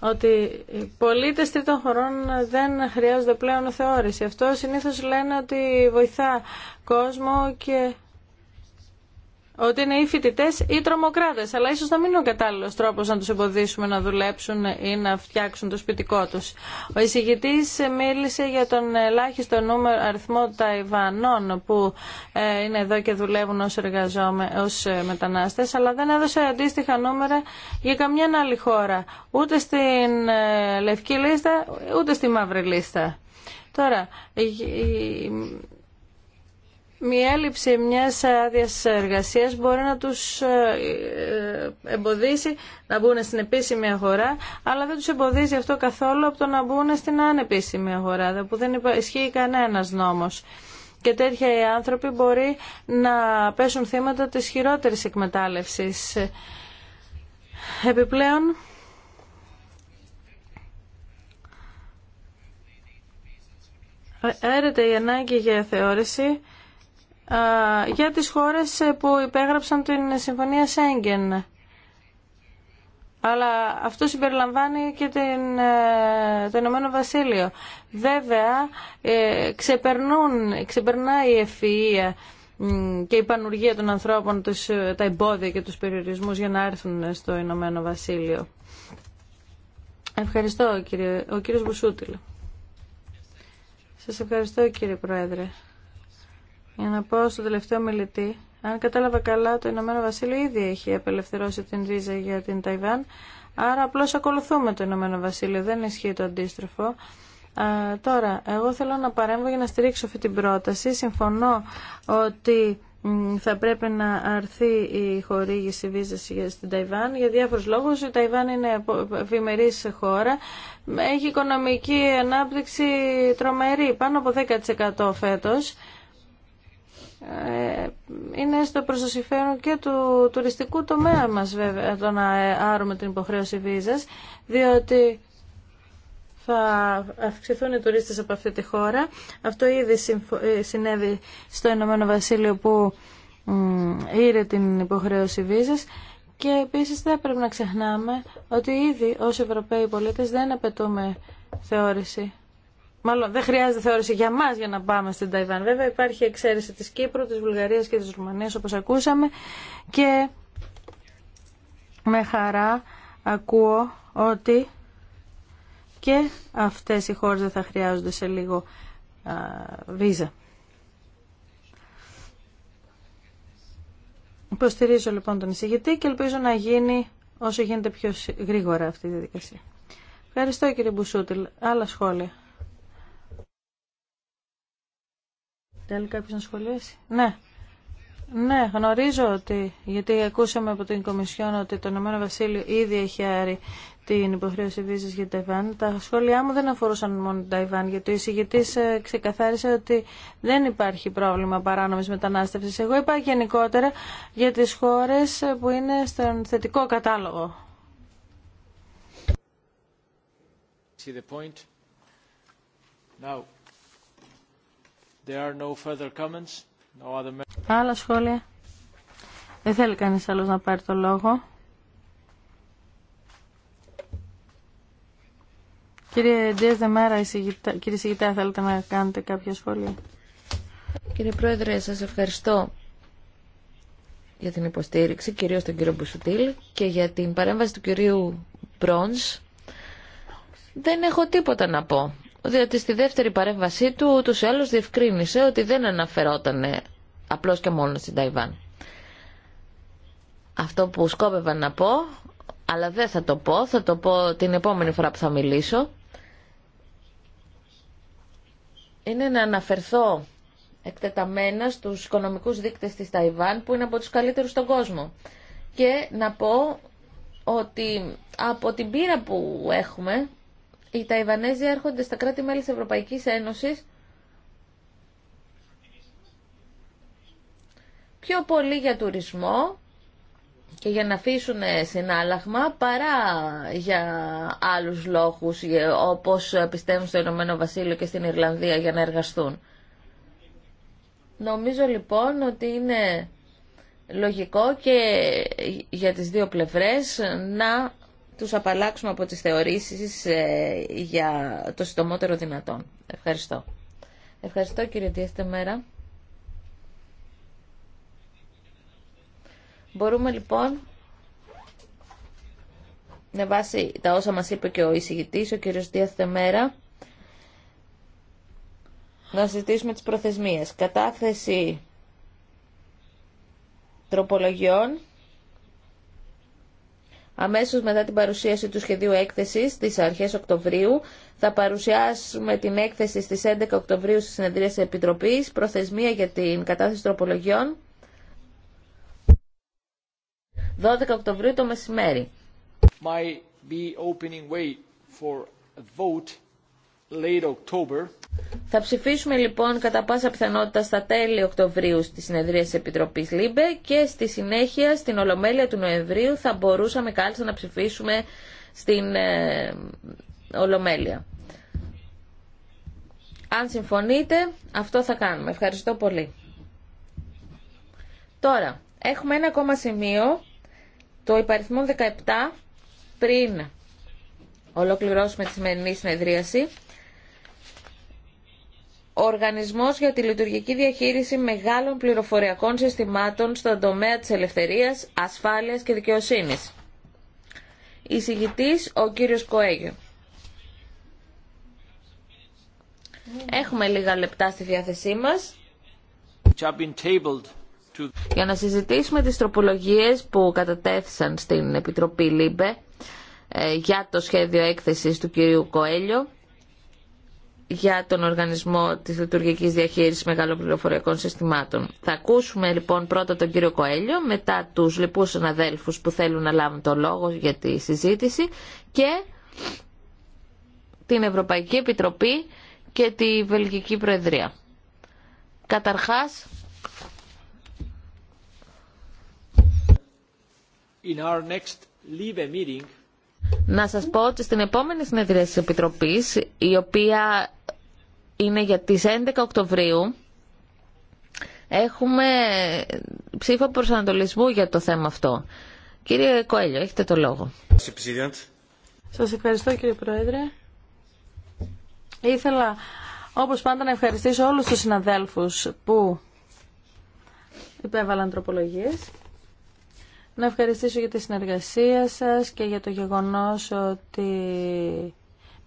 ότι οι πολίτες τρίτων χωρών δεν χρειάζονται πλέον θεώρηση. Αυτό συνήθως λένε ότι βοηθά κόσμο και ότι είναι ή φοιτητέ ή τρομοκράτε. Αλλά ίσω να μην είναι ο κατάλληλο τρόπο να του εμποδίσουμε να δουλέψουν ή να φτιάξουν το σπιτικό του. Ο εισηγητή μίλησε για τον ελάχιστο νούμερο αριθμό Ταϊβανών που ε, είναι εδώ και δουλεύουν ω ως ε, μετανάστε, αλλά δεν έδωσε αντίστοιχα νούμερα για καμιά άλλη χώρα. Ούτε στην ε, λευκή λίστα, ούτε στη μαύρη λίστα. Τώρα, μια έλλειψη μιας άδεια εργασίας μπορεί να τους ε, ε, εμποδίσει να μπουν στην επίσημη αγορά, αλλά δεν τους εμποδίζει αυτό καθόλου από το να μπουν στην ανεπίσημη αγορά, που δεν ισχύει κανένας νόμος. Και τέτοια οι άνθρωποι μπορεί να πέσουν θύματα της χειρότερης εκμετάλλευσης. Επιπλέον, ε, έρεται η ανάγκη για θεώρηση για τις χώρες ε, που υπέγραψαν την Συμφωνία Σέγγεν. Αλλά αυτό συμπεριλαμβάνει και την, ε, το Ηνωμένο Βασίλειο. Βέβαια, ε, ξεπερνούν, ξεπερνάει η ευφυΐα και η πανουργία των ανθρώπων, τους, τα εμπόδια και τους περιορισμούς για να έρθουν στο Ηνωμένο Βασίλειο. Ευχαριστώ, κύριε, ο κύριος Μπουσούτιλ. Σας ευχαριστώ, κύριε Πρόεδρε για να πω στο τελευταίο μιλητή, αν κατάλαβα καλά, το Ηνωμένο Βασίλειο ήδη έχει απελευθερώσει την ρίζα για την Ταϊβάν, άρα απλώ ακολουθούμε το Ηνωμένο Βασίλειο, δεν ισχύει το αντίστροφο. τώρα, εγώ θέλω να παρέμβω για να στηρίξω αυτή την πρόταση. Συμφωνώ ότι θα πρέπει να αρθεί η χορήγηση βίζας στην Ταϊβάν για διάφορους λόγους. Η Ταϊβάν είναι ευημερή χώρα. Έχει οικονομική ανάπτυξη τρομερή, πάνω από 10% φέτος. Ε, είναι στο προς και του τουριστικού τομέα μας βέβαια το να άρουμε την υποχρέωση βίζας διότι θα αυξηθούν οι τουρίστες από αυτή τη χώρα. Αυτό ήδη ε, συνέβη στο Ηνωμένο Βασίλειο που ήρε την υποχρέωση βίζας και επίσης δεν πρέπει να ξεχνάμε ότι ήδη ως Ευρωπαίοι πολίτες δεν απαιτούμε θεώρηση Μάλλον δεν χρειάζεται θεώρηση για μα για να πάμε στην Ταϊβάν. Βέβαια υπάρχει εξαίρεση τη Κύπρου, τη Βουλγαρία και τη Ρουμανία όπω ακούσαμε και με χαρά ακούω ότι και αυτές οι χώρες δεν θα χρειάζονται σε λίγο βίζα. Υποστηρίζω λοιπόν τον εισηγητή και ελπίζω να γίνει όσο γίνεται πιο γρήγορα αυτή η διαδικασία. Ευχαριστώ κύριε Μπουσούτιλ. Άλλα σχόλια. Θέλει κάποιο να σχολιάσει. Ναι. Ναι, γνωρίζω ότι, γιατί ακούσαμε από την Κομισιόν ότι το Ηνωμένο Βασίλειο ήδη έχει άρει την υποχρέωση βίζας για την Ταϊβάν. Τα σχόλιά μου δεν αφορούσαν μόνο την Ταϊβάν, γιατί ο εισηγητή ε, ξεκαθάρισε ότι δεν υπάρχει πρόβλημα παράνομη μετανάστευση. Εγώ είπα γενικότερα για τι χώρε που είναι στον θετικό κατάλογο. Now. There Άλλα σχόλια. Δεν θέλει κανείς άλλος να πάρει το λόγο. Κύριε Ντίας Δεμάρα, κύριε Σιγητά, θέλετε να κάνετε κάποια σχόλια. Κύριε Πρόεδρε, σας ευχαριστώ για την υποστήριξη, κυρίως τον κύριο Μπουσουτήλ και για την παρέμβαση του κυρίου Μπρόνς. Δεν έχω τίποτα να πω διότι στη δεύτερη παρέμβασή του ούτως ή άλλως διευκρίνησε ότι δεν αναφερόταν απλώς και μόνο στην Ταϊβάν. Αυτό που σκόπευα να πω, αλλά δεν θα το πω, θα το πω την επόμενη φορά που θα μιλήσω, είναι να αναφερθώ εκτεταμένα στους οικονομικούς δείκτες της Ταϊβάν που είναι από τους καλύτερους στον κόσμο και να πω ότι από την πείρα που έχουμε οι Ταϊβανέζοι έρχονται στα κράτη-μέλη της Ευρωπαϊκής Ένωσης πιο πολύ για τουρισμό και για να αφήσουν συνάλλαγμα παρά για άλλους λόγους όπως πιστεύουν στο Ηνωμένο Βασίλειο και στην Ιρλανδία για να εργαστούν. Νομίζω λοιπόν ότι είναι λογικό και για τις δύο πλευρές να τους απαλλάξουμε από τις θεωρήσεις ε, για το συντομότερο δυνατόν. Ευχαριστώ. Ευχαριστώ κύριε Τίεστε Μέρα. Μπορούμε λοιπόν, με βάση τα όσα μας είπε και ο εισηγητής, ο κύριος Μέρα, να συζητήσουμε τις προθεσμίες. Κατάθεση τροπολογιών Αμέσως μετά την παρουσίαση του σχεδίου έκθεσης στις αρχές Οκτωβρίου θα παρουσιάσουμε την έκθεση στι 11 Οκτωβρίου στη συνεδρία τη Επιτροπής, προθεσμία για την κατάθεση τροπολογιών 12 Οκτωβρίου το μεσημέρι. be opening way for a vote late October. Θα ψηφίσουμε λοιπόν κατά πάσα πιθανότητα στα τέλη Οκτωβρίου στη συνεδρία της Επιτροπής ΛΥΜΠΕ και στη συνέχεια στην Ολομέλεια του Νοεμβρίου θα μπορούσαμε κάλλιστα να ψηφίσουμε στην ε, Ολομέλεια. Αν συμφωνείτε, αυτό θα κάνουμε. Ευχαριστώ πολύ. Τώρα, έχουμε ένα ακόμα σημείο, το υπαριθμό 17, πριν ολοκληρώσουμε τη σημερινή συνεδρίαση ο Οργανισμός για τη Λειτουργική Διαχείριση Μεγάλων Πληροφοριακών Συστημάτων στον τομέα της ελευθερίας, ασφάλειας και δικαιοσύνης. Εισηγητής ο κύριος Κοέγιο. Έχουμε λίγα λεπτά στη διάθεσή μας για να συζητήσουμε τις τροπολογίες που κατατέθησαν στην Επιτροπή ΛΥΜΠΕ ε, για το σχέδιο έκθεσης του κυρίου Κοέλιο για τον οργανισμό της λειτουργικής διαχείρισης μεγάλων πληροφοριακών συστημάτων. Θα ακούσουμε λοιπόν πρώτα τον κύριο Κοέλιο, μετά τους λοιπούς συναδέλφους που θέλουν να λάβουν το λόγο για τη συζήτηση και την Ευρωπαϊκή Επιτροπή και τη Βελγική Προεδρία. Καταρχάς, In our next meeting... να σας πω ότι στην επόμενη συνεδρία της Επιτροπής, η οποία είναι για τις 11 Οκτωβρίου έχουμε ψήφο προσανατολισμού για το θέμα αυτό. Κύριε Κοέλιο, έχετε το λόγο. Σας ευχαριστώ κύριε Πρόεδρε. Ήθελα όπως πάντα να ευχαριστήσω όλους τους συναδέλφους που υπέβαλαν τροπολογίες. Να ευχαριστήσω για τη συνεργασία σας και για το γεγονός ότι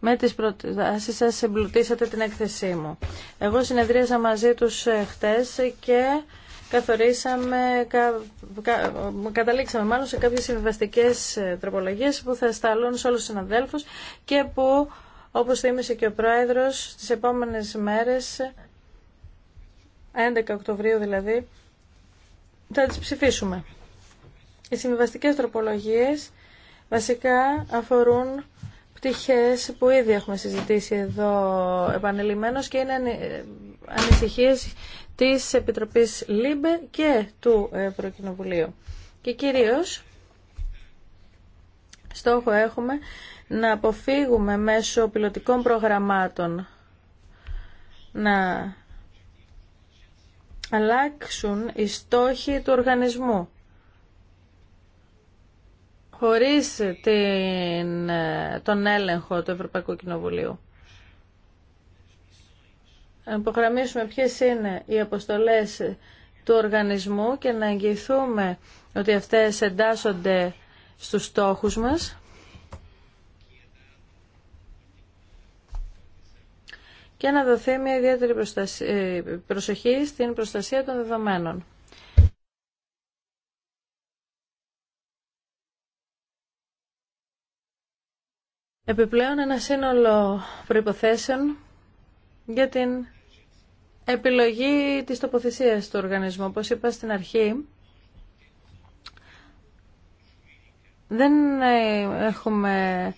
με τις προτάσεις σας εμπλουτίσατε την έκθεσή μου. Εγώ συνεδρίασα μαζί τους ε, χτες και καθορίσαμε, κα, κα, καταλήξαμε μάλλον σε κάποιες συμβαστικές ε, τροπολογίες που θα σταλούν σε όλους τους συναδέλφους και που, όπως θύμισε και ο Πρόεδρος, τις επόμενες μέρες, 11 Οκτωβρίου δηλαδή, θα τις ψηφίσουμε. Οι συμβαστικές τροπολογίες βασικά αφορούν που ήδη έχουμε συζητήσει εδώ επανελειμμένως και είναι ανησυχίες της Επιτροπής ΛΥΜΠΕ και του Ευρωκοινοβουλίου. Και κυρίως στόχο έχουμε να αποφύγουμε μέσω πιλωτικών προγραμμάτων να αλλάξουν οι στόχοι του οργανισμού χωρίς την, τον έλεγχο του Ευρωπαϊκού Κοινοβουλίου. Να υπογραμμίσουμε ποιες είναι οι αποστολές του οργανισμού και να εγγυηθούμε ότι αυτές εντάσσονται στους στόχους μας. και να δοθεί μια ιδιαίτερη ε, προσοχή στην προστασία των δεδομένων. Επιπλέον ένα σύνολο προϋποθέσεων για την επιλογή της τοποθεσίας του οργανισμού. Όπως είπα στην αρχή, δεν έχουμε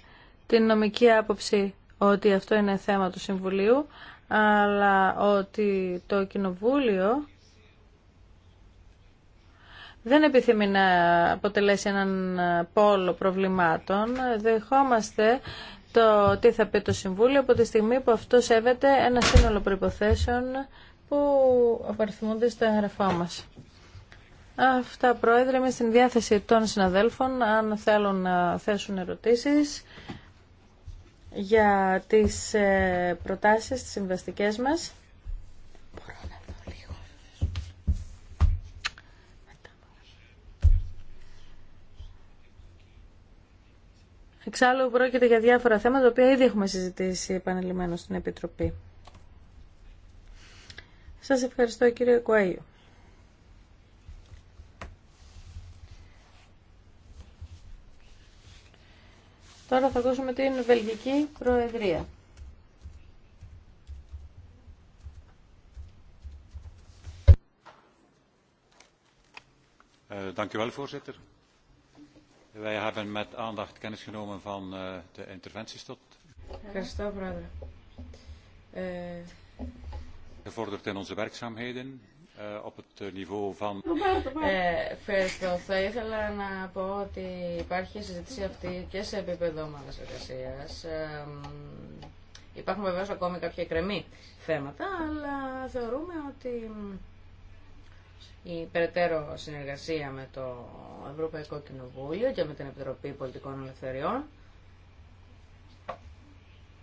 την νομική άποψη ότι αυτό είναι θέμα του Συμβουλίου, αλλά ότι το Κοινοβούλιο δεν επιθυμεί να αποτελέσει έναν πόλο προβλημάτων. Δεχόμαστε το τι θα πει το Συμβούλιο από τη στιγμή που αυτό σέβεται ένα σύνολο προϋποθέσεων που απαριθμούνται στο εγγραφό μας. Αυτά, Πρόεδρε, είμαι στην διάθεση των συναδέλφων αν θέλουν να θέσουν ερωτήσεις για τις ε, προτάσεις, τις συμβαστικές μας. Εξάλλου πρόκειται για διάφορα θέματα τα οποία ήδη έχουμε συζητήσει επανελειμμένως στην Επιτροπή. Σας ευχαριστώ κύριε Κουαΐου. Τώρα θα ακούσουμε την Βελγική Προεδρία. Ευχαριστώ, κύριε Ευχαριστώ, Πρόεδρε. ευχαριστώ. Θα ήθελα να πω ότι υπάρχει συζήτηση αυτή και σε επίπεδο ομάδα υπάρχουν βεβαίω ακόμη κάποια εκκρεμή θέματα, αλλά θεωρούμε ότι η περαιτέρω συνεργασία με το Ευρωπαϊκό Κοινοβούλιο και με την Επιτροπή Πολιτικών Ελευθεριών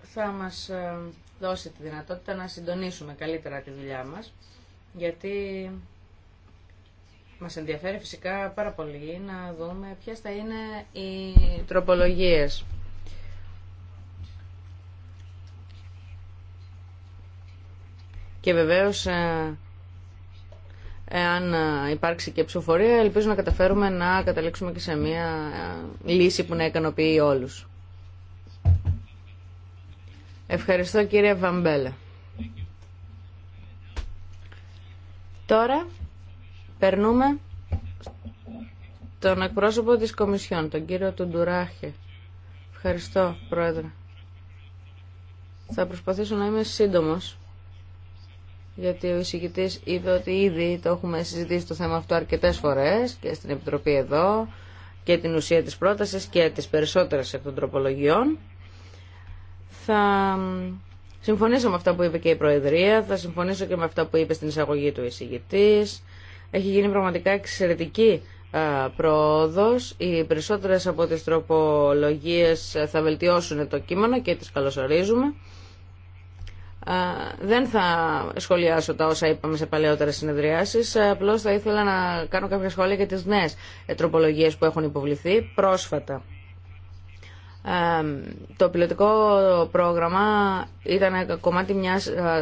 θα μας ε, δώσει τη δυνατότητα να συντονίσουμε καλύτερα τη δουλειά μας, γιατί μας ενδιαφέρει φυσικά πάρα πολύ να δούμε ποιες θα είναι οι τροπολογίες. Και βεβαίως ε, εάν ε, υπάρξει και ψηφοφορία, ελπίζω να καταφέρουμε να καταλήξουμε και σε μια ε, λύση που να ικανοποιεί όλους. Ευχαριστώ κύριε Βαμπέλα. Τώρα περνούμε τον εκπρόσωπο της Κομισιόν, τον κύριο Τουντουράχε. Ευχαριστώ, Πρόεδρε. Θα προσπαθήσω να είμαι σύντομος γιατί ο εισηγητής είπε ότι ήδη το έχουμε συζητήσει το θέμα αυτό αρκετές φορές και στην Επιτροπή εδώ και την ουσία της πρότασης και τις περισσότερες εκ των τροπολογιών. Θα συμφωνήσω με αυτά που είπε και η Προεδρία, θα συμφωνήσω και με αυτά που είπε στην εισαγωγή του εισηγητής. Έχει γίνει πραγματικά εξαιρετική πρόοδος. Οι περισσότερες από τις τροπολογίες θα βελτιώσουν το κείμενο και τις καλωσορίζουμε δεν θα σχολιάσω τα όσα είπαμε σε παλαιότερες συνεδριάσεις, απλώς θα ήθελα να κάνω κάποια σχόλια για τις νέες τροπολογίε που έχουν υποβληθεί πρόσφατα το πιλωτικό πρόγραμμα ήταν κομμάτι μια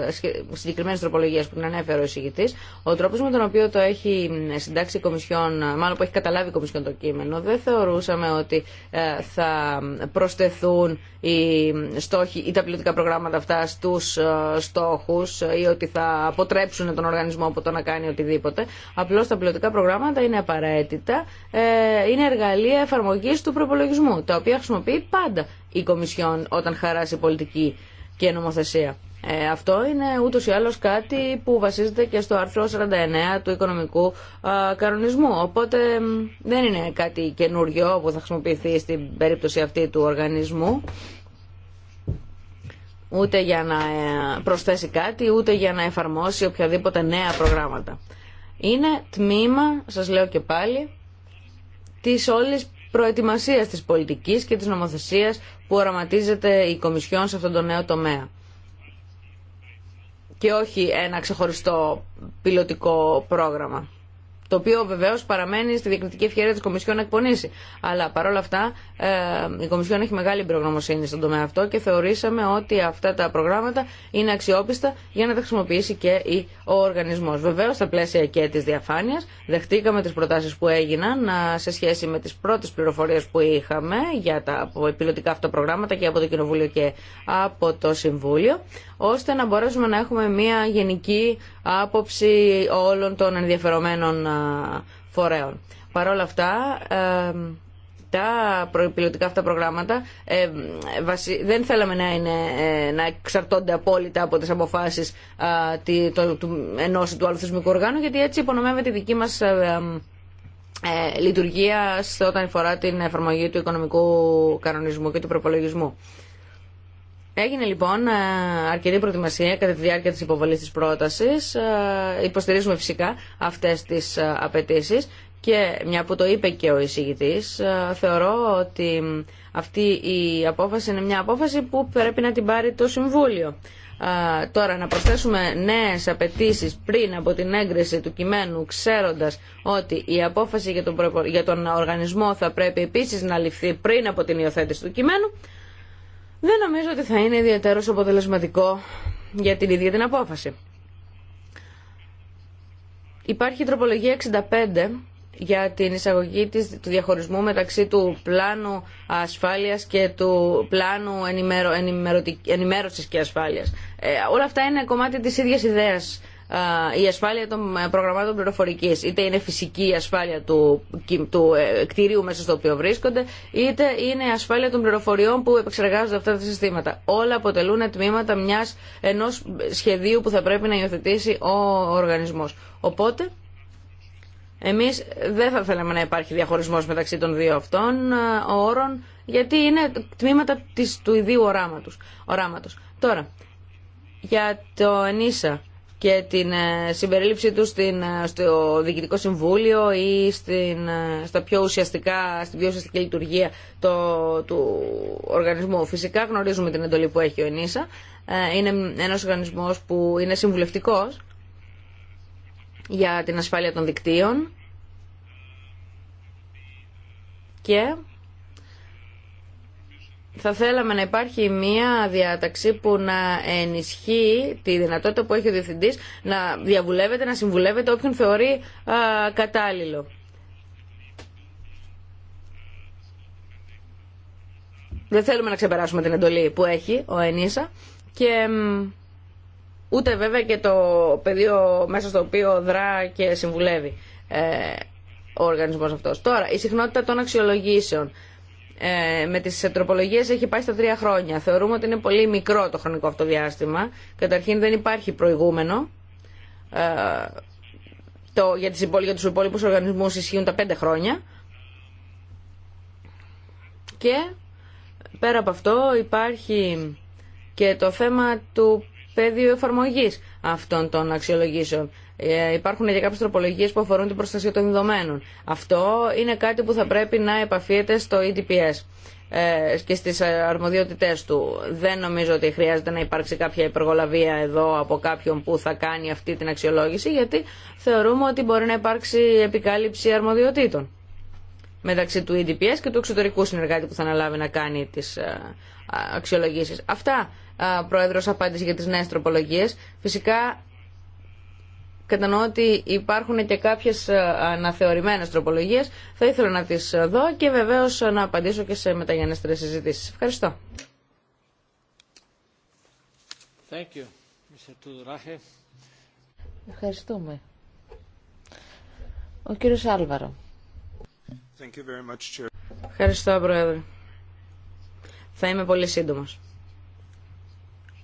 ε, συγκεκριμένη τροπολογία που την ανέφερε ο εισηγητή. Ο τρόπο με τον οποίο το έχει συντάξει η Κομισιόν, μάλλον που έχει καταλάβει η Κομισιόν το κείμενο, δεν θεωρούσαμε ότι ε, θα προσθεθούν οι στόχοι ή τα πιλωτικά προγράμματα αυτά στου ε, στόχου ή ότι θα αποτρέψουν τον οργανισμό από το να κάνει οτιδήποτε. Απλώ τα πιλωτικά προγράμματα είναι απαραίτητα, είναι εργαλεία εφαρμογή του προπολογισμού, τα οποία χρησιμοποιεί πάντα η Κομισιόν όταν χαράσει πολιτική και νομοθεσία. Ε, αυτό είναι ούτως ή άλλως κάτι που βασίζεται και στο άρθρο 49 του οικονομικού α, κανονισμού. Οπότε δεν είναι κάτι καινούριο που θα χρησιμοποιηθεί στην περίπτωση αυτή του οργανισμού ούτε για να ε, προσθέσει κάτι, ούτε για να εφαρμόσει οποιαδήποτε νέα προγράμματα. Είναι τμήμα, σας λέω και πάλι, της όλης προετοιμασίας της πολιτικής και της νομοθεσίας που οραματίζεται η Κομισιόν σε αυτόν τον νέο τομέα και όχι ένα ξεχωριστό πιλωτικό πρόγραμμα το οποίο βεβαίω παραμένει στη διακριτική ευκαιρία τη Κομισιόν να εκπονήσει. Αλλά παρόλα αυτά ε, η Κομισιόν έχει μεγάλη προγνωμοσύνη στον τομέα αυτό και θεωρήσαμε ότι αυτά τα προγράμματα είναι αξιόπιστα για να τα χρησιμοποιήσει και ο οργανισμό. Βεβαίω στα πλαίσια και τη διαφάνεια δεχτήκαμε τι προτάσει που έγιναν ε, σε σχέση με τι πρώτε πληροφορίε που είχαμε για τα πιλωτικά αυτά προγράμματα και από το Κοινοβούλιο και από το Συμβούλιο, ώστε να μπορέσουμε να έχουμε μια γενική άποψη όλων των ενδιαφερομένων ε, φορέων. Παρ' όλα αυτά, ε, τα πιλωτικά αυτά προγράμματα ε, βασι... δεν θέλαμε να, είναι, ε, να εξαρτώνται απόλυτα από τις αποφάσεις ε, τη, του, ενός του άλλου θεσμικού οργάνου γιατί έτσι υπονομεύεται η δική μας λειτουργία όταν αφορά την εφαρμογή του οικονομικού κανονισμού και του προπολογισμού. Έγινε λοιπόν ε, αρκετή προετοιμασία κατά τη διάρκεια της υποβολής της πρότασης. Ε, υποστηρίζουμε φυσικά αυτές τις ε, απαιτήσει και μια που το είπε και ο εισηγητής, θεωρώ ότι αυτή η απόφαση είναι μια απόφαση που πρέπει να την πάρει το Συμβούλιο. Τώρα να προσθέσουμε νέες απαιτήσει πριν από την έγκριση του κειμένου ξέροντας ότι η απόφαση για τον, για τον οργανισμό θα πρέπει επίσης να ληφθεί πριν από την υιοθέτηση του κειμένου δεν νομίζω ότι θα είναι ιδιαίτερο αποτελεσματικό για την ίδια την απόφαση. Υπάρχει η τροπολογία 65 για την εισαγωγή της, του διαχωρισμού μεταξύ του πλάνου ασφάλειας και του πλάνου ενημέρω, ενημέρωσης και ασφάλειας. Ε, όλα αυτά είναι κομμάτι της ίδιας ιδέας η ασφάλεια των ε, προγραμμάτων πληροφορική. Είτε είναι φυσική η ασφάλεια του, του ε, κτηρίου μέσα στο οποίο βρίσκονται, είτε είναι η ασφάλεια των πληροφοριών που επεξεργάζονται αυτά τα συστήματα. Όλα αποτελούν τμήματα μιας, ενός σχεδίου που θα πρέπει να υιοθετήσει ο οργανισμός. Οπότε, εμείς δεν θα θέλαμε να υπάρχει διαχωρισμός μεταξύ των δύο αυτών ε, όρων, γιατί είναι τμήματα του ιδίου οράματος. οράματος. Τώρα, για το ΕΝΙΣΑ και την ε, συμπερίληψή του στην, ε, στο Διοικητικό Συμβούλιο ή στην, ε, στα πιο ουσιαστικά, στην πιο ουσιαστική λειτουργία το, του οργανισμού. Φυσικά γνωρίζουμε την εντολή που έχει ο ΕΝΙΣΑ. Είναι ένας οργανισμός που είναι συμβουλευτικός για την ασφάλεια των δικτύων και θα θέλαμε να υπάρχει μία διάταξη που να ενισχύει τη δυνατότητα που έχει ο διευθυντής να διαβουλεύεται, να συμβουλεύεται όποιον θεωρεί κατάλληλο. Δεν θέλουμε να ξεπεράσουμε την εντολή που έχει ο ΕΝΙΣΑ και ούτε βέβαια και το πεδίο μέσα στο οποίο δρά και συμβουλεύει ε, ο οργανισμός αυτός. Τώρα, η συχνότητα των αξιολογήσεων. Ε, με τις τροπολογίες έχει πάει στα τρία χρόνια. Θεωρούμε ότι είναι πολύ μικρό το χρονικό αυτό διάστημα. Καταρχήν δεν υπάρχει προηγούμενο. Ε, το, για, τις, για τους υπόλοιπους οργανισμούς ισχύουν τα πέντε χρόνια. Και πέρα από αυτό υπάρχει και το θέμα του πεδίου εφαρμογής αυτών των αξιολογήσεων. Ε, υπάρχουν και κάποιε τροπολογίε που αφορούν την προστασία των δεδομένων. Αυτό είναι κάτι που θα πρέπει να επαφείται στο EDPS ε, και στι αρμοδιότητές του. Δεν νομίζω ότι χρειάζεται να υπάρξει κάποια υπεργολαβία εδώ από κάποιον που θα κάνει αυτή την αξιολόγηση γιατί θεωρούμε ότι μπορεί να υπάρξει επικάλυψη αρμοδιοτήτων μεταξύ του EDPS και του εξωτερικού συνεργάτη που θα αναλάβει να κάνει τι ε, αξιολογήσει. Αυτά, Πρόεδρος, απάντηση για τις νέε τροπολογίε. Φυσικά Κατανοώ ότι υπάρχουν και κάποιε ε, αναθεωρημένες τροπολογίε, Θα ήθελα να τι δω και βεβαίω να απαντήσω και σε μεταγενέστερες συζητήσει. Ευχαριστώ. Ευχαριστούμε. Ο κύριος Άλβαρο. Thank you Ευχαριστώ, Πρόεδρε. Θα είμαι πολύ σύντομος.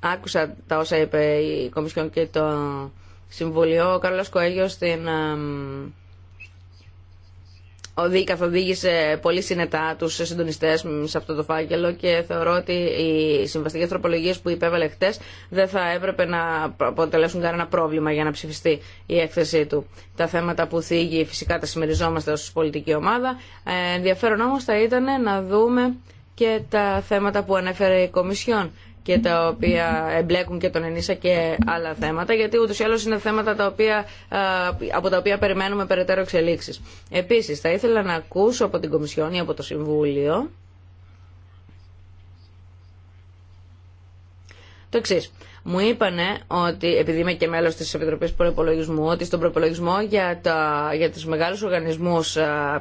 Άκουσα τα όσα είπε η Κομισιόν και το Συμβουλίο, ο Καρλός Κοέγιος στην καθοδήγησε πολύ συνετά του συντονιστέ σε αυτό το φάκελο και θεωρώ ότι οι συμβαστικέ τροπολογίε που υπέβαλε χτε δεν θα έπρεπε να αποτελέσουν κανένα πρόβλημα για να ψηφιστεί η έκθεσή του. Τα θέματα που θίγει φυσικά τα συμμεριζόμαστε ω πολιτική ομάδα. Ε, ενδιαφέρον όμω θα ήταν να δούμε και τα θέματα που ανέφερε η Κομισιόν και τα οποία εμπλέκουν και τον ΕΝΙΣΑ και άλλα θέματα, γιατί ούτως ή άλλως είναι θέματα τα οποία, από τα οποία περιμένουμε περαιτέρω εξελίξεις. Επίσης, θα ήθελα να ακούσω από την Κομισιόν ή από το Συμβούλιο το εξή. Μου είπανε ότι, επειδή είμαι και μέλο τη Επιτροπή Προπολογισμού, ότι στον προπολογισμό για, τα, για του μεγάλου οργανισμού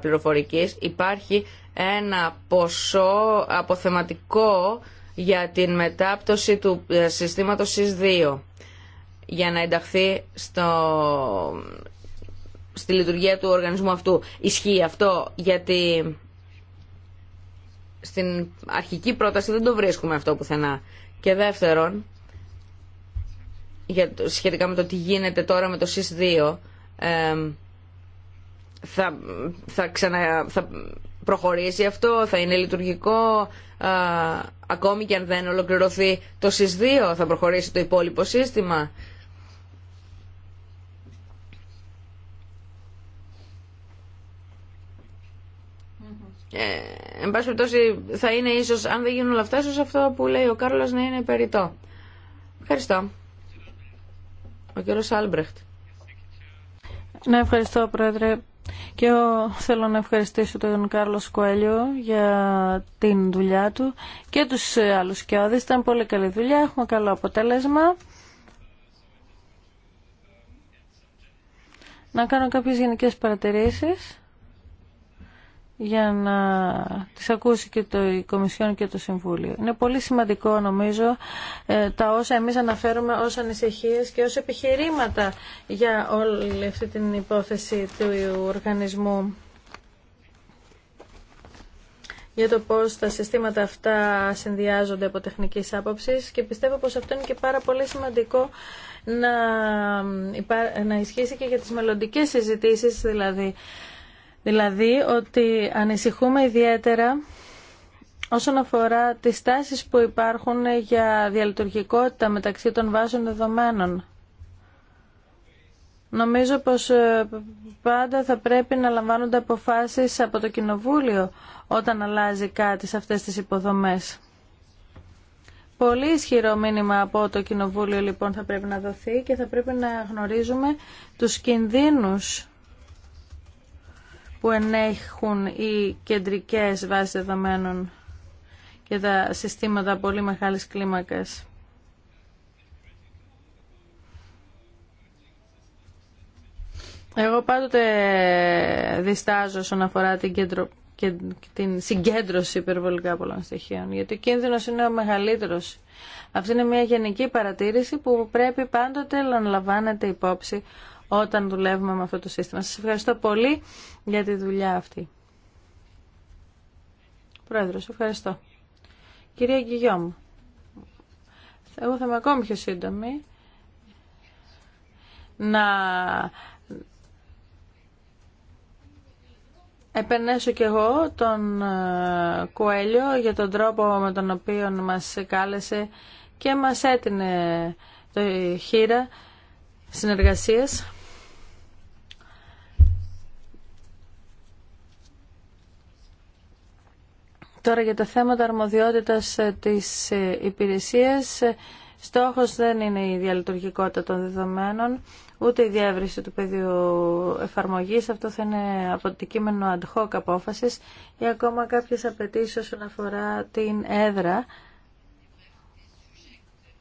πληροφορική υπάρχει ένα ποσό αποθεματικό για την μετάπτωση του ε, συστηματος συς SIS-2 για να ενταχθεί στο, στη λειτουργία του οργανισμού αυτού. Ισχύει αυτό γιατί στην αρχική πρόταση δεν το βρίσκουμε αυτό πουθενά. Και δεύτερον, για, σχετικά με το τι γίνεται τώρα με το ΣΥΣΔΙΟ, 2 θα, θα, ξανα, θα προχωρήσει αυτό, θα είναι λειτουργικό, ακόμη και αν δεν ολοκληρωθεί το ΣΥΣ 2 θα προχωρήσει το υπόλοιπο σύστημα. Ε, εν πάση περιπτώσει θα είναι ίσως, αν δεν γίνουν όλα αυτά, ίσως αυτό που λέει ο Κάρλος να είναι περιττό. Ευχαριστώ. Ο κύριος Άλμπρεχτ. Ναι, ευχαριστώ πρόεδρε. Και θέλω να ευχαριστήσω τον Κάρλος Κοέλιο για την δουλειά του και τους άλλους κοιόδες. Ήταν πολύ καλή δουλειά, έχουμε καλό αποτέλεσμα. Να κάνω κάποιες γενικές παρατηρήσεις για να τις ακούσει και το η Κομισιόν και το Συμβούλιο. Είναι πολύ σημαντικό νομίζω ε, τα όσα εμείς αναφέρουμε ως ανησυχίες και ως επιχειρήματα για όλη αυτή την υπόθεση του οργανισμού για το πώς τα συστήματα αυτά συνδυάζονται από τεχνικής άποψης και πιστεύω πως αυτό είναι και πάρα πολύ σημαντικό να, να ισχύσει και για τις μελλοντικές συζητήσεις δηλαδή Δηλαδή ότι ανησυχούμε ιδιαίτερα όσον αφορά τις τάσεις που υπάρχουν για διαλειτουργικότητα μεταξύ των βάσεων δεδομένων. Νομίζω πως ε, πάντα θα πρέπει να λαμβάνονται αποφάσεις από το Κοινοβούλιο όταν αλλάζει κάτι σε αυτές τις υποδομές. Πολύ ισχυρό μήνυμα από το Κοινοβούλιο λοιπόν θα πρέπει να δοθεί και θα πρέπει να γνωρίζουμε τους κινδύνους που ενέχουν οι κεντρικές βάσεις δεδομένων και τα συστήματα πολύ μεγάλης κλίμακας. Εγώ πάντοτε διστάζω όσον αφορά την, κέντρο, και την συγκέντρωση υπερβολικά πολλών στοιχείων, γιατί ο κίνδυνος είναι ο μεγαλύτερος. Αυτή είναι μια γενική παρατήρηση που πρέπει πάντοτε να λαμβάνετε υπόψη όταν δουλεύουμε με αυτό το σύστημα. Σας ευχαριστώ πολύ για τη δουλειά αυτή. Πρόεδρος, ευχαριστώ. Κυρία Γκυγιόμ, εγώ θα είμαι ακόμη πιο σύντομη να επενέσω κι εγώ τον ε, Κουέλιο για τον τρόπο με τον οποίο μας κάλεσε και μας έτεινε το χείρα συνεργασίας. Τώρα για το θέμα ε, της αρμοδιότητας ε, της υπηρεσίας, ε, στόχος δεν είναι η διαλειτουργικότητα των δεδομένων, ούτε η διεύρυνση του πεδίου εφαρμογής, αυτό θα είναι από ad hoc απόφασης, ή ακόμα κάποιες απαιτήσεις όσον αφορά την έδρα,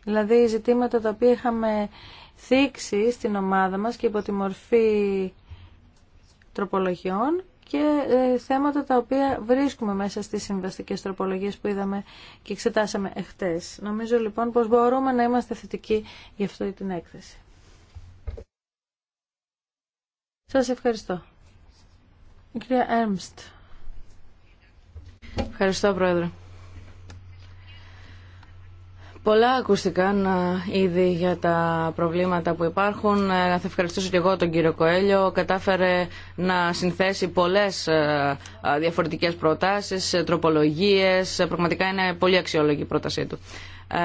δηλαδή ζητήματα τα οποία είχαμε θίξει στην ομάδα μας και υπό τη μορφή τροπολογιών, και ε, θέματα τα οποία βρίσκουμε μέσα στις συμβαστικές τροπολογίες που είδαμε και εξετάσαμε εχθές. Νομίζω λοιπόν πως μπορούμε να είμαστε θετικοί για αυτό την έκθεση. Σας ευχαριστώ. Η κυρία Έρμστ. Ευχαριστώ, Πρόεδρε. Πολλά ακούστηκαν ε, ήδη για τα προβλήματα που υπάρχουν. Ε, θα ευχαριστήσω και εγώ τον κύριο Κοέλιο. Κατάφερε να συνθέσει πολλές ε, διαφορετικές προτάσεις, τροπολογίες. Πραγματικά είναι πολύ αξιόλογη η πρότασή του.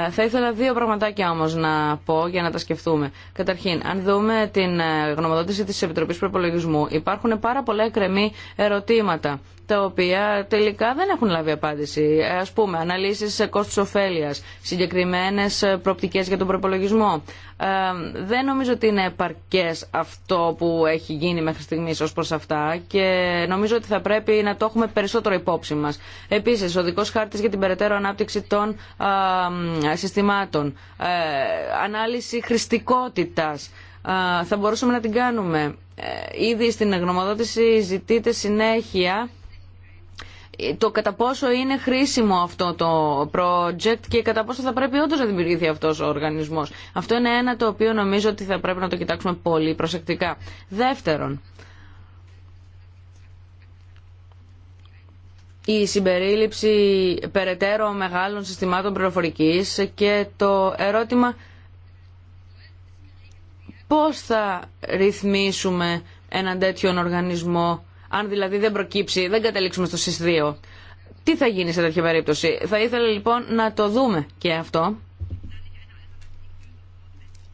Θα ήθελα δύο πραγματάκια όμω να πω για να τα σκεφτούμε. Καταρχήν, αν δούμε την γνωμοδότηση τη Επιτροπή Προπολογισμού, υπάρχουν πάρα πολλά εκκρεμή ερωτήματα τα οποία τελικά δεν έχουν λάβει απάντηση. Ε, ας πούμε, αναλύσεις κόστου ωφέλειας, συγκεκριμένες προοπτικές για τον προπολογισμό. Ε, δεν νομίζω ότι είναι επαρκές αυτό που έχει γίνει μέχρι στιγμή ως προς αυτά και νομίζω ότι θα πρέπει να το έχουμε περισσότερο υπόψη μας. Επίσης, ο δικός χάρτης για την περαιτέρω ανάπτυξη των συστημάτων, ε, ανάλυση χρηστικότητας, θα μπορούσαμε να την κάνουμε. Ε, ήδη στην γνωμοδότηση ζητείται συνέχεια το κατά πόσο είναι χρήσιμο αυτό το project και κατά πόσο θα πρέπει όντω να δημιουργηθεί αυτό ο οργανισμό. Αυτό είναι ένα το οποίο νομίζω ότι θα πρέπει να το κοιτάξουμε πολύ προσεκτικά. Δεύτερον, η συμπερίληψη περαιτέρω μεγάλων συστημάτων πληροφορικής και το ερώτημα πώς θα ρυθμίσουμε έναν τέτοιον οργανισμό αν δηλαδή δεν προκύψει, δεν καταλήξουμε στο ΣΥΣ2, τι θα γίνει σε τέτοια περίπτωση. Θα ήθελα λοιπόν να το δούμε και αυτό.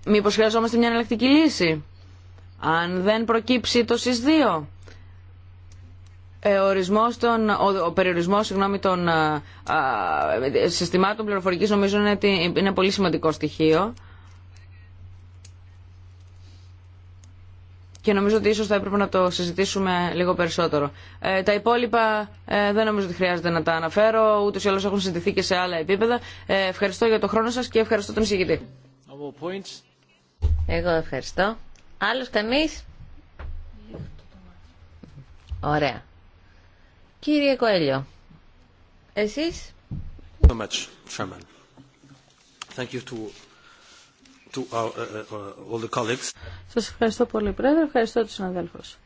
Μήπω χρειαζόμαστε μια εναλλακτική λύση. Αν δεν προκύψει το ΣΥΣ2. Ε, ορισμός ο, ο περιορισμός συγγνώμη, των α, ε, ε, συστημάτων πληροφορικής νομίζω είναι, είναι πολύ σημαντικό στοιχείο. και νομίζω ότι ίσως θα έπρεπε να το συζητήσουμε λίγο περισσότερο. Ε, τα υπόλοιπα ε, δεν νομίζω ότι χρειάζεται να τα αναφέρω, ούτως ή άλλως έχουν συζητηθεί και σε άλλα επίπεδα. Ε, ευχαριστώ για το χρόνο σας και ευχαριστώ τον εισηγητή. Εγώ ευχαριστώ. Άλλος κανείς? Ωραία. Κύριε Κοέλιο, εσείς? Thank you to uh, uh, uh, Σας ευχαριστώ πολύ, Πρόεδρε. Ευχαριστώ τους συναδέλφους.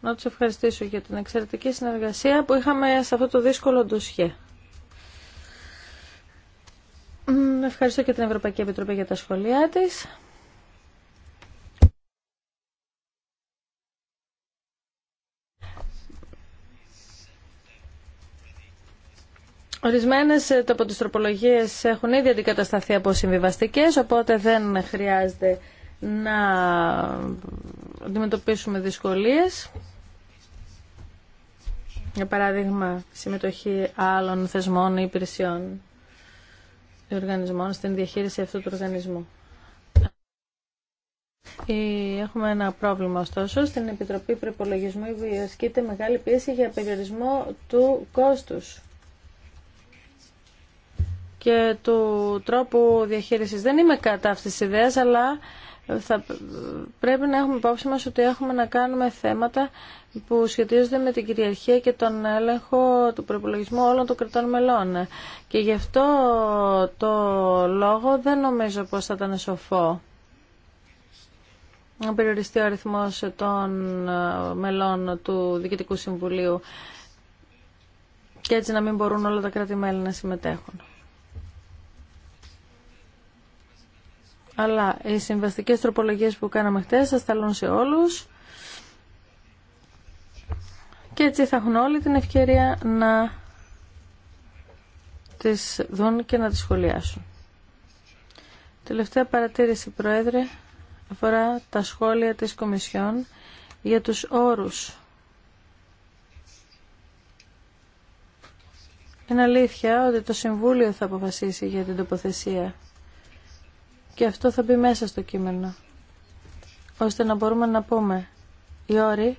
Να τους ευχαριστήσω για την εξαιρετική συνεργασία που είχαμε σε αυτό το δύσκολο ντοσιέ. Ευχαριστώ και την Ευρωπαϊκή Επιτροπή για τα σχολεία της. Ορισμένε ε, από τι τροπολογίε έχουν ήδη αντικατασταθεί από συμβιβαστικέ, οπότε δεν χρειάζεται να αντιμετωπίσουμε δυσκολίε. Για παράδειγμα, συμμετοχή άλλων θεσμών ή υπηρεσιών ή οργανισμών στην διαχείριση αυτού του οργανισμού. Έχουμε ένα πρόβλημα ωστόσο. Στην Επιτροπή Προπολογισμού ασκείται μεγάλη πίεση για περιορισμό του κόστους και του τρόπου διαχείρισης. Δεν είμαι κατά αυτής της ιδέας, αλλά θα πρέπει να έχουμε υπόψη μας ότι έχουμε να κάνουμε θέματα που σχετίζονται με την κυριαρχία και τον έλεγχο του προπολογισμού όλων των κρατών μελών. Και γι' αυτό το λόγο δεν νομίζω πως θα ήταν σοφό να περιοριστεί ο αριθμός των ε, μελών του Διοικητικού Συμβουλίου και έτσι να μην μπορούν όλα τα κράτη-μέλη να συμμετέχουν. Αλλά οι συμβαστικές τροπολογίες που κάναμε χτες θα σταλούν σε όλους και έτσι θα έχουν όλοι την ευκαιρία να τις δουν και να τις σχολιάσουν. Τελευταία παρατήρηση, Πρόεδρε, αφορά τα σχόλια της Κομισιόν για τους όρους. Είναι αλήθεια ότι το Συμβούλιο θα αποφασίσει για την τοποθεσία και αυτό θα μπει μέσα στο κείμενο. Ώστε να μπορούμε να πούμε οι όροι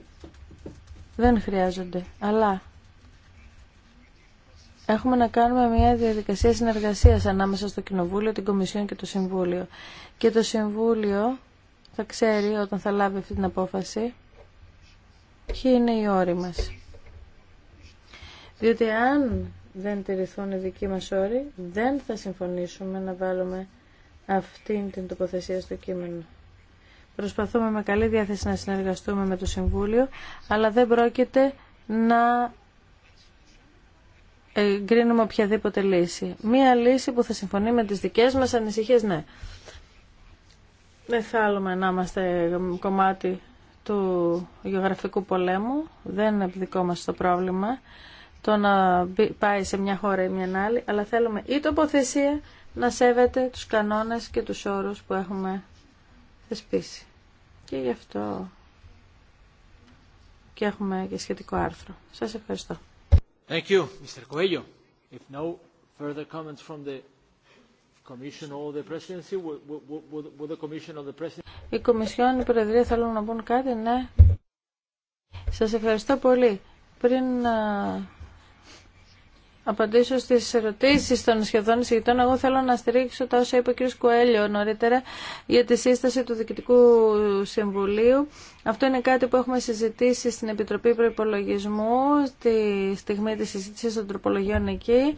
δεν χρειάζονται, αλλά Έχουμε να κάνουμε μια διαδικασία συνεργασίας ανάμεσα στο Κοινοβούλιο, την Κομισιόν και το Συμβούλιο. Και το Συμβούλιο θα ξέρει όταν θα λάβει αυτή την απόφαση ποιοι είναι οι όροι μας. Διότι αν δεν τηρηθούν οι δικοί μας όροι, δεν θα συμφωνήσουμε να βάλουμε αυτή την τοποθεσία στο κείμενο. Προσπαθούμε με καλή διάθεση να συνεργαστούμε με το Συμβούλιο, αλλά δεν πρόκειται να εγκρίνουμε οποιαδήποτε λύση. Μία λύση που θα συμφωνεί με τις δικές μας ανησυχίες, ναι. Δεν θέλουμε να είμαστε κομμάτι του γεωγραφικού πολέμου, δεν είναι δικό μας το πρόβλημα το να πάει σε μια χώρα ή μια άλλη, αλλά θέλουμε ή τοποθεσία να σέβεται τους κανόνες και τους όρους που έχουμε θεσπίσει. Και γι' αυτό και έχουμε και σχετικό άρθρο. Σας ευχαριστώ. Thank you, Mr. Coelho. If no further comments from the Commission or the Presidency, would, the Commission or the Presidency... Η Κομισιόν, η Προεδρία θέλουν να πούν κάτι, ναι. Σας ευχαριστώ πολύ. Πριν ε, απαντήσω στις ερωτήσεις των σχεδόν εισηγητών. Εγώ θέλω να στηρίξω τα όσα είπε ο κ. Κουέλιο νωρίτερα για τη σύσταση του Διοικητικού Συμβουλίου. Αυτό είναι κάτι που έχουμε συζητήσει στην Επιτροπή προπολογισμού, στη στιγμή της συζήτηση των τροπολογιών εκεί.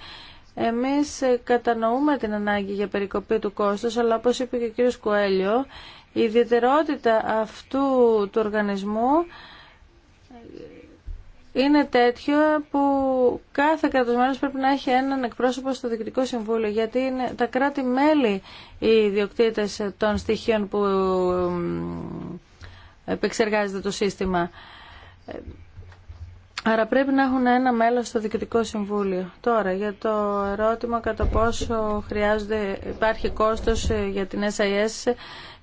Εμείς κατανοούμε την ανάγκη για περικοπή του κόστου, αλλά όπω είπε και ο κ. Κουέλιο, η ιδιαιτερότητα αυτού του οργανισμού είναι τέτοιο που κάθε μέλος πρέπει να έχει έναν εκπρόσωπο στο Διοικητικό Συμβούλιο γιατί είναι τα κράτη-μέλη οι ιδιοκτήτες των στοιχείων που επεξεργάζεται το σύστημα. Άρα πρέπει να έχουν ένα μέλος στο Διοικητικό Συμβούλιο. Τώρα, για το ερώτημα κατά πόσο χρειάζεται υπάρχει κόστος για την SIS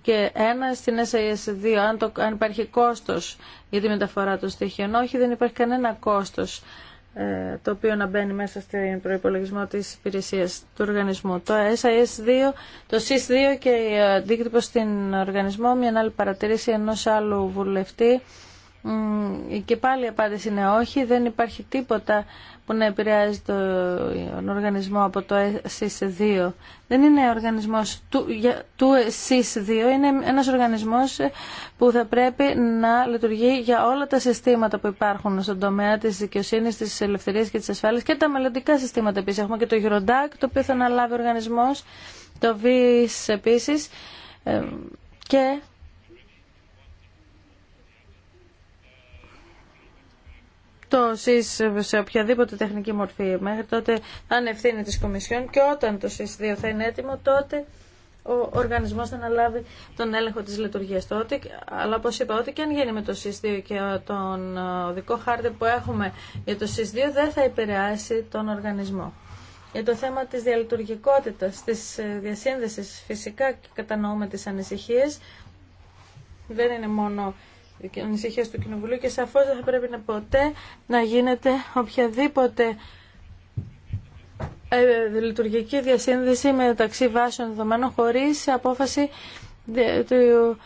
και ένα στην sis 2 αν, υπάρχει κόστος για τη μεταφορά των στοιχείων. Όχι, δεν υπάρχει κανένα κόστος ε, το οποίο να μπαίνει μέσα στην προϋπολογισμό της υπηρεσίας του οργανισμού. Το SIS2, το SIS2 και η ε, αντίκτυπο στην οργανισμό, μια άλλη παρατήρηση ενός άλλου βουλευτή, και πάλι η απάντηση είναι όχι, δεν υπάρχει τίποτα που να επηρεάζει τον οργανισμό από το ΣΥΣ2. Δεν είναι οργανισμός του, του ΣΥΣ2, είναι ένας οργανισμός που θα πρέπει να λειτουργεί για όλα τα συστήματα που υπάρχουν στον τομέα της δικαιοσύνη, της ελευθερίας και της ασφάλειας και τα μελλοντικά συστήματα επίσης. Έχουμε και το Eurodac, το οποίο θα αναλάβει ο οργανισμός, το ΒΙΣ επίσης ε, και το ΣΥΣ σε οποιαδήποτε τεχνική μορφή μέχρι τότε θα είναι ευθύνη της Κομισιόν και όταν το ΣΥΣ 2 θα είναι έτοιμο τότε ο οργανισμός θα αναλάβει τον έλεγχο της λειτουργίας αλλά όπως είπα, ό,τι και αν γίνει με το ΣΥΣ2 και τον ε, οδικό χάρτη που έχουμε για το ΣΥΣ2 δεν θα επηρεάσει τον οργανισμό. Για το θέμα της διαλειτουργικότητας, της ε, διασύνδεσης, φυσικά και κατανοούμε τις ανησυχίες. Δεν είναι μόνο του Κοινοβουλίου και σαφώς δεν θα πρέπει να ποτέ να γίνεται οποιαδήποτε ε, λειτουργική διασύνδεση μεταξύ βάσεων δεδομένων χωρίς απόφαση του ε,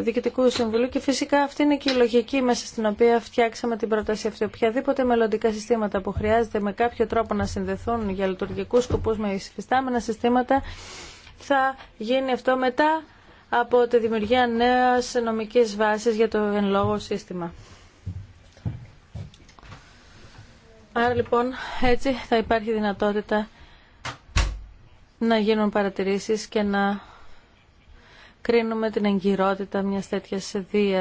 Διοικητικού Συμβουλίου και φυσικά αυτή είναι και η λογική μέσα στην οποία φτιάξαμε την πρόταση αυτή. Οποιαδήποτε μελλοντικά συστήματα που χρειάζεται με κάποιο τρόπο να συνδεθούν για λειτουργικού σκοπούς με υφιστάμενα συστήματα θα γίνει αυτό μετά από τη δημιουργία νέας νομικής βάσης για το εν λόγω σύστημα. Άρα λοιπόν έτσι θα υπάρχει δυνατότητα να γίνουν παρατηρήσεις και να κρίνουμε την εγκυρότητα μιας τέτοιας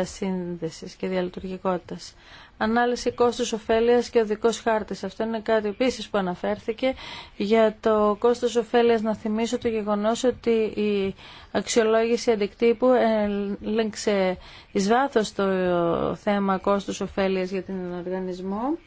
σύνδεσης και διαλειτουργικότητας. Ανάλυση κόστους ωφέλειας και οδικός χάρτης. Αυτό είναι κάτι επίσης που αναφέρθηκε. Για το κόστος ωφέλειας να θυμίσω το γεγονός ότι η αξιολόγηση αντικτύπου έλεγξε εις το θέμα κόστους ωφέλειας για τον οργανισμό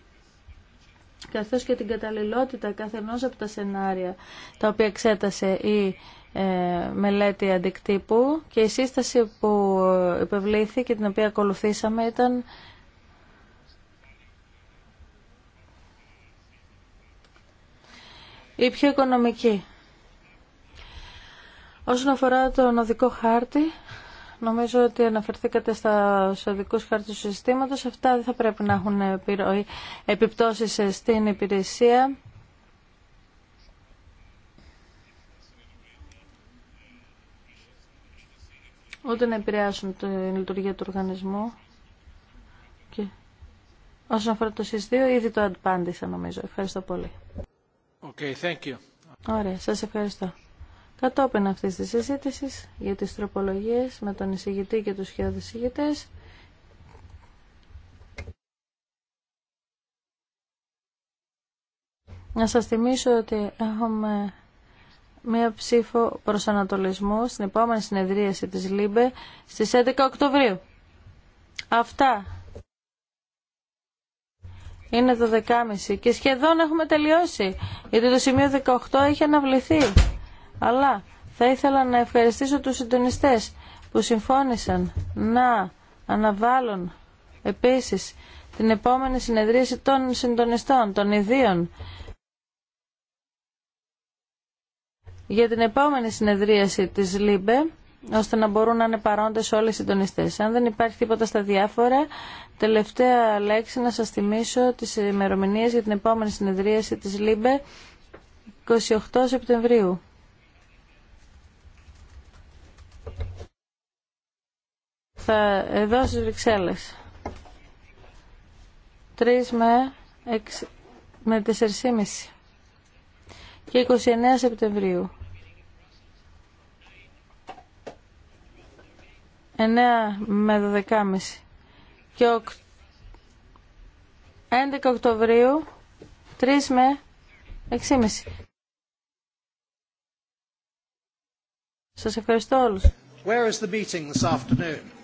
καθώς και την καταλληλότητα ενός από τα σενάρια τα οποία εξέτασε η ε, μελέτη αντικτύπου και η σύσταση που υπευλήθη και την οποία ακολουθήσαμε ήταν η πιο οικονομική. Όσον αφορά τον οδικό χάρτη, νομίζω ότι αναφερθήκατε στα οδικού χάρτη του συστήματος. Αυτά δεν θα πρέπει να έχουν επιπτώσεις στην υπηρεσία. ούτε να επηρεάσουν την λειτουργία του οργανισμού. Και όσον αφορά το ΣΥΣ2, ήδη το αντπάντησα, νομίζω. Ευχαριστώ πολύ. Okay, thank you. Ωραία, σας ευχαριστώ. Κατόπιν αυτή τη συζήτηση για τις τροπολογίες με τον εισηγητή και τους χειόδους εισηγητές, να σας θυμίσω ότι έχουμε μία ψήφο προσανατολισμού στην επόμενη συνεδρίαση της ΛΥΜΠΕ στις 11 Οκτωβρίου. Αυτά είναι το 10.30 και σχεδόν έχουμε τελειώσει γιατί το σημείο 18 έχει αναβληθεί. Αλλά θα ήθελα να ευχαριστήσω τους συντονιστές που συμφώνησαν να αναβάλουν επίσης την επόμενη συνεδρίαση των συντονιστών, των ιδίων για την επόμενη συνεδρίαση της ΛΥΜΠΕ ώστε να μπορούν να είναι παρόντες όλοι οι συντονιστές. Αν δεν υπάρχει τίποτα στα διάφορα, τελευταία λέξη να σας θυμίσω τις ημερομηνίε για την επόμενη συνεδρίαση της ΛΥΜΠΕ 28 Σεπτεμβρίου. Θα εδώ στις Βρυξέλλες. 3 με 6 με 4,5 και 29 Σεπτεμβρίου. 9 με 12.30 και 11 Οκτωβρίου 3 με 6.30. Σας ευχαριστώ όλους. Where is the meeting this afternoon?